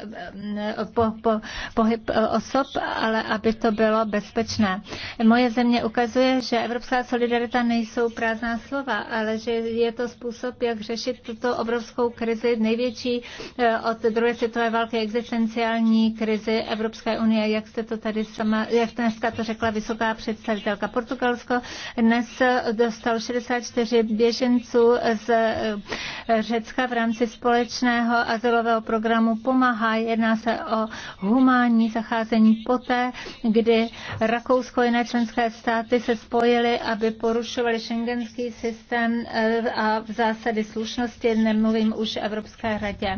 [SPEAKER 1] po, po, pohyb osob, ale aby to bylo bezpečné. Moje země ukazuje, že evropská solidarita nejsou prázdná slova, ale že je to způsob, jak řešit tuto obrovskou krizi, největší eh, od druhé světové války existenciální krizi Evropské unie, jak jste to tady sama, jak dneska to řekla vysoká představitelka. Portugalsko dnes dostal 64 běženců z eh, Řecka v rámci společného azylového programu pomáhá. Jedná se o humánní zacházení poté, kdy Rakousko a jiné členské státy se spojily, aby porušovali šengenský systém eh, a v zásady slušnosti, nemluvím už Evropské radě.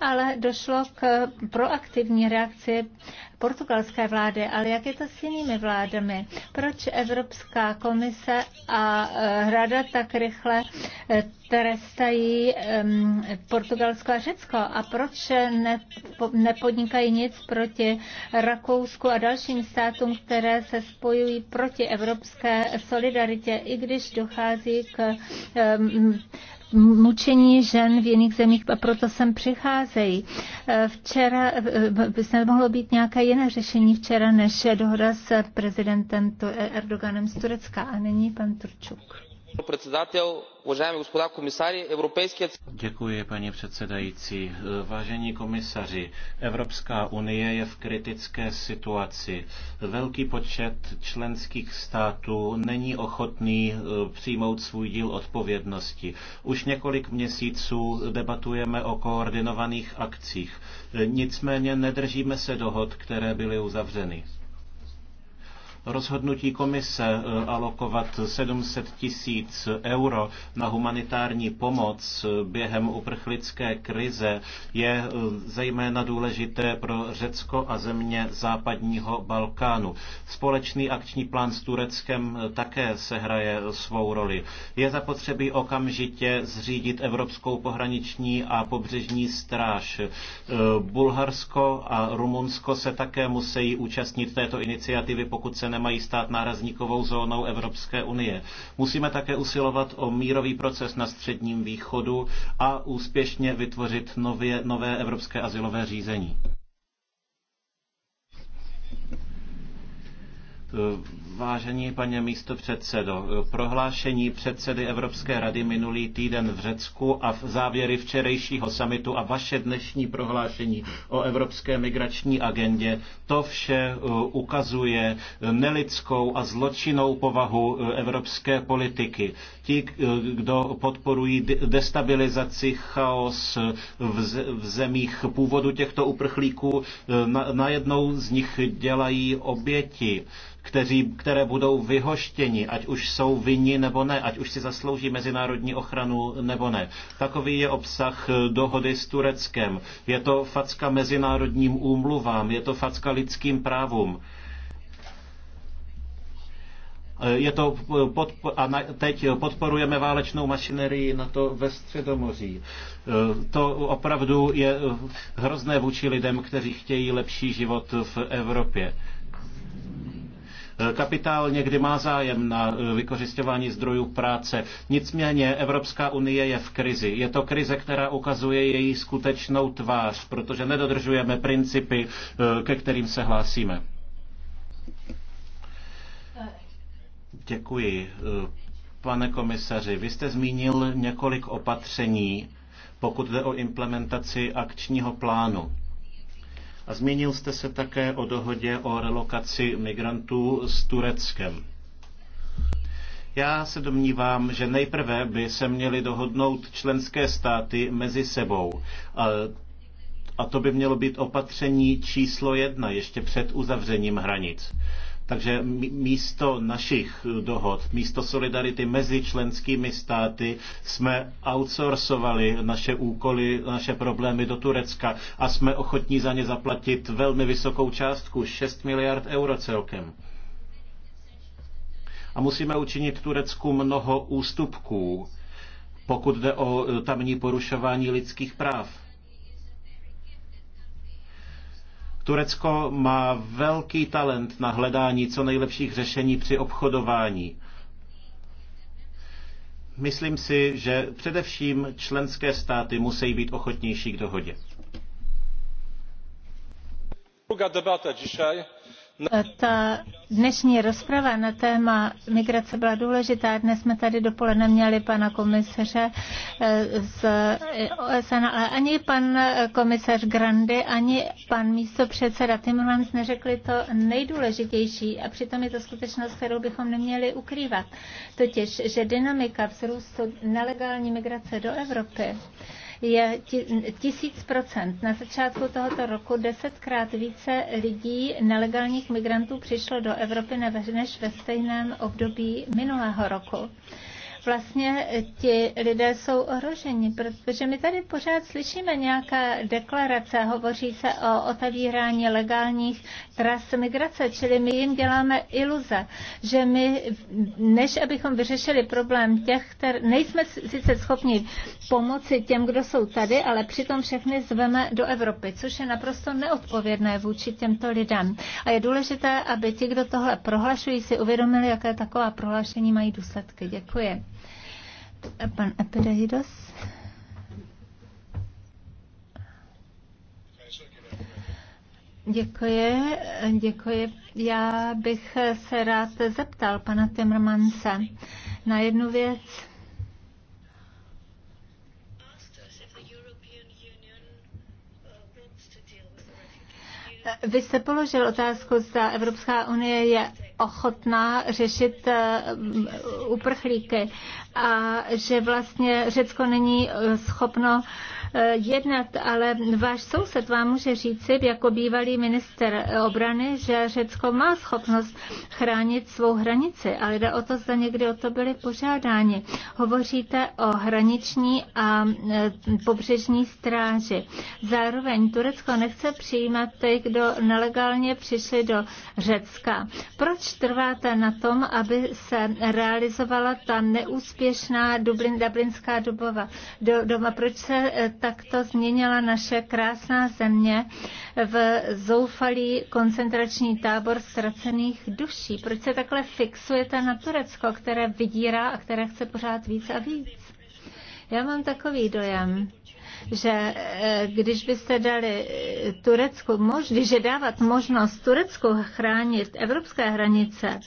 [SPEAKER 1] Ale došlo k proaktivní reakci portugalské vlády, ale jak je to s jinými vládami? Proč Evropská komise a e, rada tak rychle e, trestají Portugalsko a Řecko? A proč nepodnikají nic proti Rakousku a dalším státům, které se spojují proti evropské solidaritě, i když dochází k mučení žen v jiných zemích a proto sem přicházejí. Eh, včera eh, by se mohlo být nějaké jiné řešení včera než dohoda s prezidentem Erdoganem z Turecka a není pan Turčuk.
[SPEAKER 5] Děkuji, paní předsedající. Vážení komisaři, Evropská unie je v kritické situaci. Velký počet členských států není ochotný eh, přijmout svůj díl odpovědnosti. Už několik měsíců debatujeme o koordinovaných akcích. Nicméně nedržíme se dohod, které byly uzavřeny. Rozhodnutí komise eh, alokovat 700 tisíc euro na humanitární pomoc eh, během uprchlické krize je eh, zejména důležité pro Řecko a země západního Balkánu. Společný akční plán s Tureckem také sehraje svou roli. Je zapotřebí okamžitě zřídit Evropskou pohraniční a pobřežní stráž. Bulharsko a Rumunsko se také musí účastnit této iniciativy, pokud se nemají stát nárazníkovou zónou Evropské unie. Musíme také usilovat o mírový proces na středním východu a úspěšně vytvořit nově, nové evropské asilové řízení. Vážení paně místo předsedo, prohlášení předsedy Evropské rady minulý týden v Řecku a v závěry včerejšího samitu a vaše dnešní prohlášení o evropské migrační agendě, to vše uh, ukazuje nelidskou a zločinnou povahu uh, evropské politiky. Ti, uh, kdo podporují destabilizaci, chaos v zemích původu těchto uprchlíků, najednou z nich dělají oběti kteří, které budou vyhoštěni, ať už jsou vinni nebo ne, ať už si zaslouží mezinárodní ochranu nebo ne. Takový je obsah eh, dohody s Tureckem. Je to facka mezinárodním úmluvám, je to facka lidským právům. Eh, je to eh, podpo- a na- teď podporujeme válečnou mašinerii na to ve Středomoří. To opravdu je hrozné vůči lidem, kteří chtějí lepší život v Evropě. Eh, kapitál někdy má zájem na eh, vykořišťování zdrojů práce. Nicméně Evropská unie je v krizi. Je to krize, která ukazuje její skutečnou tvář, protože nedodržujeme principy, eh, ke kterým se hlásíme. Děkuji. Pane komisaři, vy jste zmínil několik opatření, pokud jde o implementaci akčního plánu. A zmínil jste se také o dohodě o relokaci migrantů s Tureckem. Já se domnívám, že nejprve by se měly dohodnout členské státy mezi sebou. A to by mělo být opatření číslo jedna ještě před uzavřením hranic. Takže místo našich dohod, místo solidarity mezi členskými státy jsme outsourcovali naše úkoly, naše problémy do Turecka a jsme ochotní za ně zaplatit velmi vysokou částku, 6 miliard euro celkem a musíme učinit Turecku mnoho ústupků, pokud jde o tamní porušování lidských práv. Turecko má velký talent na hledání co nejlepších řešení při obchodování. Myslím si, že především členské státy musí být ochotnější k dohodě.
[SPEAKER 4] debata dzisiaj
[SPEAKER 1] ta dnešní rozprava na téma migrace byla důležitá. Dnes jsme tady dopoledne měli pana komisaře eh, z OSN, ale ani pan komisař Grandy, ani pan místo předseda Timmermans neřekli to nejdůležitější a přitom je to skutečnost, kterou bychom neměli ukrývat. Totiž, že dynamika vzrůstu nelegální migrace do Evropy je tisíc procent. Na začátku tohoto roku desetkrát více lidí, nelegálních migrantů, přišlo do Evropy než ve stejném období minulého roku vlastně ti lidé jsou ohroženi, protože my tady pořád slyšíme nějaké deklarace, hovoří se o otevírání legálních tras migrace, čili my jim děláme iluze, že my, než abychom vyřešili problém těch, které nejsme sice schopni pomoci těm, kdo jsou tady, ale přitom všechny zveme do Evropy, což je naprosto neodpovědné vůči těmto lidem. A je důležité, aby ti, kdo tohle prohlašují, si uvědomili, jaké taková prohlášení mají důsledky. Děkuji. Pan Epidehidos. Děkuji, děkuji. Já bych se rád zeptal pana Timmermanse na jednu věc. Vy jste položil otázku, zda Evropská unie je ochotná řešit eh, uprchlíky a že vlastně Řecko není eh, schopno Eh, jednat, ale váš soused vám může říci, jako bývalý minister obrany, že Řecko má schopnost chránit svou hranici, ale jde o to, zda někdy o to byly požádáni. Hovoříte o hraniční a eh, pobřežní stráži. Zároveň Turecko nechce přijímat ty, kdo nelegálně přišli do Řecka. Proč trváte na tom, aby se realizovala ta neúspěšná Dublin, dublinská dobova? Do, doma? Proč se eh, takto změnila naše krásná země v zoufalý koncentrační tábor ztracených duší? Proč se takhle fixujete na Turecko, které vydírá a které chce pořád víc a víc? Já mám takový dojem, že e, když byste dali e, Turecku možnost, že dávat možnost Turecku chránit evropské hranice,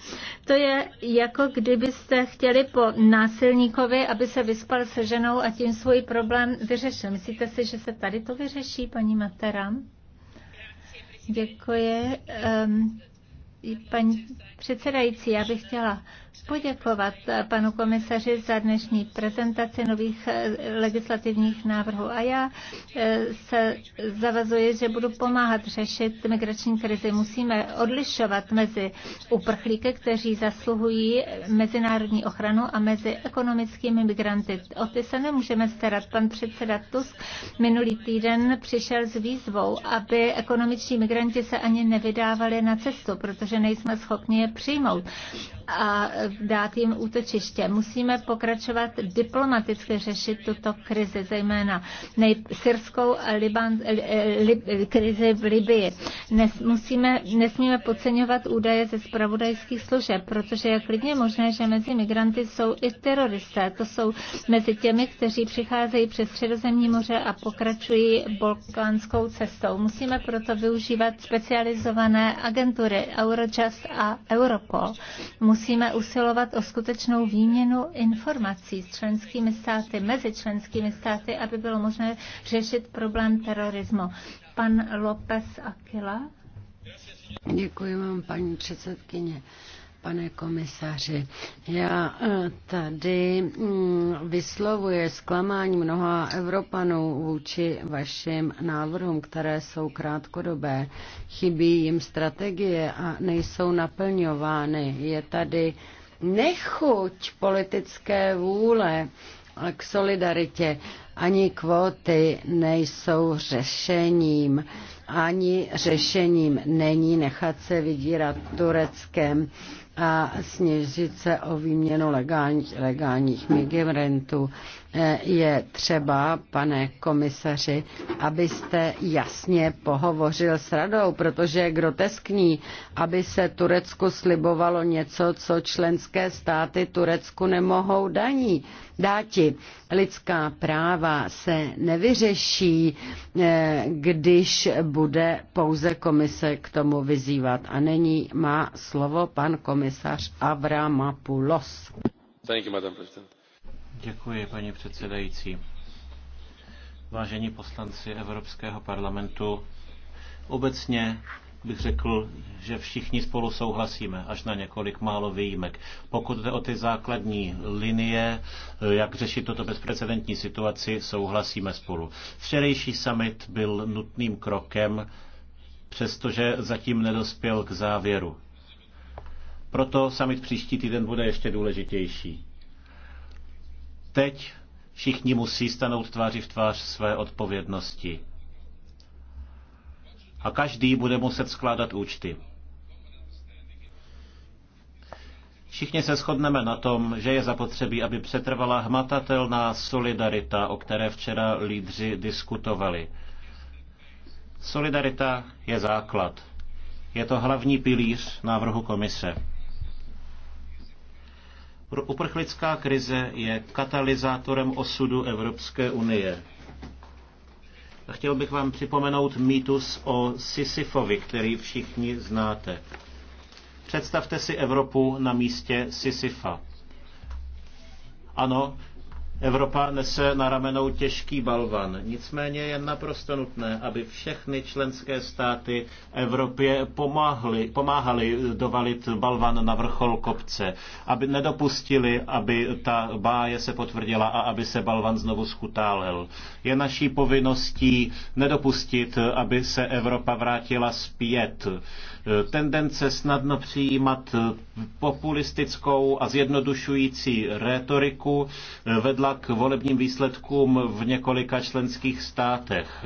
[SPEAKER 1] to je jako kdybyste chtěli po násilníkovi, aby se vyspal se ženou a tím svůj problém vyřešil. Myslíte si, že se tady to vyřeší, paní Matera? Děkuji. Um, paní předsedající, já bych chtěla poděkovat eh, panu komisaři za dnešní prezentaci nových eh, legislativních návrhů. A já eh, se zavazuji, že budu pomáhat řešit migrační krizi. Musíme odlišovat mezi uprchlíky, kteří zasluhují mezinárodní ochranu a mezi ekonomickými migranty. O ty se nemůžeme starat. Pan předseda Tusk minulý týden přišel s výzvou, aby ekonomiční migranti se ani nevydávali na cestu, protože nejsme schopni je přijmout. A dát jim útočiště. Musíme pokračovat diplomaticky řešit tuto krizi, zejména syrskou Liban, li, li, krizi v Libii. Nes, musíme, nesmíme podceňovat údaje ze spravodajských služeb, protože je klidně možné, že mezi migranty jsou i teroristé. To jsou mezi těmi, kteří přicházejí přes Středozemní moře a pokračují balkánskou cestou. Musíme proto využívat specializované agentury Eurojust a Europol. Musíme usilovat usilovat o skutečnou výměnu informací s členskými státy, mezi členskými státy, aby bylo možné řešit problém terorismu. Pan López Aquila.
[SPEAKER 2] Děkuji vám, paní předsedkyně pane komisaři. Já eh, tady mm, vyslovuje zklamání mnoha Evropanů vůči vašim návrhům, které jsou krátkodobé. Chybí jim strategie a nejsou naplňovány. Je tady nechuť politické vůle k solidaritě ani kvóty nejsou řešením. Ani řešením není nechat se vydírat Tureckem a sněžit se o výměnu legální, legálních migrantů je třeba, pane komisaři, abyste jasně pohovořil s radou, protože je groteskní, aby se Turecku slibovalo něco, co členské státy Turecku nemohou daní. Dáti, lidská práva se nevyřeší, eh, když bude pouze komise k tomu vyzývat. A není má slovo pan komisař Avramopoulos.
[SPEAKER 5] Thank you, Madam President Děkuji, paní předsedající. Vážení poslanci Evropského parlamentu, obecně bych řekl, že všichni spolu souhlasíme, až na několik málo výjimek. Pokud jde o ty základní linie, jak řešit toto bezprecedentní situaci, souhlasíme spolu. Včerejší summit byl nutným krokem, přestože zatím nedospěl k závěru. Proto summit příští týden bude ještě důležitější. Teď všichni musí stanout tváři v tvář své odpovědnosti. A každý bude muset skládat účty. Všichni se shodneme na tom, že je zapotřebí, aby přetrvala hmatatelná solidarita, o které včera lídři diskutovali. Solidarita je základ. Je to hlavní pilíř návrhu komise. Uprchlická krize je katalyzátorem osudu Evropské unie. A chtěl bych vám připomenout mýtus o Sisyfovi, který všichni znáte. Představte si Evropu na místě Sisyfa. Ano, Evropa nese na ramenou těžký balvan. Nicméně je naprosto nutné, aby všechny členské státy Evropě pomáhly, pomáhali dovalit balvan na vrchol kopce, aby nedopustili, aby ta báje se potvrdila a aby se balvan znovu schutálel. Je naší povinností nedopustit, aby se Evropa vrátila zpět. Tendence snadno přijímat populistickou a zjednodušující rétoriku vedla vedla k volebním výsledkům v několika členských státech.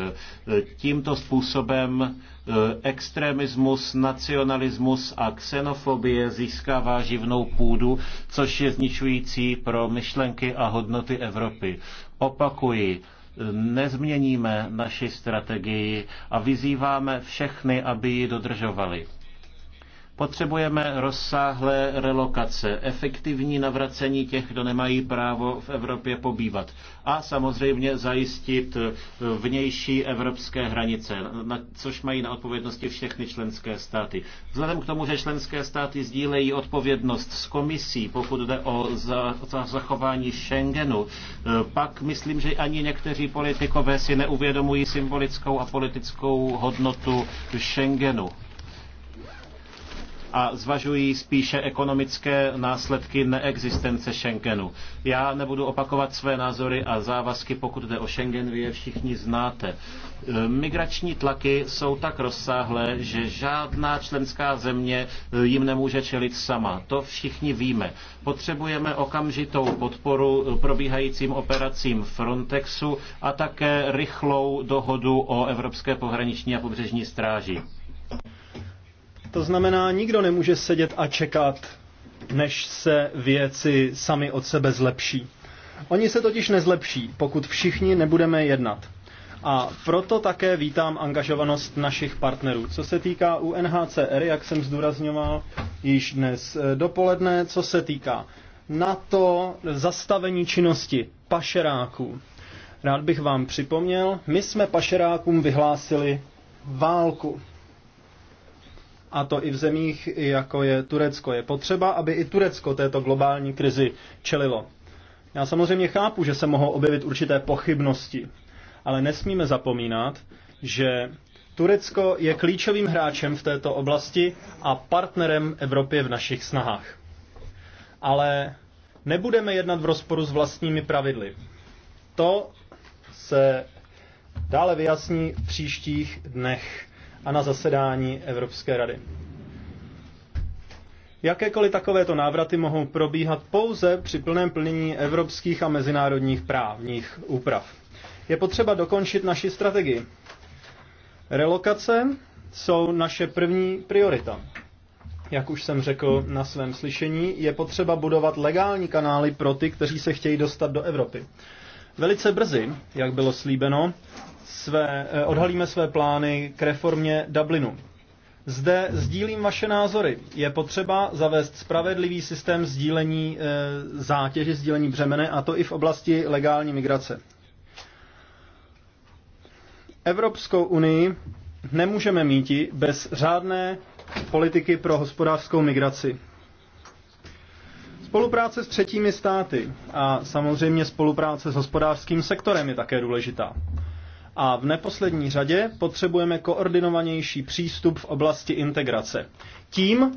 [SPEAKER 5] Tímto způsobem eh, extremismus, nacionalismus a xenofobie získává živnou půdu, což je zničující pro myšlenky a hodnoty Evropy. Opakuji, nezměníme naši strategii a vyzýváme všechny, aby ji dodržovali. Potřebujeme rozsáhlé relokace, efektivní navracení těch, kdo nemají právo v Evropě pobývat a samozřejmě zajistit vnější evropské hranice, na, což mají na odpovědnosti všechny členské státy. Vzhledem k tomu, že členské státy sdílejí odpovědnost s komisí, pokud jde o za, za zachování Schengenu, pak myslím, že ani někteří politikové si neuvědomují symbolickou a politickou hodnotu Schengenu a zvažují spíše ekonomické následky neexistence Schengenu. Já nebudu opakovat své názory a závazky, pokud jde o Schengen, vy je všichni znáte. Migrační tlaky jsou tak rozsáhlé, že žádná členská země jim nemůže čelit sama. To všichni víme. Potřebujeme okamžitou podporu probíhajícím operacím Frontexu a také rychlou dohodu o Evropské pohraniční a pobřežní
[SPEAKER 6] stráži. To znamená, nikdo nemůže sedět a čekat, než se věci sami od sebe zlepší. Oni se totiž nezlepší, pokud všichni nebudeme jednat. A proto také vítám angažovanost našich partnerů. Co se týká UNHCR, jak jsem zdůrazňoval již dnes eh, dopoledne, co se týká NATO, zastavení činnosti pašeráků. Rád bych vám připomněl, my jsme pašerákům vyhlásili válku a to i v zemích, jako je Turecko. Je potřeba, aby i Turecko této globální krizi čelilo. Já samozřejmě chápu, že se mohou objevit určité pochybnosti, ale nesmíme zapomínat, že Turecko je klíčovým hráčem v této oblasti a partnerem Evropě v našich snahách. Ale nebudeme jednat v rozporu s vlastními pravidly. To se dále vyjasní v příštích dnech a na zasedání Evropské rady. Jakékoliv takovéto návraty mohou probíhat pouze při plném plnění evropských a mezinárodních právních úprav. Je potřeba dokončit naši strategii. Relokace jsou naše první priorita. Jak už jsem řekl na svém slyšení, je potřeba budovat legální kanály pro ty, kteří se chtějí dostat do Evropy. Velice brzy, jak bylo slíbeno, své, eh, odhalíme své plány k reformě Dublinu. Zde sdílím vaše názory. Je potřeba zavést spravedlivý systém sdílení e, zátěže, sdílení břemene, a to i v oblasti legální migrace. Evropskou unii nemůžeme mít bez řádné politiky pro hospodářskou migraci. Spolupráce s třetími státy a samozřejmě spolupráce s hospodářským sektorem je také důležitá. A v neposlední řadě potřebujeme koordinovanější přístup v oblasti integrace. Tím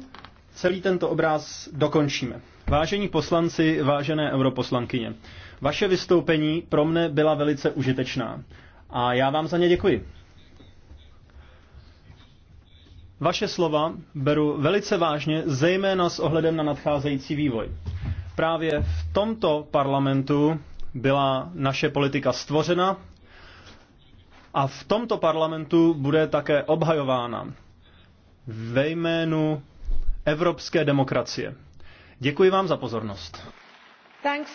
[SPEAKER 6] celý tento obráz dokončíme. Vážení poslanci, vážené europoslankyně, vaše vystoupení pro mne byla velice užitečná a já vám za ně děkuji. Vaše slova beru velice vážně, zejména s ohledem na nadcházející vývoj. Právě v tomto parlamentu byla naše politika stvořena a v tomto parlamentu bude také obhajována ve jménu evropské demokracie. Děkuji vám za pozornost. Thanks,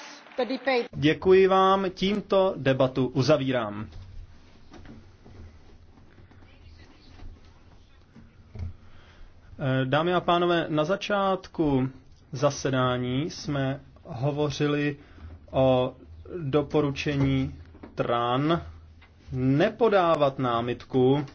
[SPEAKER 6] Děkuji vám, tímto debatu uzavírám. Eh, dámy a pánové, na začátku zasedání jsme hovořili o doporučení TRAN nepodávat námitku